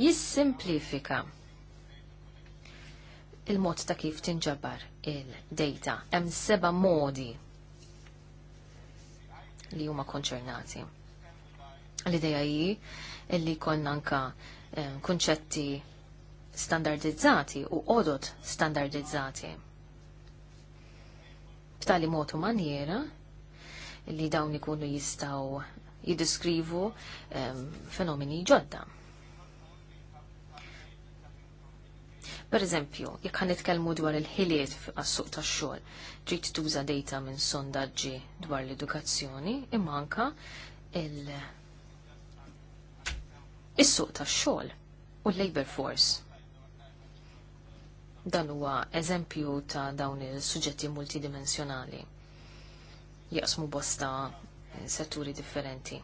jissimplifika il-mod ta' kif tinġabar il-data. Hemm seba' modi li huma konċernati. L-idea hi li konna anka eh, kunċetti standardizzati u odot standardizzati. B'tali motu manjera li dawn ikunu jistaw jidiskrivu um, ehm, fenomeni ġodda. Per eżempju, jekk ħan nitkellmu dwar il-ħiliet għas-suq tax-xogħol, trid tuża data minn sondaġġi dwar l-edukazzjoni imma anka il- is-suq tax-xogħol u l-labor force. Dan huwa eżempju ta' dawn il-suġġetti multidimensjonali. Jaqsmu bosta setturi differenti.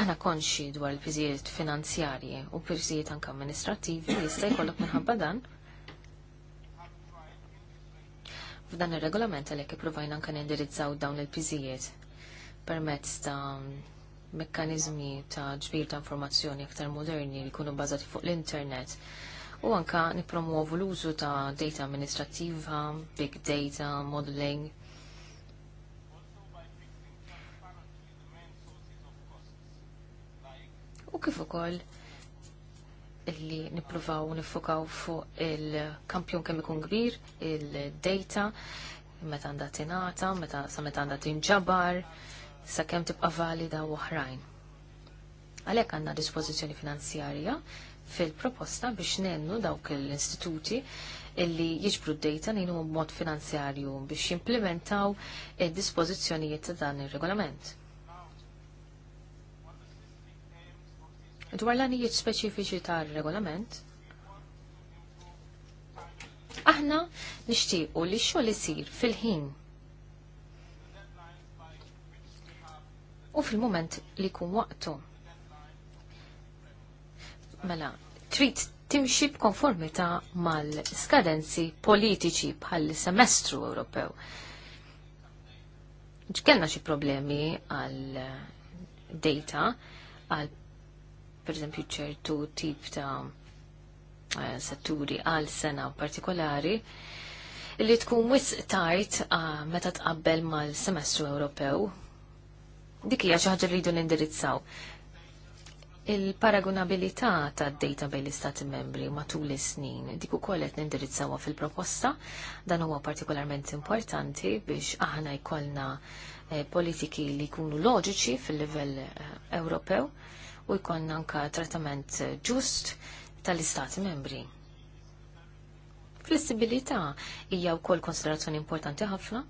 Aħna konxi dwar il-piżijiet finanzjarji u piżijiet anke amministrativi jista' jkollok minħabba dan f'dan ir-regolament għalhekk ippruvajna anke nindirizzaw dawn il-piżijiet permezz ta' mekkaniżmi ta' ġbir ta' informazzjoni aktar moderni li jkunu bbażati fuq l-internet u anka nipromuovu l-użu ta' data amministrativa, big data, modeling. U kif ukoll illi nippruvaw nifokaw fuq il-kampjon kemm ikun kbir, il-data, meta għandha tingħata, meta sa meta għandha tinġabar, sa kemm tibqa' valida u oħrajn. Għalhekk għandna dispożizzjoni finanzjarja fil-proposta biex nennu dawk l-istituti illi jiġbru d-data nejnu mod finanzjarju biex jimplementaw il-dispozizjonijiet ta' dan il-regolament. Dwar l-għanijiet speċifiċi ta' regolament, aħna nishtiqu li xogħol isir fil-ħin u fil-moment li kum waqtu. Mela, trid timxi b'konformità mal-skadenzi politiċi bħal-semestru Ewropew. Ġkellna xi problemi għal data għal per ċertu tip ta' eh, setturi għal sena partikolari li tkun wis tajt eh, meta tqabbel mal-semestru Ewropew. Dik hija xi ħaġa li nindirizzaw. Il-paragonabilità ta' data bejn l-istati membri matul is-snin dik ukoll qed nindirizzawha fil-proposta dan huwa partikolarment importanti biex aħna jkollna eh, politiki li jkunu loġiċi fil-livell eh, Ewropew u jkollna anka trattament eh, ġust tal-istati membri. Flessibilità hija wkoll konsiderazzjoni importanti ħafna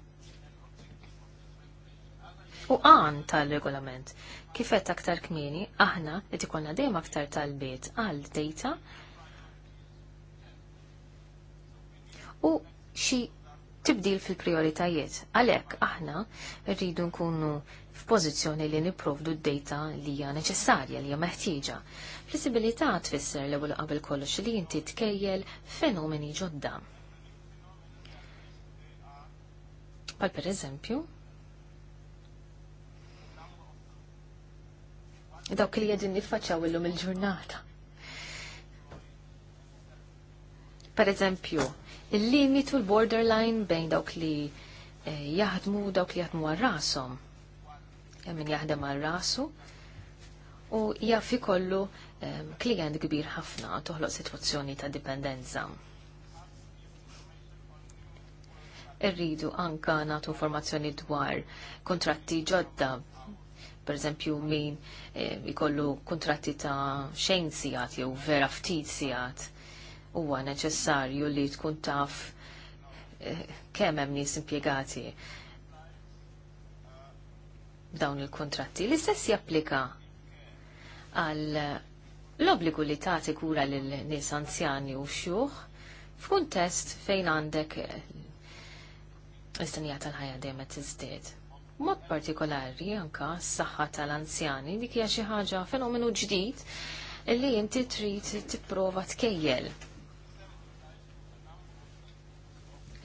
u għan tal-regolament. Kifet aktar kmini, aħna li tikonna dejjem aktar tal-bit għal data u xi tibdil fil-prioritajiet. Għalhekk aħna rridu nkunu f'pożizzjoni li nipprovdu d-data li hija neċessarja li hija meħtieġa. Flessibilità tfisser l-ewwel qabel kollox li inti tkejjel fenomeni ġodda. Pal per eżempju, dawk li jedin niffaċċaw illum il-ġurnata. Per eżempju, il-limitu l-borderline bejn dawk li eh, jaħdmu dawk li jaħdmu għal rasom. Min jaħdem għal rasu u jaffi kollu ehm, klient kbir ħafna toħloq situazzjoni ta' dipendenza. Irridu anka natu informazzjoni dwar kontratti ġodda eżempju, min eh, ikollu kuntratti ta' xejn sigħat jew vera ftit sigħat huwa neċessarju li tkun taf eh, kemm hemm nies impjegati dawn il-kontratti. L-istess japplika għal l-obbligu li tagħti kura lil nies anzjani u xjuħ f'kuntest fejn għandek eh, l-istenija tal-ħajja dejjem qed tiżdied mod partikolari anka s-saħħa tal-anzjani dik hija xi ħaġa fenomenu ġdid li inti trid tipprova tkejjel.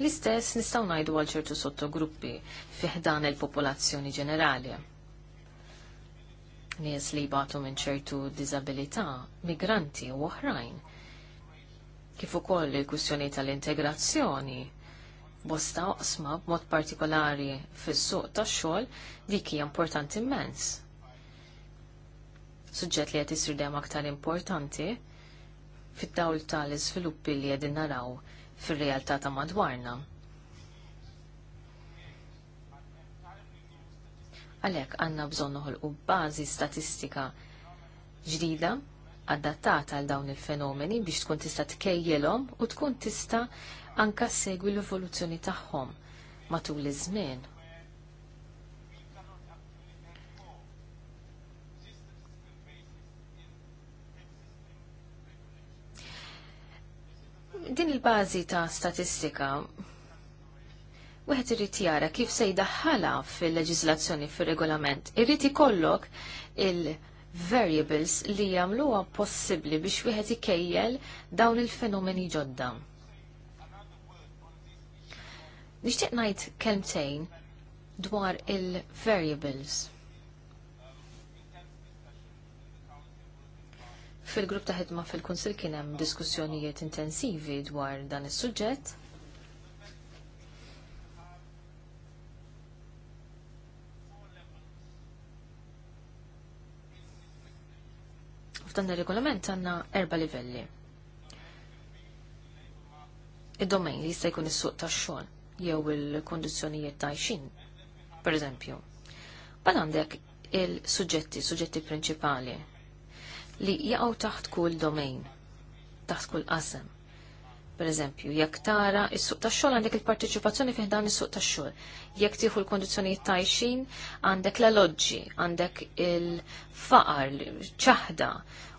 L-istess nistgħu ngħidu għal ċertu sottogruppi fiħdan il-popolazzjoni ġenerali. Nies li jbatu minn ċertu diżabilità, migranti u oħrajn. Kif ukoll il-kwistjoni tal-integrazzjoni, bosta oqsma b'mod partikolari fis-suq tax-xogħol dik hija importanti immens. Suġġett li qed isir dejjem aktar importanti fid-dawl tal-iżviluppi li qegħdin naraw fir-realtà ta' madwarna. Għalhekk għandna bżonn noħolqu bażi statistika ġdida adattata għal dawn il-fenomeni biex tkun tista' tkejjelhom u tkun tista' anka segwi l-evoluzzjoni tagħhom matul iż-żmien. Din il-bażi ta' statistika Weħed irid jara kif se jdaħħala fil leġislazzjoni fir-regolament. Irrid ikollok il- variables li jagħmluha possibbli biex wieħed ikejjel dawn il-fenomeni ġodda. Nixtieq ngħid kelmtejn dwar il-variables. Fil-grupp ta' ħidma fil-Kunsil kien hemm diskussjonijiet intensivi dwar dan is-suġġett. F'dan ir-regolament għandna erba' livelli. Id-domain li jista' jkun is-suq tax-xogħol jew il-kondizjonijiet tajxin, per eżempju. Bad għandek il-suġġetti, suġġetti prinċipali, li jaqgħu taħt kull domain, taħt kull qasem. Per eżempju, jekk tara is-suq tax-xogħol għandek il-partiċipazzjoni fih dan is-suq tax-xogħol. Jekk tieħu l-kondizzjonijiet tajxin, għandek l-alloġġi, għandek il-faqar, ċaħda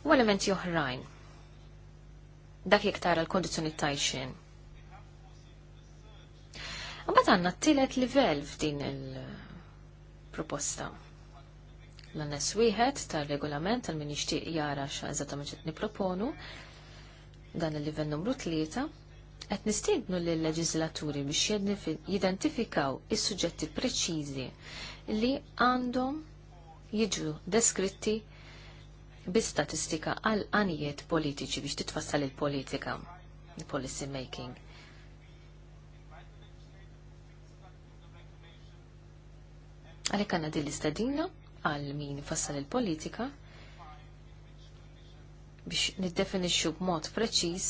u elementi oħrajn. Dak jekk tara l-kondizzjonijiet tajxin. Mbagħad għandna t-tielet livell f'din il-proposta. L-annes wieħed tar-regolament tal-min jixtieq jara x'eżattament qed nipproponu dan il-livell numru tlieta qed nistiednu lill leġislaturi biex jidentifikaw is-suġġetti preċiżi li għandhom jiġu deskritti bi statistika għal anijiet politiċi biex titfassal il-politika, il-policy making. Għalek għanna din l-istadina għal min fassal il-politika biex niddefinixxu b'mod preċiż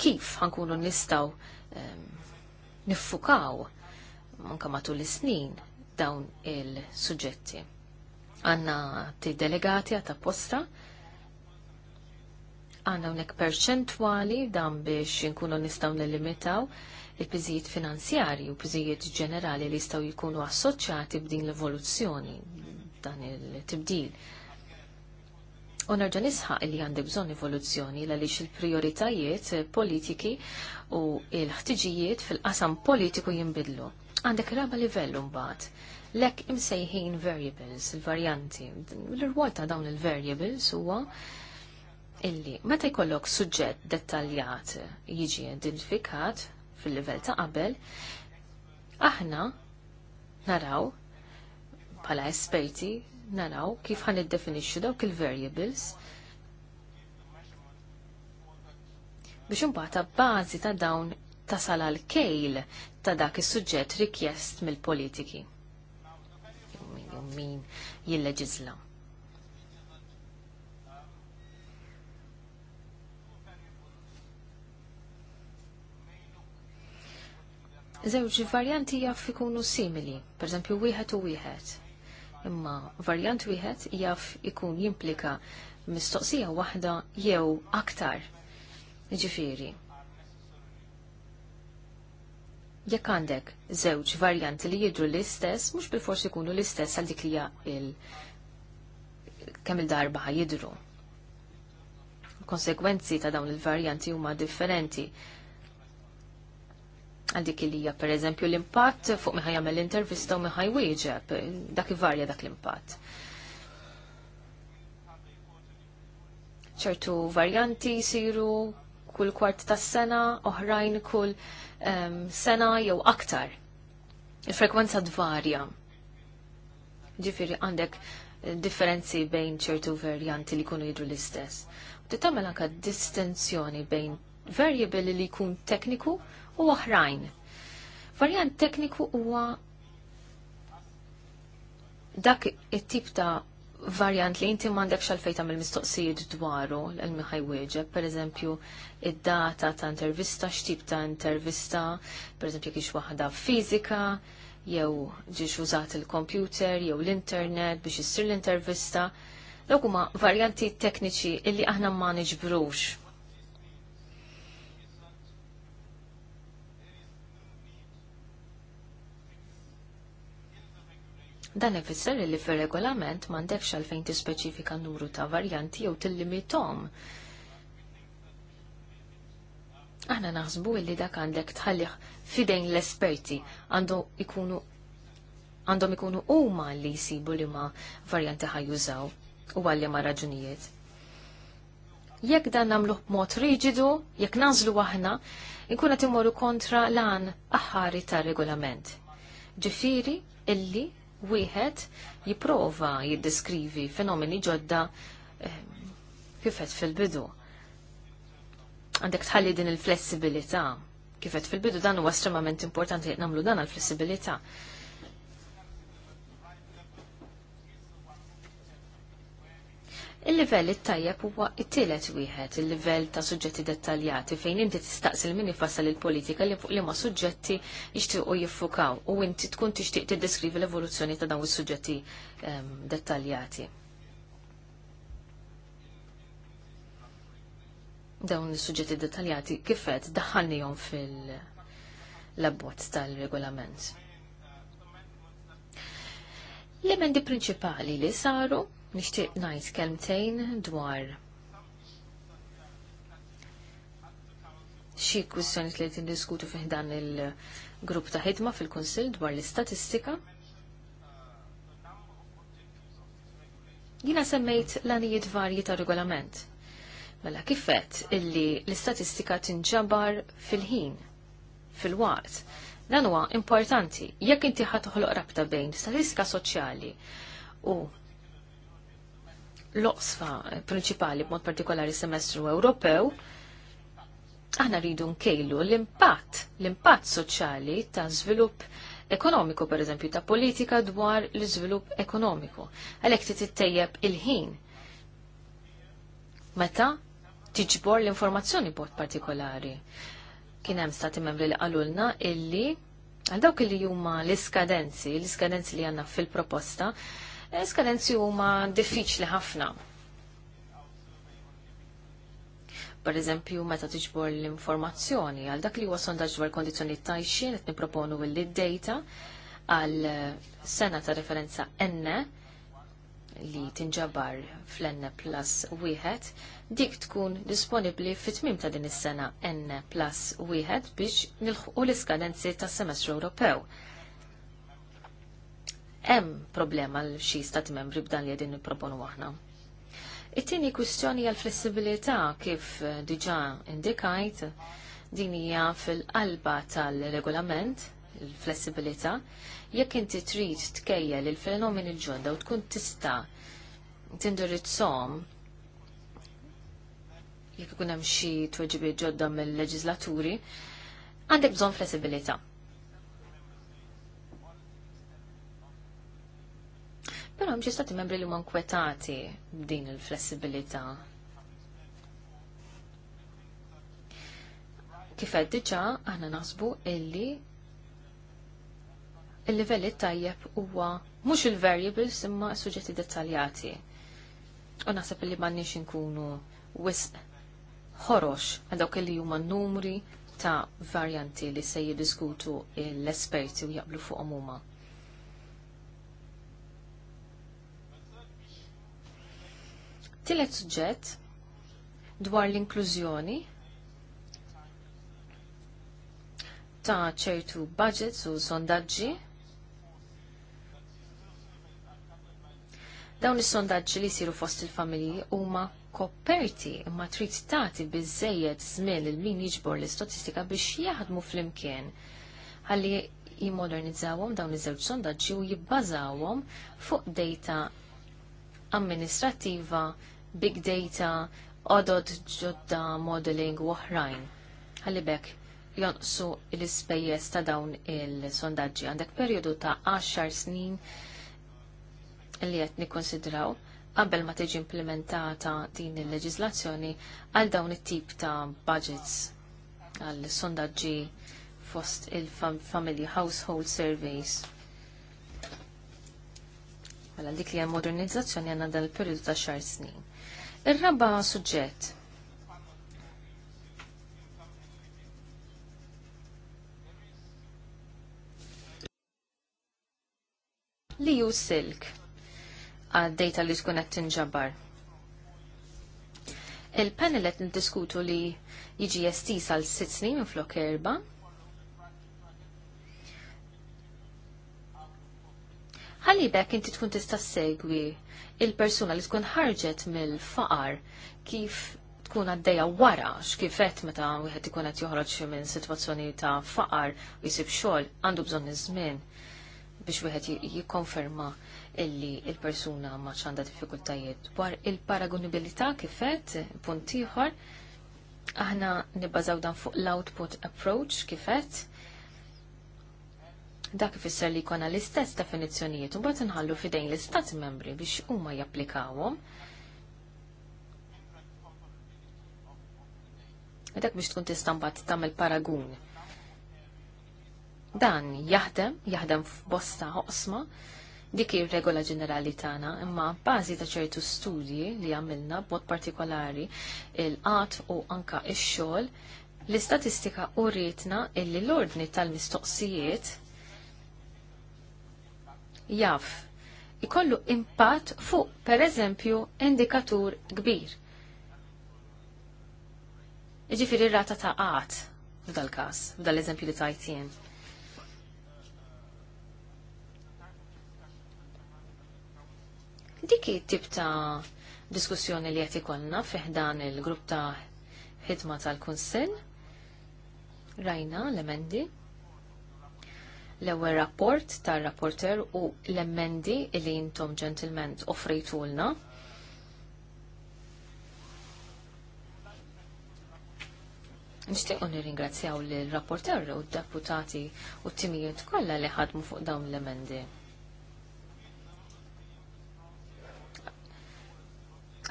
kif ħankunu nistaw ehm, niffukaw anka matul is-snin dawn il-suġġetti. Għanna ti delegati għata posta, għanna unek perċentwali dan biex nkunu nistaw nelimitaw il-piżijiet finanzjari u piżijiet ġenerali li jistgħu jkunu assoċjati b'din l-evoluzzjoni dan il-tibdil. U nerġa' nisħaq li għandi bżonn evoluzzjoni għaliex il-prioritajiet politiki u l-ħtiġijiet fil-qasam politiku jinbidlu. Għandek raba livell mbagħad. Lek imsejħin variables, il-varjanti. L-rwol ta' dawn il-variables huwa illi meta jkollok suġġett dettaljat jiġi identifikat fil-livell ta' qabel, aħna naraw bħala esperti naraw kif ħan id-definixxu dawk il-variables biex imbagħad bażi ta' dawn tasal għal kejl ta' dak is-suġġett rikjest mill-politiki. Min jill-leġizla. Żewġ varjanti jaf ikunu simili, pereżempju wieħed u wieħed. Imma varjant wieħed jaf ikun jimplika mistoqsija waħda jew aktar. ġifiri. Jekk għandek żewġ varjanti li jidru l-istess, mhux bil-fors jkunu l-istess għal dik li ja il kemm il-darba jidru. Konsekwenzi ta' dawn il-varjanti huma differenti għandik ilija per eżempju l-impatt fuq miħaj jagħmel l-intervista u miħaj ħajwieġeb, dak varja dak l-impatt. ċertu varjanti jisiru kull kwart tas sena, oħrajn kull um, sena jew aktar. Il-frekwenza dvarja. Ġifiri għandek differenzi bejn ċertu varjanti li kunu jidru l-istess. Titamel anka distenzjoni bejn variable li jkun tekniku u oħrajn. Varjant tekniku huwa dak it-tip ta' varjant li inti mandek xalfej mill mistoqsijiet dwaru l-miħaj wieġeb, per eżempju, id-data ta' intervista, x'tip ta' intervista, per eżempju kiex waħda fizika, jew ġiex użat il-kompjuter, jew l-internet biex jissir l-intervista. Dawk huma varjanti tekniċi illi aħna ma niġbrux Dan ifisser li fir-regolament m'għandekx għalfejn tispeċifika numru ta' varjanti jew tillimitom. Aħna naħsbu li dak għandek tħallih fidejn l-esperti għandhom ikunu għandhom ikunu huma li jsibu li ma varjanti ħajjużaw u għalli ma raġunijiet. Jekk dan nagħmlu b'mod riġidu, jekk nażlu aħna, inkun qed imorru kontra lan aħħari tar-regolament. Ġifieri illi wieħed jipprova jiddeskrivi fenomeni ġodda eh, kifet fil-bidu. Għandek tħalli din il-flessibilità. Kifet fil-bidu dan huwa estremament importanti li nagħmlu dan għall flessibilità Il-livell it-tajjeb huwa it-tielet wieħed, il-livell ta' suġġetti dettaljati fejn inti tistaqsil min ifassal il-politika li fuq liema suġġetti jixtiequ jiffukaw u inti tkun tixtieq tiddeskrivi l-evoluzzjoni ta' dawn is-suġġetti ehm, dettaljati. dawn is-suġġetti dettaljati kif qed daħħalnihom fil-abbozz tal-regolament. L-emendi prinċipali li saru Nixtieq ngħid kelmtejn dwar xi kwistjoni li qed indiskutu fih dan il-grupp ta' ħidma fil-Kunsill dwar l-istatistika. Jina semmejt l-anijiet varji ta' regolament. Mela kifet illi l-istatistika tinġabar fil-ħin, fil-waqt. Dan huwa importanti jekk inti ħat toħloq rabta bejn statistika soċjali u l-oqsfa prinċipali b'mod partikolari semestru Ewropew, aħna rridu nkejlu l-impatt, l-impatt soċjali ta' żvilupp ekonomiku, per eżempju, ta' politika dwar l-iżvilupp ekonomiku. Għalhekk trid tittejjeb il-ħin. Meta tiġbor l-informazzjoni b'mod partikolari. Kien hemm stati membri li qalulna illi għal dawk li huma l-iskadenzi, l-iskadenzi li għandna fil-proposta, l-eskadenzi huma diffiċli ħafna. Per eżempju, meta tiġbor l-informazzjoni għal dak li huwa sondaġġ dwar kondizzjoni tajxin qed nipproponu li data għal sena ta' referenza N li tinġabar fl-N plus wieħed, dik tkun disponibbli fit-tmim ta' din is-sena N plus wieħed biex nilħqu l-iskadenzi tas semestru Ewropew hemm problema l xi stati membri b'dan li qegħdin nipproponu aħna. It-tieni kwistjoni għal flessibilità kif eh, diġà indikajt din hija fil-qalba tal-regolament il-flessibilità jekk inti trid tkejjel il-fenomeni ġodda u tkun tista' tindirizzhom jekk ikun hemm xi tweġibiet ġodda mill-leġislaturi, għandek bżonn flessibilità. Però hemm xi stati membri li man nkwetati din il-flessibilità. Kif qed diġà aħna naħsbu illi il-livelli tajjeb huwa mhux il-variables imma suġġetti dettaljati. U naħseb li m'għandniex inkunu wisq ħorox għal dawk li huma numri ta' varjanti li se jiddiskutu l-esperti u jaqblu fuq huma. Tillet suġġett dwar l-inklużjoni ta' ċertu budgets u sondaġġi. Dawn is-sondaġġi li jsiru fost il-familji huma koperti imma trid tagħti biżejjed żmien il min jiġbor l-istatistika biex jaħdmu flimkien ħalli jimmodernizzawhom dawn iż-żewġ sondaġġi u jibbażawhom fuq data amministrattiva big data, odod ġodda modeling u oħrajn. Ħalli bekk jonqsu l-ispejjeż ta' dawn il-sondaġġi għandek perjodu ta' 10 snin li qed nikkonsidraw qabel ma tiġi implementata din il leġiżlazzjoni għal dawn it-tip ta' budgets għal sondaġġi fost il-family household surveys. Għal mela, dik li għal modernizzazzjoni għanna dan il-periodu ta' xar snin. Ir-raba suġġett. Li ju silk għad-data li tkun qed tinġabar. Il-panel qed niddiskutu li jiġi estisa għal sitt snin flok erba' ħallibek inti tkun tista' segwi il-persuna li tkun ħarġet mill-faqar kif tkun għaddeja wara qed meta wieħed ikun qed joħroġ minn sitwazzjoni ta' faqar u jsib xogħol għandu bżonn iż-żmien biex wieħed jikkonferma illi il-persuna ma ċanda diffikultajiet dwar il-paragonibilità kifet punt ieħor aħna nibbażaw dan fuq l-output approach kif kifet Dak ifisser li jkollna l-istess definizzjonijiet u mbagħad inħallu fidejn l-istati membri biex huma japplikawhom. Dak biex tkun tista' mbagħad tagħmel paragun. Dan jaħdem, jaħdem f'bosta oqsma, dik ir-regola ġenerali tagħna, imma bażi ta' ċertu studji li għamilna b'mod partikolari il-qat u anka ix-xogħol, l-istatistika uritna illi l-ordni tal-mistoqsijiet jaf ikollu impatt fuq pereżempju indikatur kbir. Iġifiri rata ta' għat f'dal każ, f'dal eżempju li tajt jien. Dik tip ta' diskussjoni li qed ikollna fiħdan il-grupp ta' ħidma tal-Kunsill rajna l-emendi l-ewwel rapport tar-rapporter u l-emmendi li intom ġentilment offrejtulna. Nixtieq nirringrazzjaw lill rapporter u d-deputati u t-timijiet kollha li ħadmu fuq dawn l-emendi.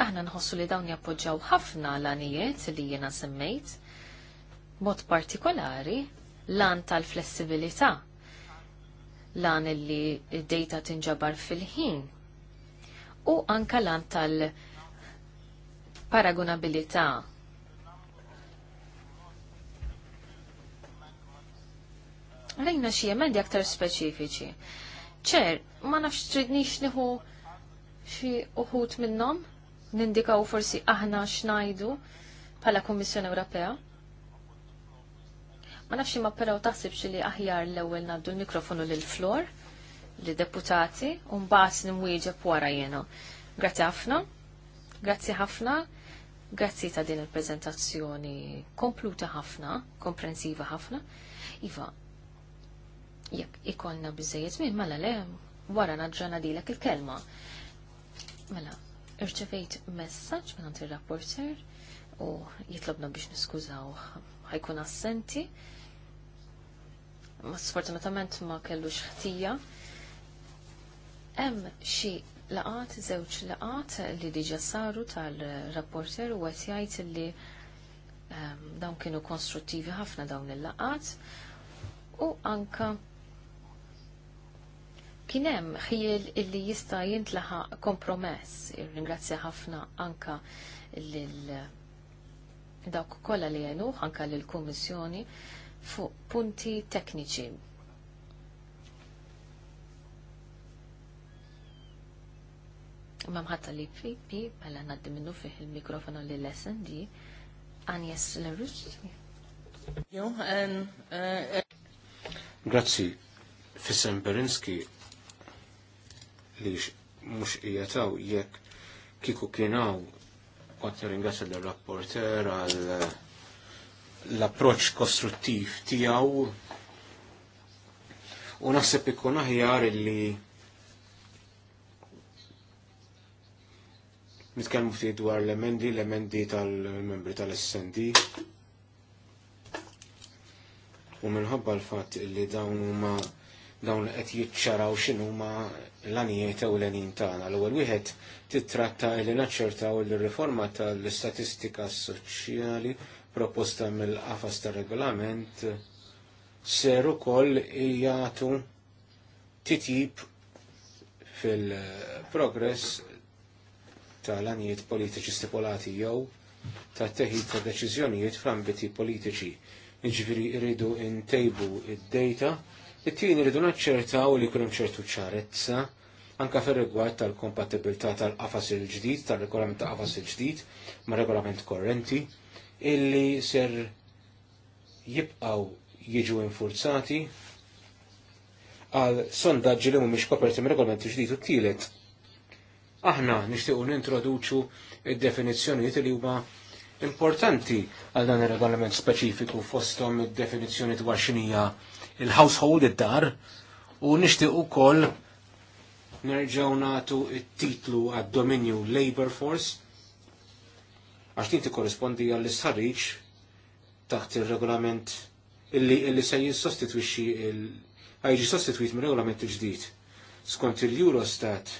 Aħna nħossu li dawn jappoġġaw ħafna l-anijiet li jiena semmejt, mod partikolari l tal-flessibilità lan li d-data tinġabar fil-ħin u anka lan tal-paragonabilità Rejna xie emendi aktar speċifiċi. ċer, ma nafx tridnix niħu xie uħut minnom, nindikaw forsi aħna xnajdu pala Kommissjoni Ewropea. Ma nafx ma però taħsibx li aħjar l-ewwel naddu l-mikrofonu l flor li deputati u mbagħad nimwieġeb wara jiena. Grazzi ħafna. Grazzi ħafna. Grazzi ta' din il-prezentazzjoni kompluta ħafna, komprensiva ħafna. Iva, jekk ikolna bizzejiet min, mela le, wara naġġana dilek il-kelma. Mela, irċevejt messaġġ minn ir-rapporter u jitlobna biex niskużaw ħajkun assenti sfortunatament ma kellux ħtija. Hemm xi laqat, żewġ laqat li diġa saru tal-rapporter u qed jgħid li ehm, dawn kienu konstruttivi ħafna dawn il-laqat u anka kien hemm ħiel illi jista' jintlaħa kompromess. Ringrazzja ħafna anka lil dawk kollha li għenuh anka lill kummissjoni fuq punti tekniċi. Mamħatta li fi, bħala mela naddi minnu fiħ il-mikrofonu li lesson di, Agnes Lerus. Eh, eh. Grazzi, fissem Berinski li mux ijataw jekk kiku kienaw kont ringrazzja l-rapporter għal l-approċ kostruttiv tijaw u naħseb ikun aħjar illi nitkellmu ftit dwar l-emendi, l-emendi tal-membri tal-SND. U minħabba l-fatt illi dawn huma dawn qed jiċċaraw x'inhu huma l-anijiet u l-għanin tagħna. L-ewwel wieħed titratta li naċċertaw il-riforma tal-istatistika soċjali proposta mill-qafas tar regolament ser ukoll jagħtu titjib fil-progress tal-anijiet politiċi stipulati jew ta' teħid ta' deċiżjonijiet fl-ambiti politiċi. Iġviri rridu ntejbu id-data, it-tieni rridu naċċertaw li kunem ċertu ċarezza anka fil rigward tal-kompatibilità tal-qafas il-ġdid, tal-regolament ta' qafas il-ġdid, ma' regolament korrenti, illi ser jibqaw jiġu infurzati għal sondaġġi li mhumiex koperti minn regolamenti ġdid u tielet. Aħna nixtiequ nintroduċu id-definizzjonijiet li huma importanti għal dan ir-regolament speċifiku fosthom id-definizzjoni dwar xinija il-household id-dar u nixtieq ukoll nerġgħu nagħtu it-titlu għad-dominju labor force għax din korrespondi għall isħarriġ taħt ir-regolament illi illi se jissostitwixxi il ħajġi sostitwit minn regolament ġdid. Skont il-Eurostat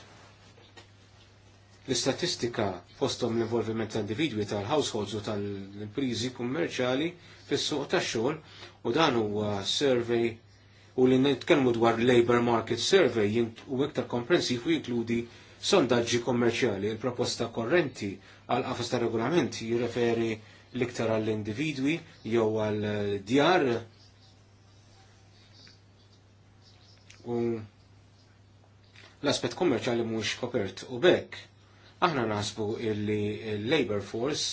l-istatistika postom l-involviment tal-individwi tal-households u tal-imprizi kummerċali fis-suq tax-xogħol u dan huwa survey u li nitkellmu dwar labor market survey u iktar komprensiv u jinkludi sondaġġi kommerċjali. Il-proposta korrenti għal qafas ta' regolament jirreferi l-iktar għall-individwi jew għall-djar u l-aspet kommerċjali mhux kopert u bekk. Aħna nasbu illi l-labor force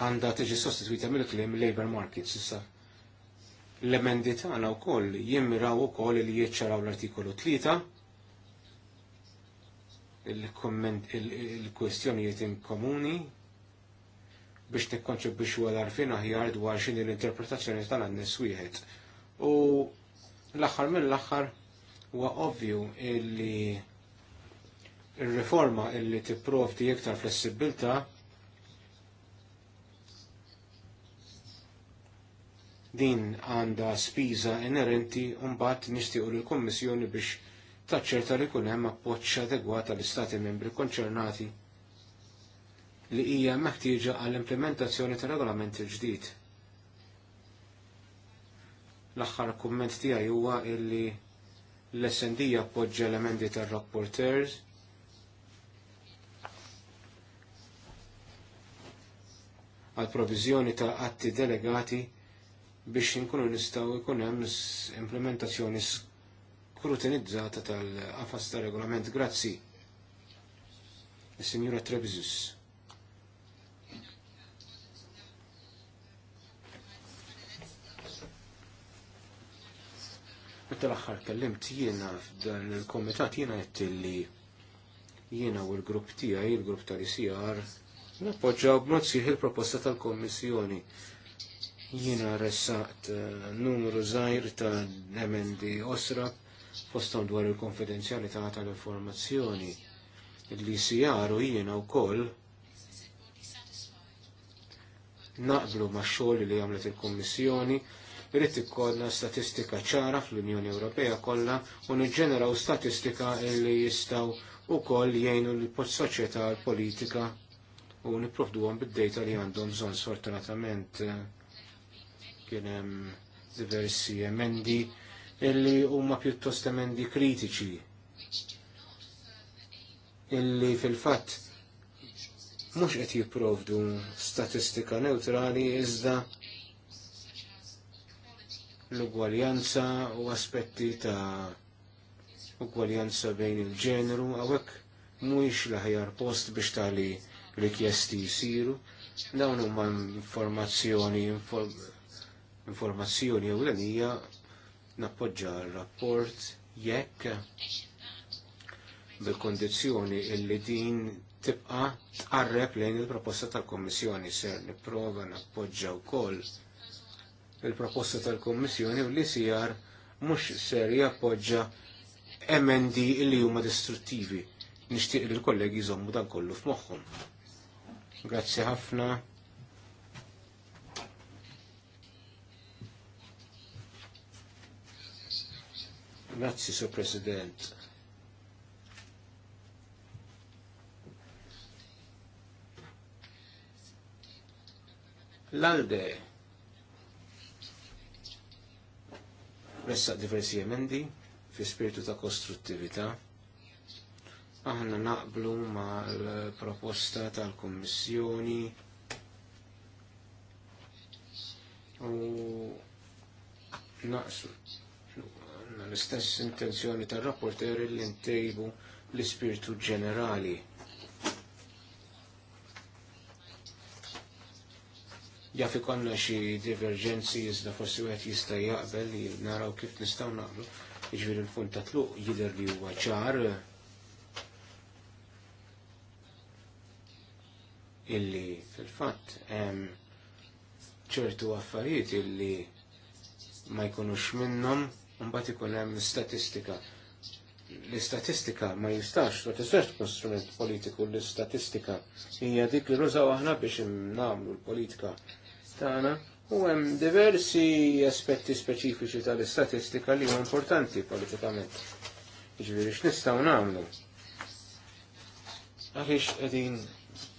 għandha tiġi sostituita mill-klim labor markets issa. L-emendi tagħna wkoll jimmiraw ukoll li jiċċaraw l-artikolu 3 il-komment il-kwestjonijiet in komuni biex u għal arfin aħjar dwar x'inhi l-interpretazzjoni tal annis wieħed. U l-aħħar mill-aħħar huwa ovvju illi il-reforma illi tipprovdi iktar flessibilità din għanda spiża inerenti u mbagħad nixtiequ lill kommissjoni biex taċċerta li kun hemm appoġġ adegwat tal-Istati membri konċernati li hija meħtieġa għall-implementazzjoni tar-regolament il-ġdid. L-aħħar kumment tiegħi huwa illi l-SND jappoġġa l-emendi tar-rapporters għal provizjoni ta' atti delegati biex inkunu nistaw jkun hemm implementazzjoni rutinizzata tal-qafas ta' regolament. Grazzi. Signora Trebizus. Meta l-axħar kellimt jiena f'dan il-komitat jiena qed li jiena u l-grupp tiegħi, il-grupp tal-ICR, nappoġġaw b'mod sieħ il-proposta tal-Kommissjoni. Jiena ressaqt eh, numru żgħir ta' emendi osra fostom dwar il-konfidenzjalità tal-informazzjoni. Li sijaru jiena wkoll naqblu ma' xogħol li għamlet il-Kummissjoni irrid ikkodna statistika ċara fl-Unjoni Ewropea kollha u niġġeneraw statistika li jistgħu wkoll jgħinu l-soċjetà l-politika u nipprovduhom bid-dejta li għandhom bżonn sfortunatament kien hemm diversi emendi illi huma pjuttost emendi kritiċi illi fil-fatt mhux qed jipprovdu statistika neutrali iżda l-ugwaljanza u aspetti ta' ugwaljanza bejn il-ġeneru għawek mhuwiex l-aħjar post biex tali rikjesti jisiru dawn huma informazzjoni inform informazzjoni ewlenija nappoġġa r-rapport jekk bil-kondizzjoni illi din tibqa tqarreb lejn il-proposta tal-Kommissjoni ser nipprova nappoġġa wkoll il-proposta tal-Kommissjoni u li sijar mhux ser jappoġġa emendi li huma distruttivi. Nixtieq li l-kollegi jżommu dan kollu f'moħħhom. Grazzi ħafna. Grazie Sur President. L'Alde. għalde ressa diversi emendi fi spiritu ta' kostruttività. Aħna naqblu ma' l-proposta tal-Kommissjoni u naqsu għandna l-istess intenzjoni tar-rapporter li ntejbu l-ispirtu ġenerali. Jaffi konna xi divergenzi iżda forsi wieħed jista' jaqbel li naraw kif nistgħu naqlu iġvir jiġifieri l-punt ta' tluq jidher li huwa ċar illi fil-fatt ċertu affarijiet illi ma jkunux minnhom mbagħad ikun hemm statistika. L-istatistika ma jistax, ma tistax tkun strument politiku, l-istatistika hija dik li nużaw aħna biex nagħmlu l-politika tagħna. U hemm diversi aspetti speċifiċi tal-istatistika li huma importanti politikament. Jiġifieri x'nistgħu nagħmlu. Għaliex qegħdin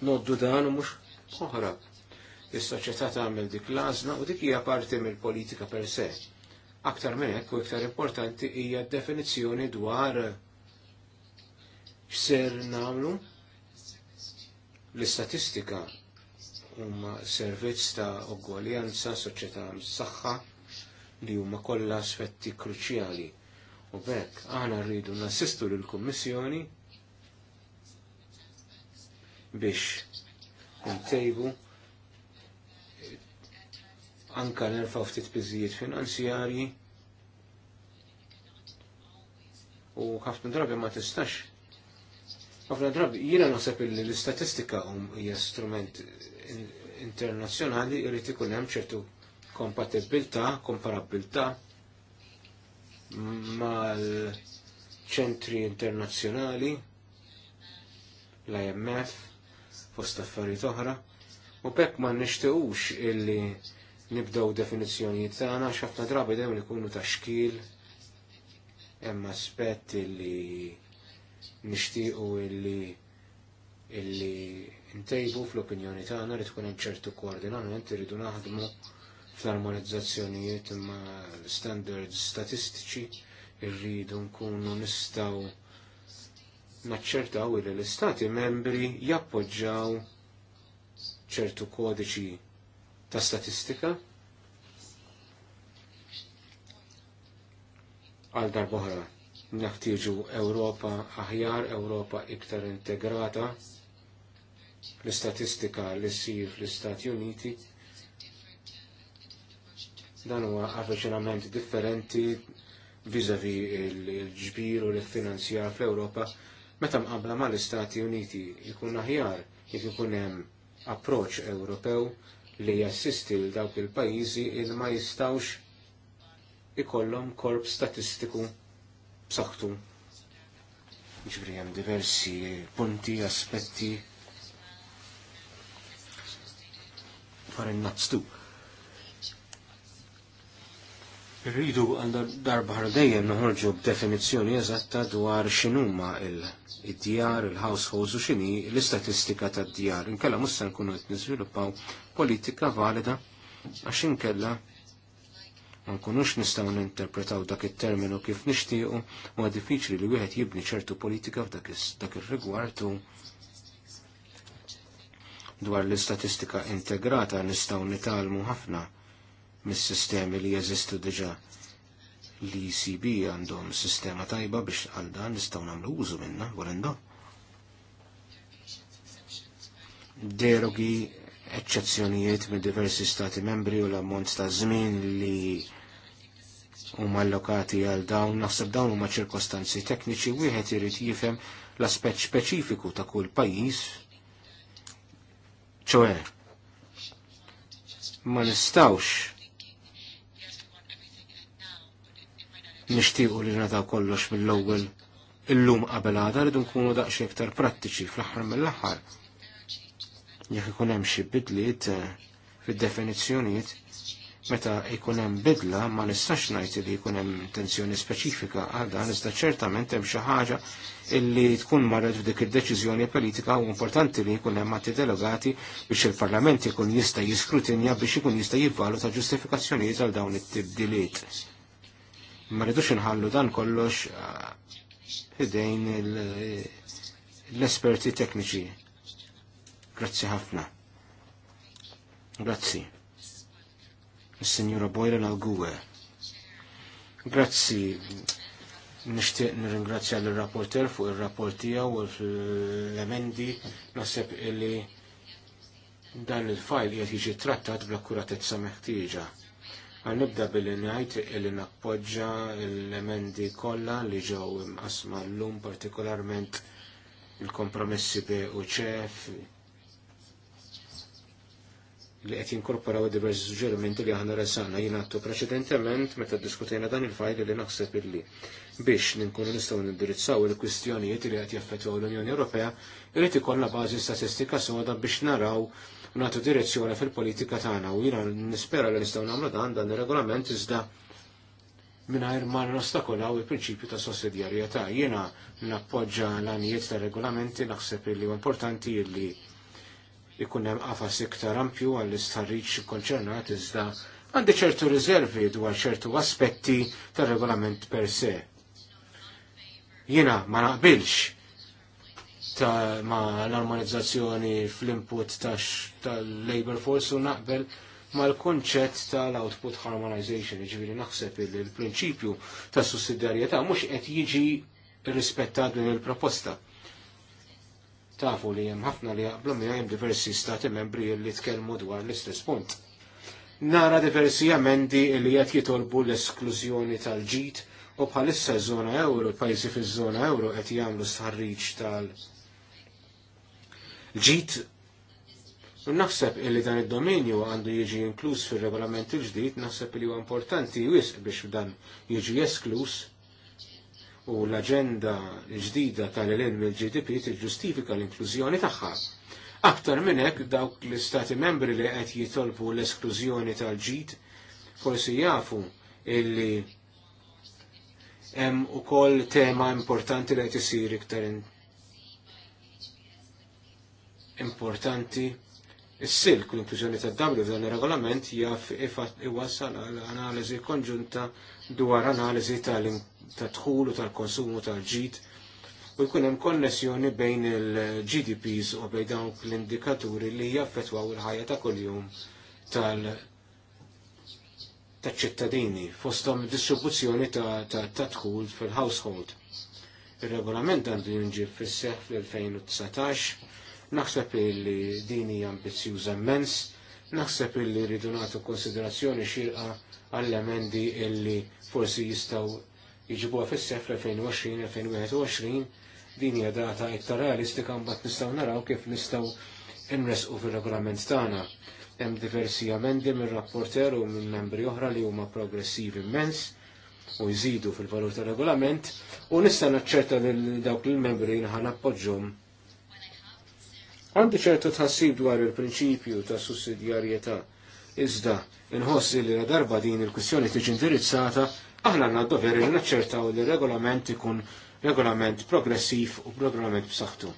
noddu dan u mhux oħra. Is-soċjetà tagħmel dik l għażna u dik hija parti mill-politika per se Aktar minn hekk u iktar importanti hija definizzjoni dwar x'ser nagħmlu l-istatistika huma servizz ta' ugwaljanza soċjetà saħħa li huma kollha aspetti kruċjali. U bekk aħna rridu nassistu lill kummissjoni biex intejbu anka nerfaw ftit biżijiet finanzjarji u ħafna drabi ma tistax. ħafna drabi jiena naħseb li l-istatistika hum hija strument internazzjonali jrid ikun hemm ċertu kompatibilità, komparabilità mal-ċentri internazzjonali, l-IMF, fost affarijiet oħra, u bekk ma nixtiqux illi nibdew definizzjonijiet tagħna x'ħafna drabi dejjem ikunu ta' xkil hemm aspett li nixtiequ illi illi ntejbu fl-opinjoni tagħna li tkun hemm ċertu koordinament irridu naħdmu fl-armonizzazzjonijiet imma standards statistiċi irridu nkunu nistgħu naċċertaw li l-istati membri jappoġġaw ċertu kodiċi ta' statistika għal darbohra naktiġu Ewropa aħjar, Ewropa iktar integrata, l-istatistika li ssir fl-Istati Uniti. Dan huwa avviċinament differenti vizavi l-ġbir u l-finanzjar fl-Ewropa meta mqabla mal istati Uniti jkun aħjar jekk ikun hemm approċċ Ewropew li jassisti l dawk il-pajjiżi il ma jistawx ikollhom korp statistiku b'saħħtu. Ġifri hemm diversi punti, aspetti Farin innazz Rridu għal darba dejjem noħorġu b'definizzjoni eżatta dwar x'inhuma il- id-djar, il-households u xini l-istatistika ta' djar. Inkella mussa nkunu qed niżviluppaw politika valida għax inkella ma nkunux nistgħu ninterpretaw dak it-terminu kif nixtiequ huwa diffiċli li wieħed jibni ċertu politika f'dak il-rigwartu dwar l-istatistika integrata nistgħu nitalmu ħafna mis-sistemi li jeżistu diġà li e CB għandhom sistema tajba biex għal dan nistgħu nagħmlu użu minna għorinda. Derogi eċċezzjonijiet minn diversi stati membri u l-ammont ta' żmien li huma allokati għal dawn naħseb dawn huma ċirkostanzi tekniċi wieħed irid jifhem l-aspett speċifiku ta' kull pajjiż. ċoe ma nistawx nixtiequ li nadaw kollox mill-ewwel illum qabel għada rridu nkunu daqs iktar prattiċi fl-aħħar mill-aħħar. Jekk ikun hemm xi bidliet eh, fid-definizzjonijiet, meta jkun hemm bidla ma nistax ngħid li jkun hemm intenzjoni speċifika għal dan iżda ċertament hemm xi ħaġa illi tkun marret f'dik id-deċiżjoni politika u importanti li jkun hemm atti delegati biex il-Parlament ikun jista' jiskrutinja biex ikun jista' jivvaluta ġustifikazzjonijiet għal dawn it-tibdiliet ma rridux inħallu dan kollox ħidejn ah, l-esperti tekniċi. Grazzi ħafna. Grazzi. Il-Signora Boylan għal-Gwe. Grazzi. Nishtiq nirringrazzja l-rapporter fuq il-rapport tiegħu u l-emendi nasib illi dan il-fajl qed jiġi trattat bl-akkuratezza meħtieġa Għanibda nibda billi ngħid illi nappoġġa l-emendi kollha li ġew imqasma llum partikolarment il-kompromessi bi u ċef li qed jinkorporaw diversi suġġerimenti li aħna resana jien għattu preċedentement meta ddiskutejna dan il-fajl li naħseb illi biex ninkunu nistgħu nindirizzaw il-kwistjonijiet li qed jaffettwaw l-Unjoni Ewropea irid ikollna bażi statistika soda biex naraw Natu direzzjoni fil-politika tagħna u jiena nispera li nistgħu nagħmlu dan dan ir-regolament iżda mingħajr ma nostakolaw il-prinċipju ta' sussidjarjetà. Jiena nappoġġa l-għanijiet ta' regolamenti naħseb li importanti li ikun hemm qafas iktar ampju għall-istħarriġ konċernat iżda għandi ċertu riservi dwar ċertu aspetti tar regolament per se. Jiena ma naqbilx ta' ma' l-armonizzazzjoni fl-input tal-labor force u naqbel ma' l-konċett tal-output harmonization, ġiviri naħseb il-prinċipju ta' sussidjarjetà mux qed jiġi rispettat din il-proposta. Tafu li jem ħafna li jaqblu mi jem diversi stati membri li tkellmu dwar l-istess punt. Nara diversi amendi li jgħat jitolbu l-esklużjoni tal-ġit u bħalissa żona euro, pajzi fiż żona euro qed jagħmlu sħarriġ tal- ġit Naħseb illi dan id-dominju għandu jiġi inkluż fil-regolament il-ġdid, naħseb li huwa importanti wisq biex dan jiġi esklus u l-aġenda ġdida tal-ilm il-GDP tiġġustifika l-inklużjoni tagħha. Aktar minn hekk dawk l-istati membri li qed jitolbu l-esklużjoni tal-ġid forsi jafu illi hemm ukoll tema importanti li qed isir iktar importanti. Is-silk l-inklużjoni ta' u dan ir-regolament jaf iwassal għal analiżi konġunta dwar analiżi tal-dħul u tal-konsumu tal-ġid u jkun hemm konnessjoni bejn il-GDPs u bejn dawk l-indikaturi li jaffetwaw il-ħajja ta' kuljum tal ċittadini fostom distribuzzjoni ta' dħul fil-household. Ir-regolament għandu jinġib fis-seħħ fl-2019 Naħseb illi din hija ambizzjuża immens, naħseb illi rridu nagħtu konsiderazzjoni xirqa għall-emendi illi forsi jistgħu jiġbuha fis-sef 2020-2021 din hija data iktar realistika mbagħad nistgħu naraw kif nistgħu nresqu fir-regolament tagħna. Hemm diversi amendi mir-rapporter u minn membri oħra li huma progressivi immens u jżidu fil-valur tal regolament u nista' naċċerta lil dawk il-membri li ħan appoġġhom Għandi ċertu tħassib dwar il-prinċipju ta' sussidjarjetà iżda inħossi li la darba din il-kwistjoni tiġi indirizzata, aħna għandna doveri li naċċertaw li regolament ikun regolament progressiv u regolament b'saħħtu.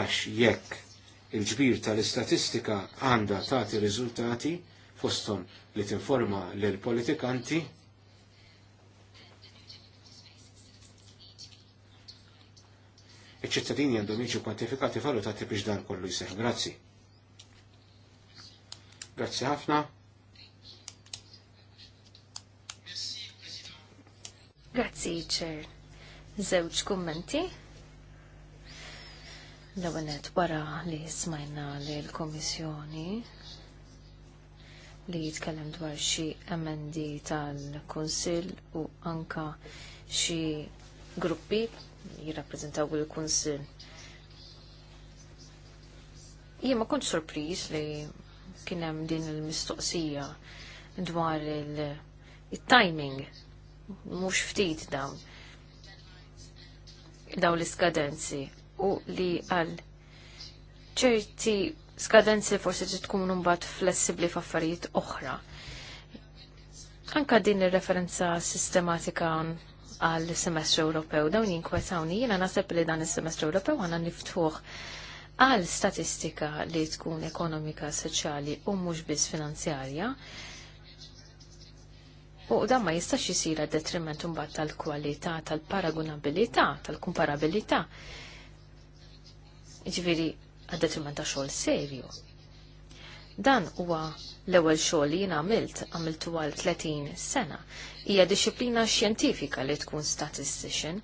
Għax jekk il-ġbir tal-istatistika għandha tagħti riżultati fostom li tinforma lill politikanti iċ-ċittadini għandhom jiġu kwantifikati valutati biex dan kollu jseħ. Grazzi. Grazzi ħafna. Grazzi, ċer. Zewġ kummenti. L-għanet wara li smajna li l-Komissjoni li jitkellem dwar xi emendi tal-Kunsill u anka xi gruppi jirrappreżentaw il-Kunsill. Jien ma kontx sorpriż li kien hemm din il-mistoqsija dwar il-timing mhux ftit dawn dawn l-iskadenzi u li għal ċerti skadenzi forsi tkun mbagħad flessibbli f'affarijiet oħra. Anka din ir-referenza sistematika għal semestru Ewropew. Dawn jinkwetawni jiena naħseb li dan is-semestru Ewropew għandna niftuħ għal statistika li tkun ekonomika, soċjali u mhux biss finanzjarja. U dan ma jistax jisir għad detriment mbagħad tal-kwalità, tal paragunabilità tal-kumparabilità. Ġifieri għad detriment ta' xogħol serju. Dan huwa l-ewwel xogħol li jien għamilt għamiltu għal 30 sena hija disciplina xjentifika li tkun statistician.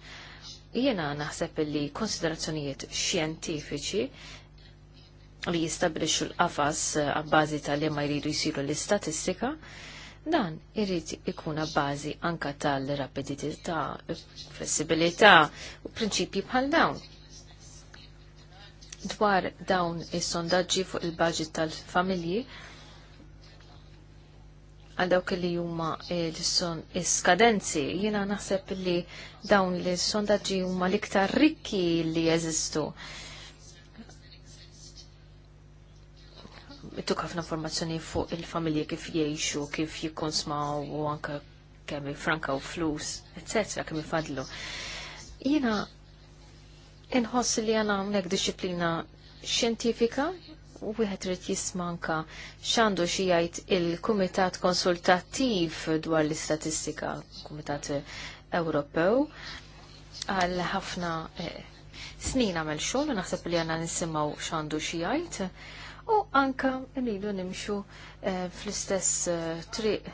Jiena naħseb li konsiderazzjonijiet xjentifiċi li jistabrixxu l-qafas eh, għabbażi tal ma jridu jsiru l-istatistika, dan irrid ikun għabbażi anka tal-rapidità, flessibilità u prinċipji bħal dawn dwar dawn is-sondaġġi fuq il-baġit tal-familji għal dawk li huma eh, son skadenzi Jiena naħseb li dawn li sondaġi huma l-iktar rikki li jeżistu. Tuk ħafna informazzjoni fuq il-familji kif jgħixu, kif jikkonsmaw u anke kemm franka u flus, etc. kemm ifadlu. Jiena inħoss li għana għamlek disciplina xjentifika u wieħed rid jismanka x'għandu xi jgħid il-Kumitat Konsultattiv dwar l-Istatistika, Kumitat Ewropew, għal ħafna eh, snin għamel xogħol u naħseb li għandna nisimgħu x'għandu xi jgħid u anka rridu nimxu eh, fl-istess eh, triq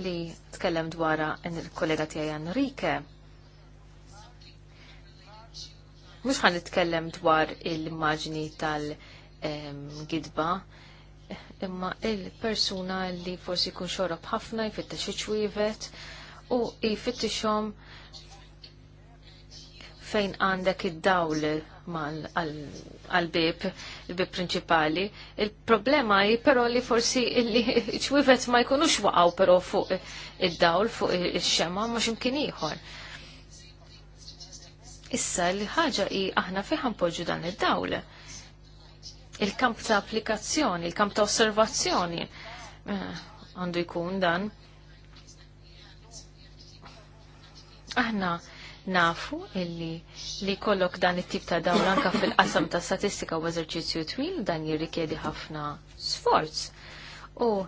li tkellem dwara il-kollega tiegħi Enrique. Mhux ħan nitkellem dwar il immaġni tal- gidba imma il-persuna li forsi jkun xorob ħafna jifitta xieċwivet u jfittixhom fejn għandek id-dawl għal-bib, il-bib prinċipali. Il-problema hi però li forsi li ċwivet ma jkunux waqgħu però fuq id-dawl, fuq ix-xema, ma x'imkien ieħor. Issa l-ħaġa hi aħna fiħan poġu dan id-dawl il-kamp ta' applikazzjoni, il-kamp ta' osservazzjoni eh, għandu jkun dan. Aħna nafu illi li kollok dan it-tip ta' dawl anka fil-qasam ta' statistika u eżerċizzju twil dan jirrikjedi ħafna sforz. U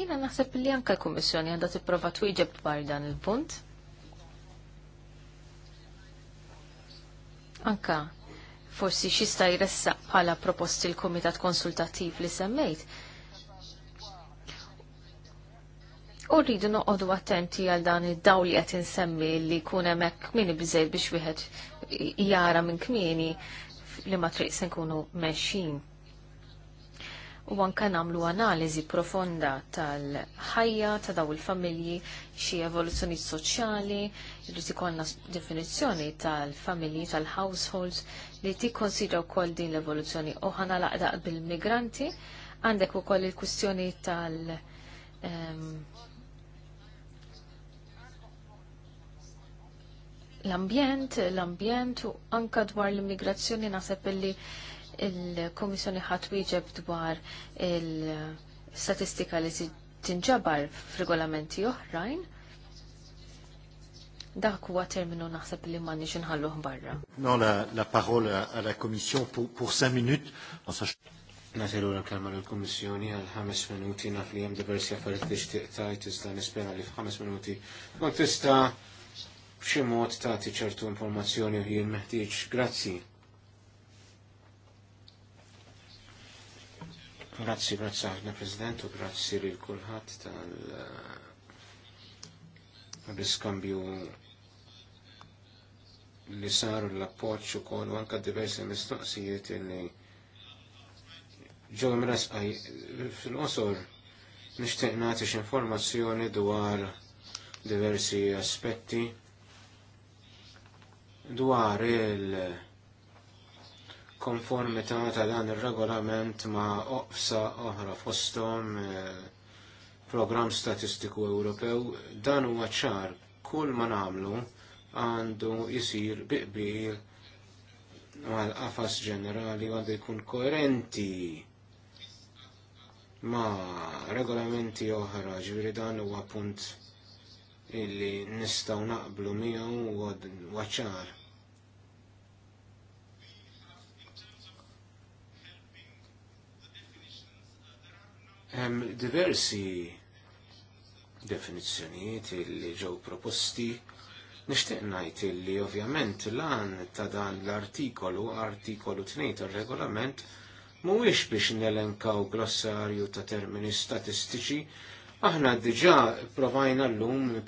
jina naħseb li anka l-Kummissjoni għandha tipprova twieġeb dwar dan il-punt. Anka, forsi xista jressaq bħala proposti l-Komitat Konsultativ li semmejt. U rridu noqodu attenti għal dan id-daw li qed insemmi li jkun hemmhekk kmini biżejjed biex wieħed jara minn kmieni li ma triq se nkunu mexxin. U anke nagħmlu analiżi profonda tal-ħajja ta' daw il-familji, xi evoluzzjoni soċjali, Rrid ikollna definizzjoni tal-familji tal-households li tikkonsidra wkoll din l-evoluzzjoni u ħana laqdaq bil-migranti għandek ukoll il-kwistjoni tal- ehm, l-ambjent, l-ambjent u anka dwar l-immigrazzjoni naħseb li il-Komissjoni ħadd wieġeb dwar il-statistika li tinġabar f'regolamenti oħrajn Dak huwa terminu naħseb li ma nix nħalluh barra. No, la, la parola alla Commission pour, 5 minutes. Nasilu l-kalma l-Kommissjoni għal 5 minuti naf li jem diversi affarijiet li xtiqtajt tista' nispera li 5 minuti. Ma tista' b'xi mod tagħti ċertu informazzjoni u jien meħtieġ. Grazzi. Grazzi, grazzi aħna President u grazzi lil kulħadd tal l-iskambju li saru l-appoċ u anke anka diversi mistoqsijiet li ġew mrasqaj fil-qosor nixtieq nagħti informazzjoni dwar diversi aspetti dwar il-konformità ta' dan ir-regolament ma' oqsa oħra fosthom eh, program statistiku Ewropew, dan huwa ċar kull ma nagħmlu għandu jisir biqbil mal qafas ġenerali għandu jkun koerenti ma regolamenti oħra ġviri dan huwa punt illi nistaw naqblu miegħu waċar. Hemm diversi definizzjonijiet li ġew proposti. Nixtieq ngħid li ovvjament lan ta' dan l-artikolu, artikolu 2 tar-regolament, mhuwiex biex nelenkaw glossarju ta' termini statistiċi, aħna diġà provajna llum l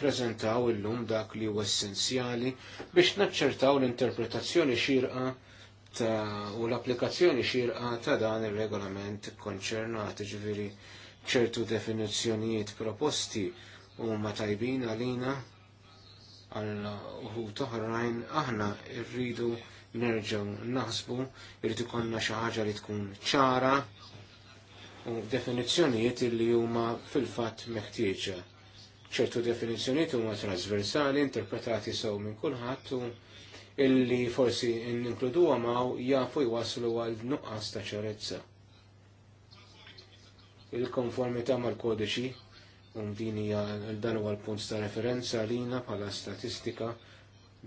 illum dak li huwa essenzjali biex naċċertaw l-interpretazzjoni xirqa ta' u l-applikazzjoni xirqa ta' dan ir regolament konċernat ġifiri ċertu definizzjonijiet proposti ma tajbin għalina għal uħud oħrajn aħna rridu nerġgħu naħsbu irridu konna xi ħaġa li tkun ċara u definizzjonijiet li huma fil-fatt meħtieġa. ċertu definizzjonijiet huma trasversali, interpretati sew minn kulħadd u illi forsi ninkludu għamaw jafu jwaslu għal nuqqas ta' ċarezza. Il-konformità mal-kodiċi un din hija dan huwa l-punt ta' referenza lina bħala statistika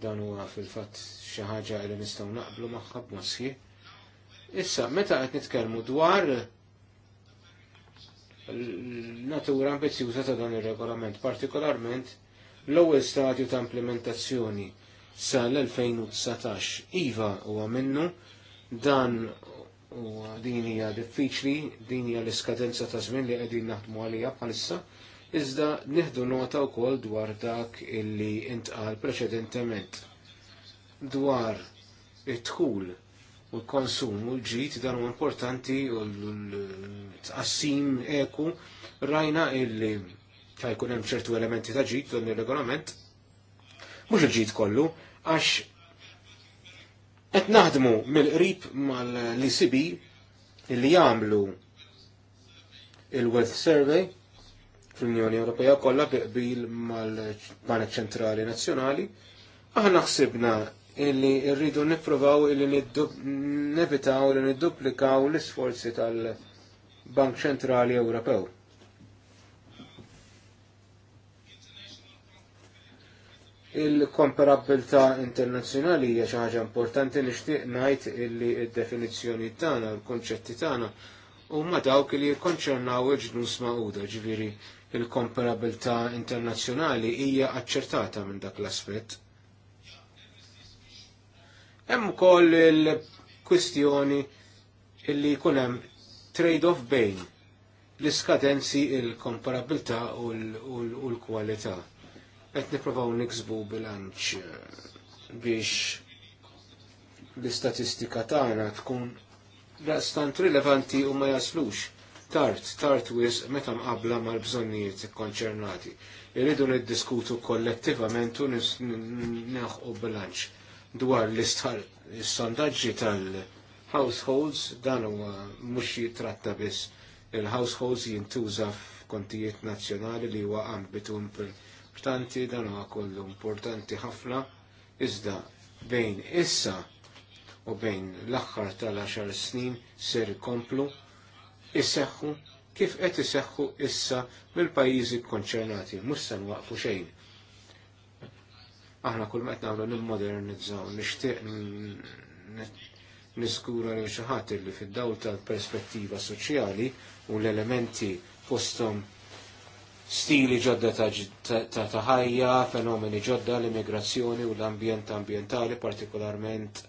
dan huwa fil-fatt xi ħaġa li nistgħu naqblu magħha b'mossi. Issa meta qed nitkellmu dwar natura ambizjuża ta' dan ir-regolament, partikolarment l-ewwel stadju ta' implementazzjoni sal-2019 iva huwa minnu dan u din hija diffiċli, din hija l-iskadenza ta' żmien li qegħdin naħdmu għalija bħalissa iżda nieħdu nota wkoll dwar dak illi intqal preċedentement dwar it-tħul u l-konsum u l-ġit dan huwa importanti u l-tqassim eku rajna illi jkun hemm ċertu elementi ta' ġid dan ir-regolament mhux il-ġid kollu għax qed naħdmu mill-qrib mal-ICB illi jagħmlu il-Wealth Survey fl unjoni Ewropea kollha biqbil mal-Banek Ċentrali Nazzjonali, aħna ħsibna illi rridu nippruvaw illi nevitaw li nidduplikaw l-isforzi tal-Bank Ċentrali Ewropew. Il-komparabilità internazzjonali hija xi ħaġa importanti nixtieq ngħid illi d-definizzjoni tagħna, l-konċetti tagħna huma dawk li jikkonċernaw il-ġnus Magħquda ġifieri il-komparabilità internazzjonali hija aċċertata minn dak l-aspett. Hemm ukoll il-kwistjoni illi jkun hemm trade-off bejn l-iskadenzi il-komparabilità u l-kwalità. Qed nippruvaw niksbu bilanċ biex l-istatistika tagħna tkun rastant rilevanti u ma jaslux tard, tard wis meta mqabla mal-bżonnijiet konċernati. Irridu niddiskutu kollettivament u naħu bilanċ dwar l-sondaġġi tal-households dan huwa mhux jitratta biss il-households jintuża f'kontijiet nazzjonali li huwa ambitu importanti dan huwa kollu importanti ħafna iżda bejn issa u bejn l-aħħar tal-10 snin ser komplu isseħħu kif qed iseħħu issa mill-pajjiżi konċernati, mhux se nwaqfu xejn. Aħna kull qed nagħmlu nimmodernizzaw, nixtieq niskura lil xi ħadd li fid-dawl tal-perspettiva soċjali u l-elementi fosthom stili ġodda ta' ħajja, fenomeni ġodda, l-immigrazzjoni u l-ambjent ambjentali partikolarment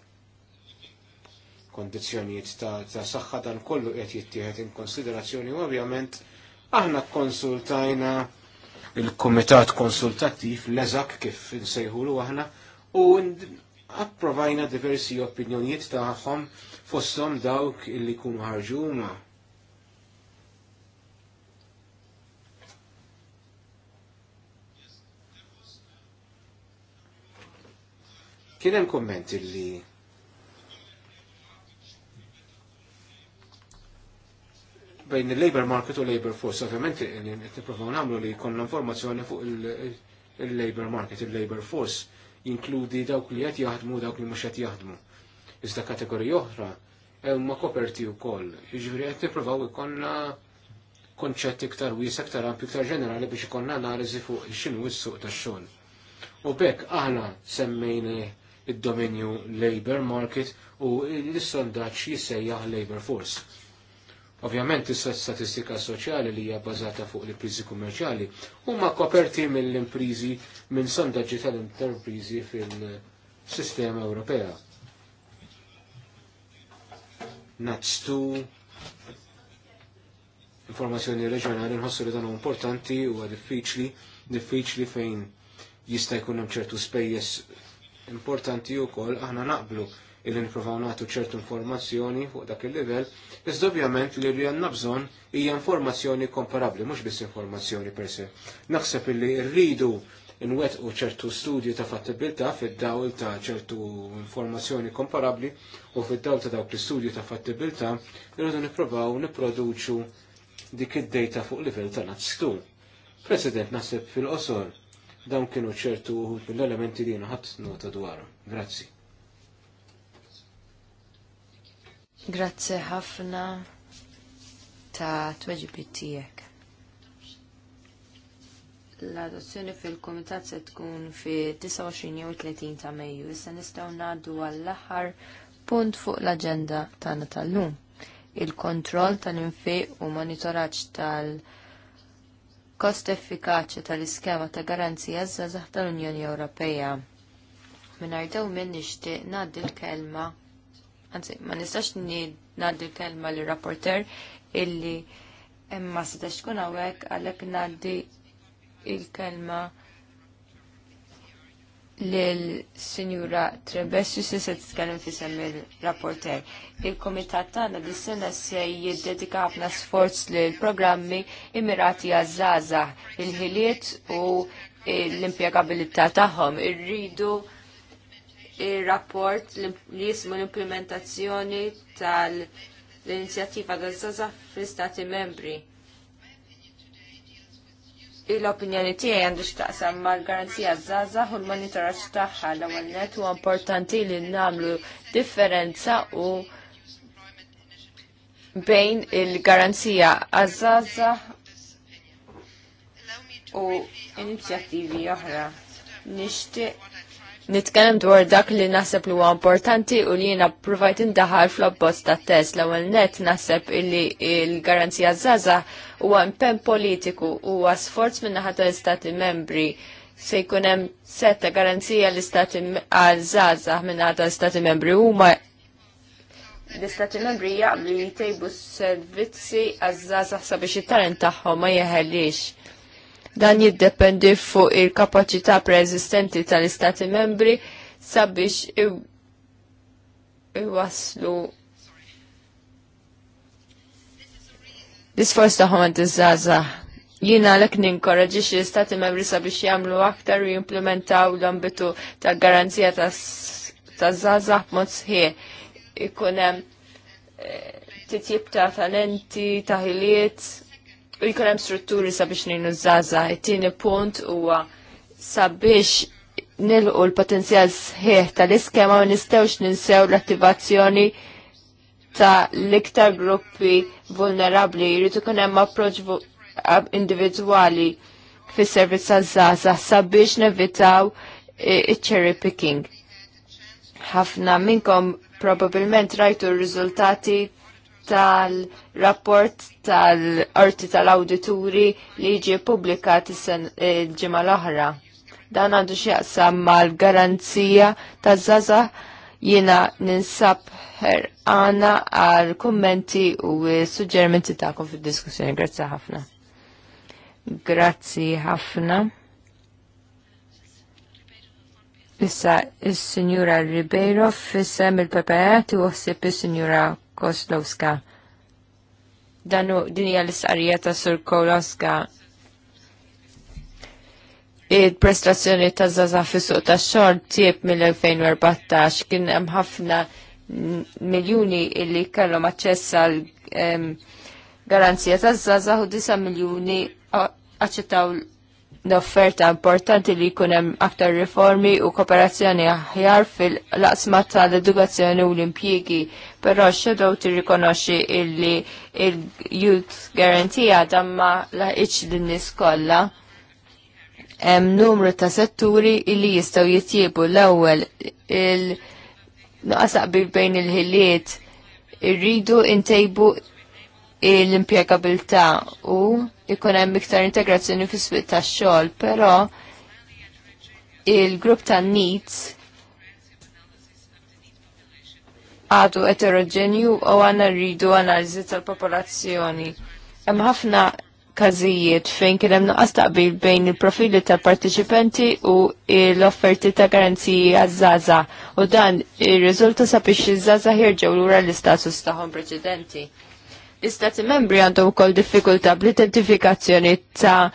kondizjonijiet ta', ta saħħa dan kollu qed jittieħed in konsiderazzjoni ovvjament aħna konsultajna il-Kumitat Konsultattiv l-eżak kif insejħulu aħna u approvajna diversi opinjonijiet tagħhom fosthom dawk illi jkunu ħarġuna kien hemm kumment li bejn il-labor market u labor force. Ovvjament, niprofaw namlu li konna informazzjoni fuq il-labor market, il-labor force, jinkludi dawk li qed jaħdmu, dawk li mhux qed jaħdmu. Iżda kategorija oħra, ma koperti u koll. Jiġifieri qed għet niprofaw ikonna konċett iktar wies, iktar ampi, iktar ġenerali biex ikonna analizi fuq xinu s-suq ta' xogħol. U bekk aħna semmejni id-dominju labor market u l-sondaċ jissejjaħ labor force Ovvjament is-statistika soċjali li hija bbażata fuq l-imprizi kummerċjali huma koperti mill-imprizi minn sondaġġi tal-imprizi fil-sistema Ewropea. Nazzu informazzjoni reġjonali nħossu li dan importanti u diffiċli, diffiċli fejn jista' jkun hemm ċertu spejjeż importanti wkoll aħna naqblu illi niprofaw nagħtu ċertu informazzjoni fuq dak il-livell, iżda ovvjament li li għanna bżonn hija informazzjoni komparabbli, mhux biss informazzjoni per se. Naħseb illi rridu nwettqu ċertu studju ta' fattibilta fid-dawl ta' ċertu informazzjoni komparabbli u fid-dawl ta' dawk l-istudju ta' fattibilità rridu nipprovaw nipproduċu dik id-data fuq livell ta' nazzu. President naħseb fil-qosor dawn kienu ċertu l elementi li naħat nota dwar. Grazzi. Grazzi ħafna ta' tweġi tiegħek. L-adozzjoni fil-Kumitat se tkun fi 29 jew 30 ta' Mejju. Issa nistgħu ngħaddu għall-aħħar punt fuq l-aġenda tagħna tal-lum. Il-kontroll tal-infiq u monitoraġġ tal- kost effikaċi tal-iskema ta' garanzija żgħażagħ tal-Unjoni Ewropea. Mingħajr dew minn nixtieq ngħaddi l-kelma għanzi, ma nistax naddi l-kelma li rapporter illi imma setax tkun hawnhekk għalhekk naddi il-kelma l sinjura Trebessu se se tkellem fi semmi l-rapporter. Il-Komitat tagħna dis-sena se jiddedika ħafna sforz l programmi immirati għaż-żgħażagħ il-ħiliet u l-impjegabilità tagħhom. Irridu il il-rapport li jismu l-implementazzjoni tal-inizjattiva tal-Zaza fl-Stati membri. Il-opinjoni tiegħi għandu x'taqsam mal-garanzija żgħażagħ u l-monitoraġġ tagħha l-ewwel net huwa importanti li nagħmlu differenza u bejn il-garanzija għazzaza u inizjattivi oħra. Nixtieq nitkellem dwar dak li naħseb li huwa importanti u li jiena provajt indaħal fl-abbozz ta' test l-ewwel net naħseb illi l-garanzija żgħażagħ huwa impenn politiku huwa sforz minn naħa l istati membri se jkun hemm setta garanzija l-istati għal żgħażagħ minn naħa l istati membri huma l-istati membri jaqblu li jtejbu s-servizzi għaż-żgħażagħ sabiex it-talent tagħhom ma jeħellix Dan jiddependi fuq il-kapacità preesistenti tal-Istati membri sabiex iwaslu l-isforz taħom għand iż jina l-ek ninkoraġi xie l-Istati membri sabiex jamlu aktar u jimplementaw l-ambitu ta' garanzija ta' zazah mod sħie. Ikunem eh, titjib ta' talenti, ta' hiliet, u jkun hemm strutturi sabiex ngħinu żgħażagħ. It-tieni punt huwa sabiex nilqu l-potenzjal sħiħ tal-iskema ma nistgħux ninsew l-attivazzjoni ta' l-iktar gruppi vulnerabbli jrid ikun hemm approċċ individwali fis-servizz taż-żgħażagħ sabiex nevitaw iċ e, cherry picking. Ħafna minnkom probabilment rajtu r-riżultati tal- rapport tal-orti tal-awdituri li ġi publikat il-ġimma l-oħra. Dan għandu xieqsam mal-garanzija ta' zaza jina ninsab ħerqana għal kummenti u suġġerimenti ta'kom fil-diskussjoni. Grazzi ħafna. Grazzi ħafna. Issa il-Sinjura Ribeiro fissem il-PPE tu uħsib il-Sinjura Koslowska danu hija l-istqarrija ta' Sur Kowalska il-prestazzjoni ta' zaza fisuq ta' xogħol tieb mill-2014 kien hemm ħafna miljuni illi kellhom aċċess għal garanzija ta' zaza u 9 miljuni aċċettaw l-offerta importanti li kunem aktar riformi u kooperazzjoni aħjar fil-laqsma tal-edukazzjoni u l-impjiegi, però xedow tirrikonoxxi illi il-Youth Guarantee damma la iċ l-nis kollha. Hemm numru ta' setturi illi jistgħu jitjiebu l-ewwel il-nuqasaq bejn il-ħiliet irridu intejbu l-impjegabilità u jkun hemm iktar integrazzjoni fis-swieq tax-xogħol, però il-grupp ta' needs għadu eterogenju u għanna rridu analiżi tal-popolazzjoni. Hemm ħafna każijiet fejn kien hemm nuqqas taqbil bejn il-profili tal-partiċipenti u l-offerti ta' garanziji għaż-żaża u dan ir-riżulta sabiex iż-żaża jirġgħu lura l-istatus tagħhom preċedenti istati membri għandhom ukoll diffikulta bl-identifikazzjoni ta'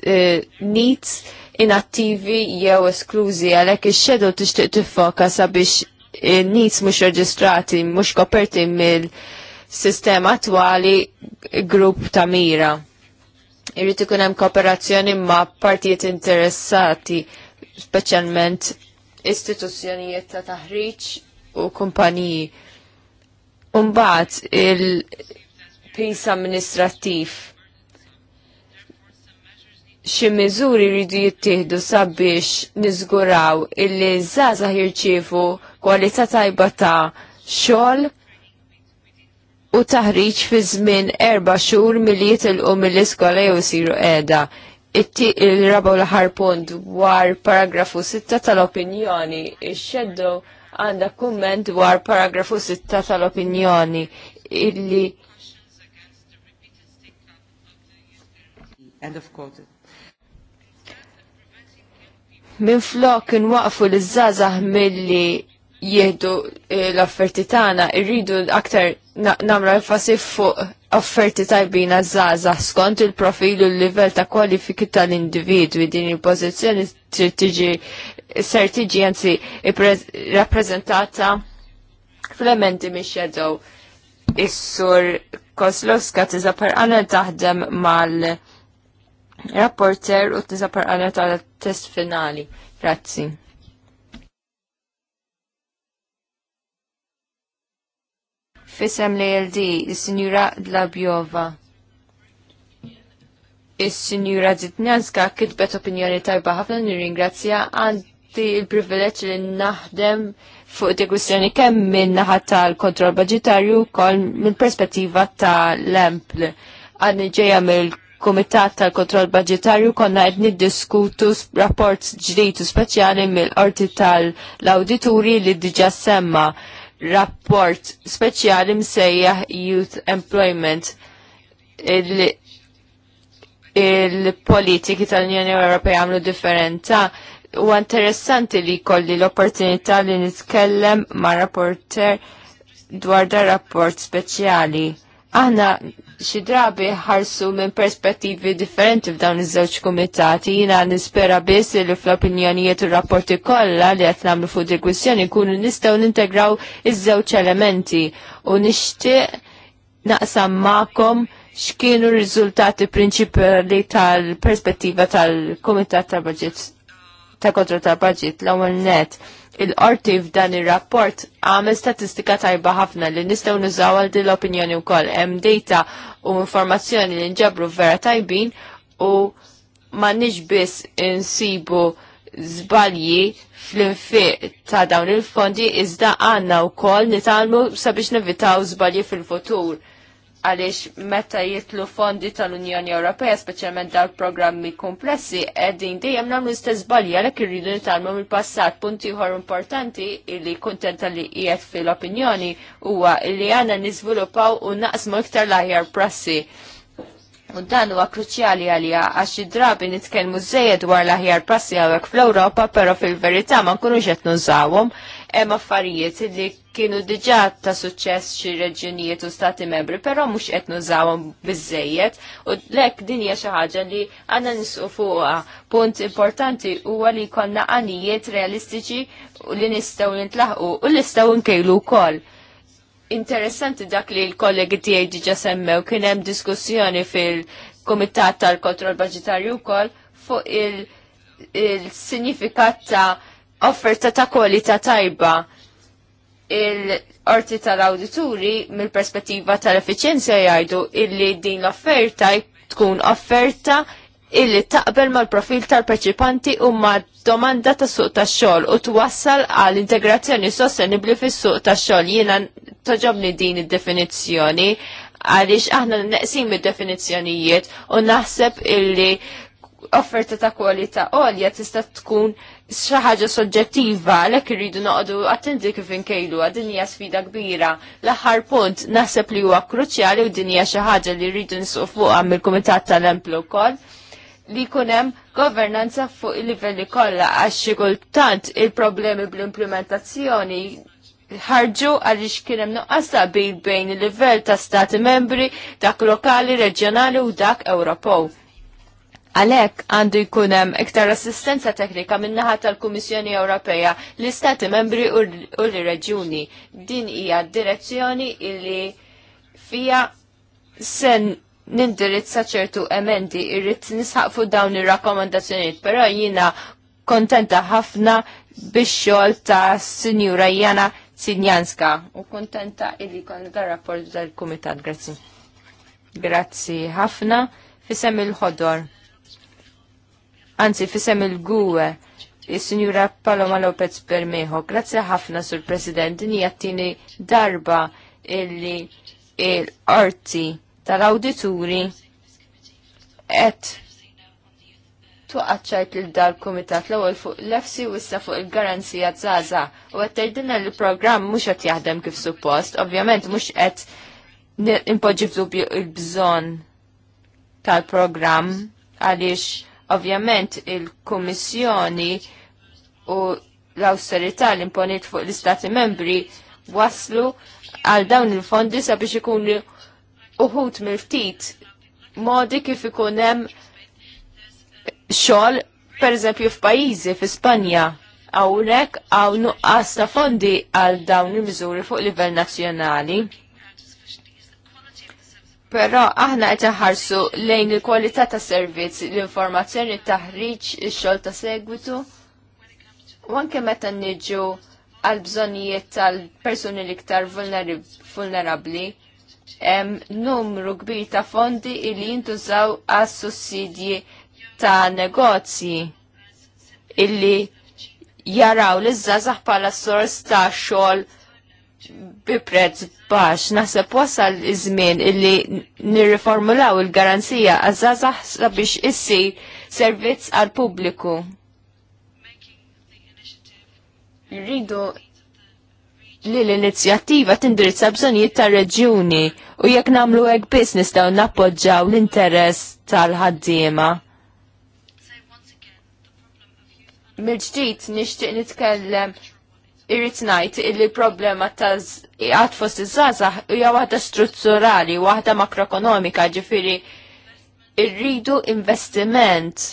eh, needs inattivi jew esklużi għalhekk ix-xedu tixtieq tiffoka sabiex in-nies eh, mhux reġistrati mhux koperti mill-sistema attuali grupp ta' mira. Irrit ikun hemm kooperazzjoni ma' partijiet interessati, speċjalment istituzzjonijiet ta' taħriġ u kumpaniji. Umbat, il pis amministrativ. Xi miżuri rridu jittieħdu sabiex niżguraw illi żgħażagħ jirċievu kwalità tajba ta' xogħol u taħriġ fi żmien erba' xhur milli jitilqu mill-iskola jew isiru qiegħda. Il-raba l-aħħar punt dwar paragrafu 6 tal-opinjoni ix-xeddu għandha kumment dwar paragrafu 6 tal-opinjoni illi End of quote. Min flok nwaqfu l-żazah milli jieħdu eh, l-offerti tagħna, irridu aktar namra l-fasi fuq offerti tajbina żgħażagħ skont il-profil u l-livell ta' kwalifiki tal-individwi din il-pożizzjoni trid tiġi ser tiġi anzi rappreżentata fl-elementi mix is-sur Koslowska tiżapar għana taħdem mal- rapporter u t-nisa għalet test finali. Grazzi. Fisem l d il-Sinjura Dlabjova. Is-Sinjura Zitnjanska kitbet opinjoni tajba ħafna nirringrazzja Għanti il-privileġġ li naħdem fuq di kwestjoni kemm minna naħa tal-kontroll budgetarju wkoll mill-perspettiva e l empl Għadni ġejja mill Kumitat tal-Kontroll Budgetarju konna qed niddiskutu rapport ġdid speċjali mill-qorti tal-Awdituri li diġà semma rapport speċjali msejja Youth Employment il-politiki il politiki tal unjoni Ewropea għamlu differenta u interessanti li kolli l-opportunità li nitkellem ma' rapporter dwar da rapport speċjali. Aħna xi drabi ħarsu minn perspettivi differenti f'dawn iż-żewġ kumitati. Jiena nispera biss li fl-opinjonijiet u rapporti kollha li qed nagħmlu fuq dik kwistjoni nkunu nistgħu nintegraw iż-żewġ elementi u nixtieq naqsam magħkom x'kienu r-riżultati prinċipali tal-perspettiva tal-Kumitat tal-Budget ta' kontra ta' budget l-ewwel net. Il-qorti f'dan ir-rapport għamel statistika tajba ħafna li nistgħu nużaw għal din l-opinjoni wkoll. Hemm data u informazzjoni li nġabru vera tajbin u nix biss insibu zbalji fl-infiq ta' dawn il-fondi iżda għanna u koll nitalmu sabiex nevitaw zbalji fil-futur għaliex meta jitlu fondi tal-Unjoni Ewropea, speċjalment dal-programmi komplessi, qegħdin dejjem nagħmlu istess balja għalhekk irridu nitalmu mill-passat. Punti ieħor importanti illi kuntenta li qiegħed fil-opinjoni huwa li għandna niżviluppaw u naqsmu iktar l-aħjar prassi. U dan huwa kruċjali għalija għax id-drabi nitkellmu żejjed dwar l-aħjar passi hawnhekk fl-Ewropa, però fil-verità ma nkunux qed nużawhom hemm affarijiet li kienu diġà ta' suċċess xi reġunijiet u stati membri, però mhux qed nużawhom biżejjed u lek din hija xi ħaġa li għandna nisqu fuqha. Punt importanti huwa li jkollna għanijiet realistiċi u li nistgħu nitlaħqu u li nistgħu nkejlu wkoll interessanti dak li l-kollegi tiegħi diġa semmew kien hemm diskussjoni fil-Kumitat tal-Kontroll Baġitarju wkoll fuq il-sinifikat il ta' offerta ta' kwalità tajba il-orti tal-awdituri mill-perspettiva tal-efficienza jgħidu illi din l-offerta tkun offerta illi taqbel mal-profil tal-parċipanti u ma' domanda ta' suq ta' xol u twassal għal integrazzjoni sostenibli fis suq ta' xol. Jena toġobni din id-definizjoni għalix aħna neqsim id-definizjonijiet u naħseb illi offerta ta' kwalità għolja tista' tkun xaħġa ħaġa soġġettiva lek irridu noqogħdu attenti kif inkejlu din hija sfida kbira. L-aħħar punt naħseb li huwa kruċjali u din hija xi ħaġa li rridu nisqu fuqha mill-Kumitat tal-Emplu wkoll li jkun hemm governanza fuq il-livelli kollha għax xi kultant il-problemi bl-implementazzjoni ħarġu għaliex kien hemm nuqqas taqbil bejn il-livell ta' stati membri, dak lokali, reġjonali u dak Ewropew Għalek għandu jkunem iktar assistenza teknika minnaħat tal-Kummissjoni Ewropea l-Istati membri u l-Reġjuni. Din hija direzzjoni illi fija sen nindirizza ċertu emendi irrid nisħaq fuq dawn ir-rakkomandazzjonijiet, però jiena kontenta ħafna bix-xogħol ta' Sinjura Jana Sinjanska u kontenta illi kon dar-rapport tal-Kumitat. Grazzi. Grazzi ħafna fisem il-ħodor. Anzi, fisem il-gwe, il-Sinjura Paloma Lopez Bermejo. Grazie ħafna, Sur President, din jattini darba illi il-arti tal-awdituri et tuqqaċċajt l dal komitat l ewwel fuq l-efsi u issa fuq il-garanzija zaza u għattajdina l-program mux għat jaħdem kif suppost, ovvjament mux għat impoġi f'dubju il-bżon tal-program għaliex Ovvjament il-Kummissjoni u l-austerità li imponiet fuq l-Istati membri waslu għal dawn il-fondi sabiex ikunu uħut mill-ftit modi kif ikun hemm xogħol pereżempju f'pajjiżi f'Ispanja hawnhekk hawn nuqqas ta' fondi għal dawn il-miżuri fuq livell nazzjonali. Però aħna qed inħarsu lejn il-kwalità ta' servizz, l-informazzjoni, taħriġ, ix-xogħol ta' segwitu. U anke meta niġu għal bżonnijiet tal-persuni l-iktar vulnerabbli, hemm numru kbir ta' fondi li jintużaw għas sussidji ta' negozji illi jaraw l-żazax bħala sors ta' xogħol Biprezz bax naħseb wasal iż-żmien illi nirriformulaw il-garanzija għazazax sabiex issi servizz għal pubbliku. Rridu li l-inizjattiva tindirizza bżonijiet tar-reġjuni u jekk nagħmlu hekk biss nistgħu nappoġġaw l-interess tal-ħaddiema. Mill-ġdid nixtieq nitkellem irrit ngħid illi problema ta' għad fost iż-żgħażagħ hija waħda strutturali, waħda makroekonomika, ġifieri irridu investiment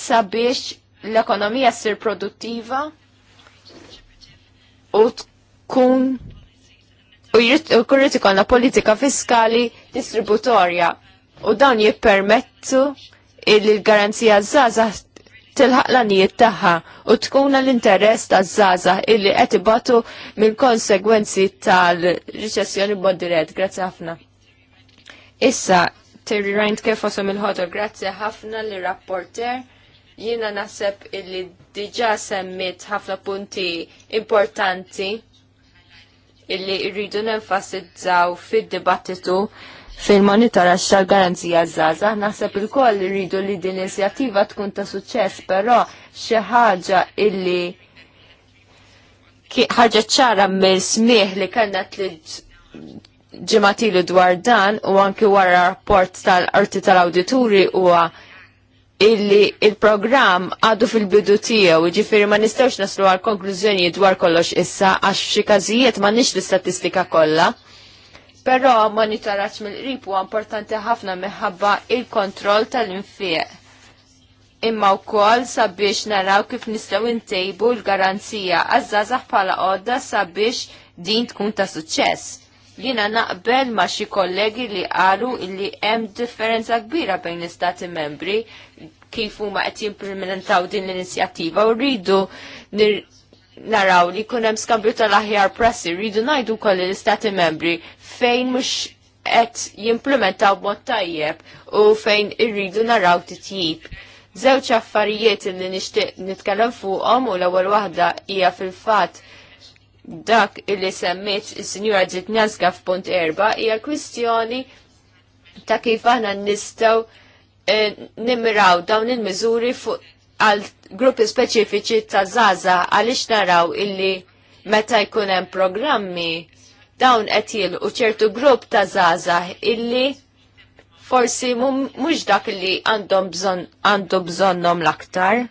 sabiex l-ekonomija ssir produttiva u tkun u jrid ikollna politika fiskali distributorja u dawn jippermettu il-garanzija żgħażagħ tilħaq l-anijiet tagħha u tkuna l-interess taż zaza illi qed ibatu mill-konsegwenzi tal-riċessjoni bodiret. Grazzi ħafna. Issa, Terry Rind kif osom il ħodu grazzi ħafna li rapporter. Jiena naħseb illi diġa semmit ħafna punti importanti illi rridu nenfasizzaw fid-dibattitu fejn monitoraġġ xa garanzija zaza, Naħseb il-koll rridu li din inizjattiva tkun ta' suċċess, però xi ħaġa illi ħaġa ċara mill-smieħ li kellna ġematilu dwar dan u anki wara rapport tal-arti tal-awdituri huwa illi il-programm għadu fil-bidu tiegħu, ġifiri ma nistgħux naslu għal konklużjoni dwar kollox issa għax xi każijiet m'għandniex l-istatistika kollha. Però monitoraġġ mill-qrib huwa importanti ħafna minħabba il-kontroll tal-infieq. Imma wkoll sabiex naraw kif nistgħu ntejbu l-garanzija għaż-żgħażagħ bħala għodda sabiex din tkun ta' suċċess. Jiena naqbel ma' xi kollegi li qalu li hemm differenza kbira bejn l-istati membri kif huma qed jimplementaw din l-inizjattiva u rridu naraw li kun hemm skambju tal-aħjar prassi rridu ngħidu koll l-istati membri fejn mhux qed jimplementaw mod tajjeb u fejn irridu naraw titjib. Żewġ affarijiet li nixtieq nitkellem fuqhom u l-ewwel waħda hija fil-fatt dak illi semmiet is-Sinjura Ġitnjanska f'punt erba' hija kwistjoni ta' kif aħna nistgħu eh, nimraw dawn il-miżuri fuq għal gruppi speċifiċi ta' zaza għaliex naraw illi meta jkun hemm programmi dawn qed jilqu ċertu grupp ta' żgħażagħ illi forsi mhux dak li għandhom bżonn għandu bżonnhom l-aktar.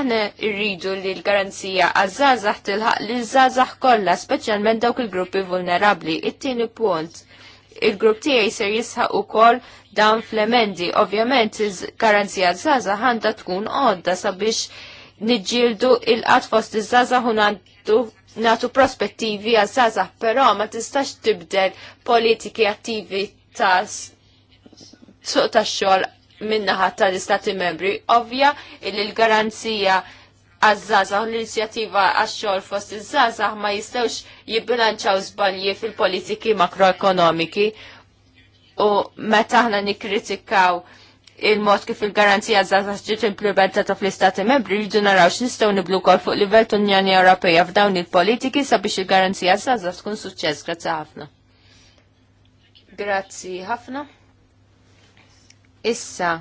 Għana rridu li l-garanzija għazzazax tilħaq li l-żazax kollha, speċjalment dawk il-gruppi vulnerabli. It-tieni punt. Il-grupp tiegħi ser jisħaq ukoll dawn fl-emendi. Ovvjament il-garanzija għazzazax għandha tkun għodda sabiex niġġieldu il-qatt fost iż-żazax u natu prospettivi għal sazah, però ma tistax tibdel politiki attivi ta' ta' xol minnaħa tal-istati membri. Ovvja il l-garanzija għazzaza u l-inizjativa għaxxol fost iż-żaza ma jistawx jibbilanċaw zbalji fil-politiki makroekonomiki u meta aħna nikkritikaw il-mod kif il-garanzija żgħażagħ ġiet implementata fl-Istati Membri rridu naraw x'nistgħu niblu wkoll fuq livell tal-Unjoni Ewropea f'dawn il-politiki sabiex il-garanzija żgħażagħ tkun suċċess. Grazzi ħafna. Grazzi ħafna. Issa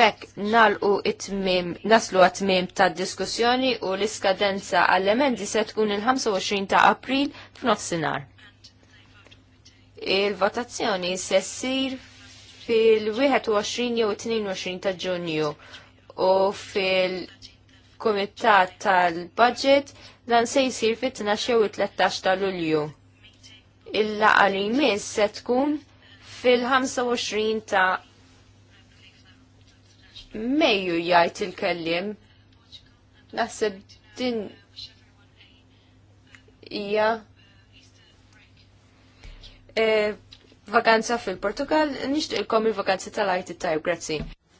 Bekk nalqu it-tmim, naslu għat-tmim ta' diskussjoni u l-iskadenza għall-emendi se tkun il-25 ta' april f'nofsinhar. Il-votazzjoni se ssir fil-21 jew 22 ta' ġunju u fil-Kumitat tal-Budget dan se jsir fit-12 jew 13 ta' Lulju. Il-laqa li jmiss se tkun fil-25 ta' Mejju jgħid il-kellim. Naħseb din hija e Vakanza fil-Portugal, nixtieq ilkom il vakanza tal-ajti tajb, grazzi.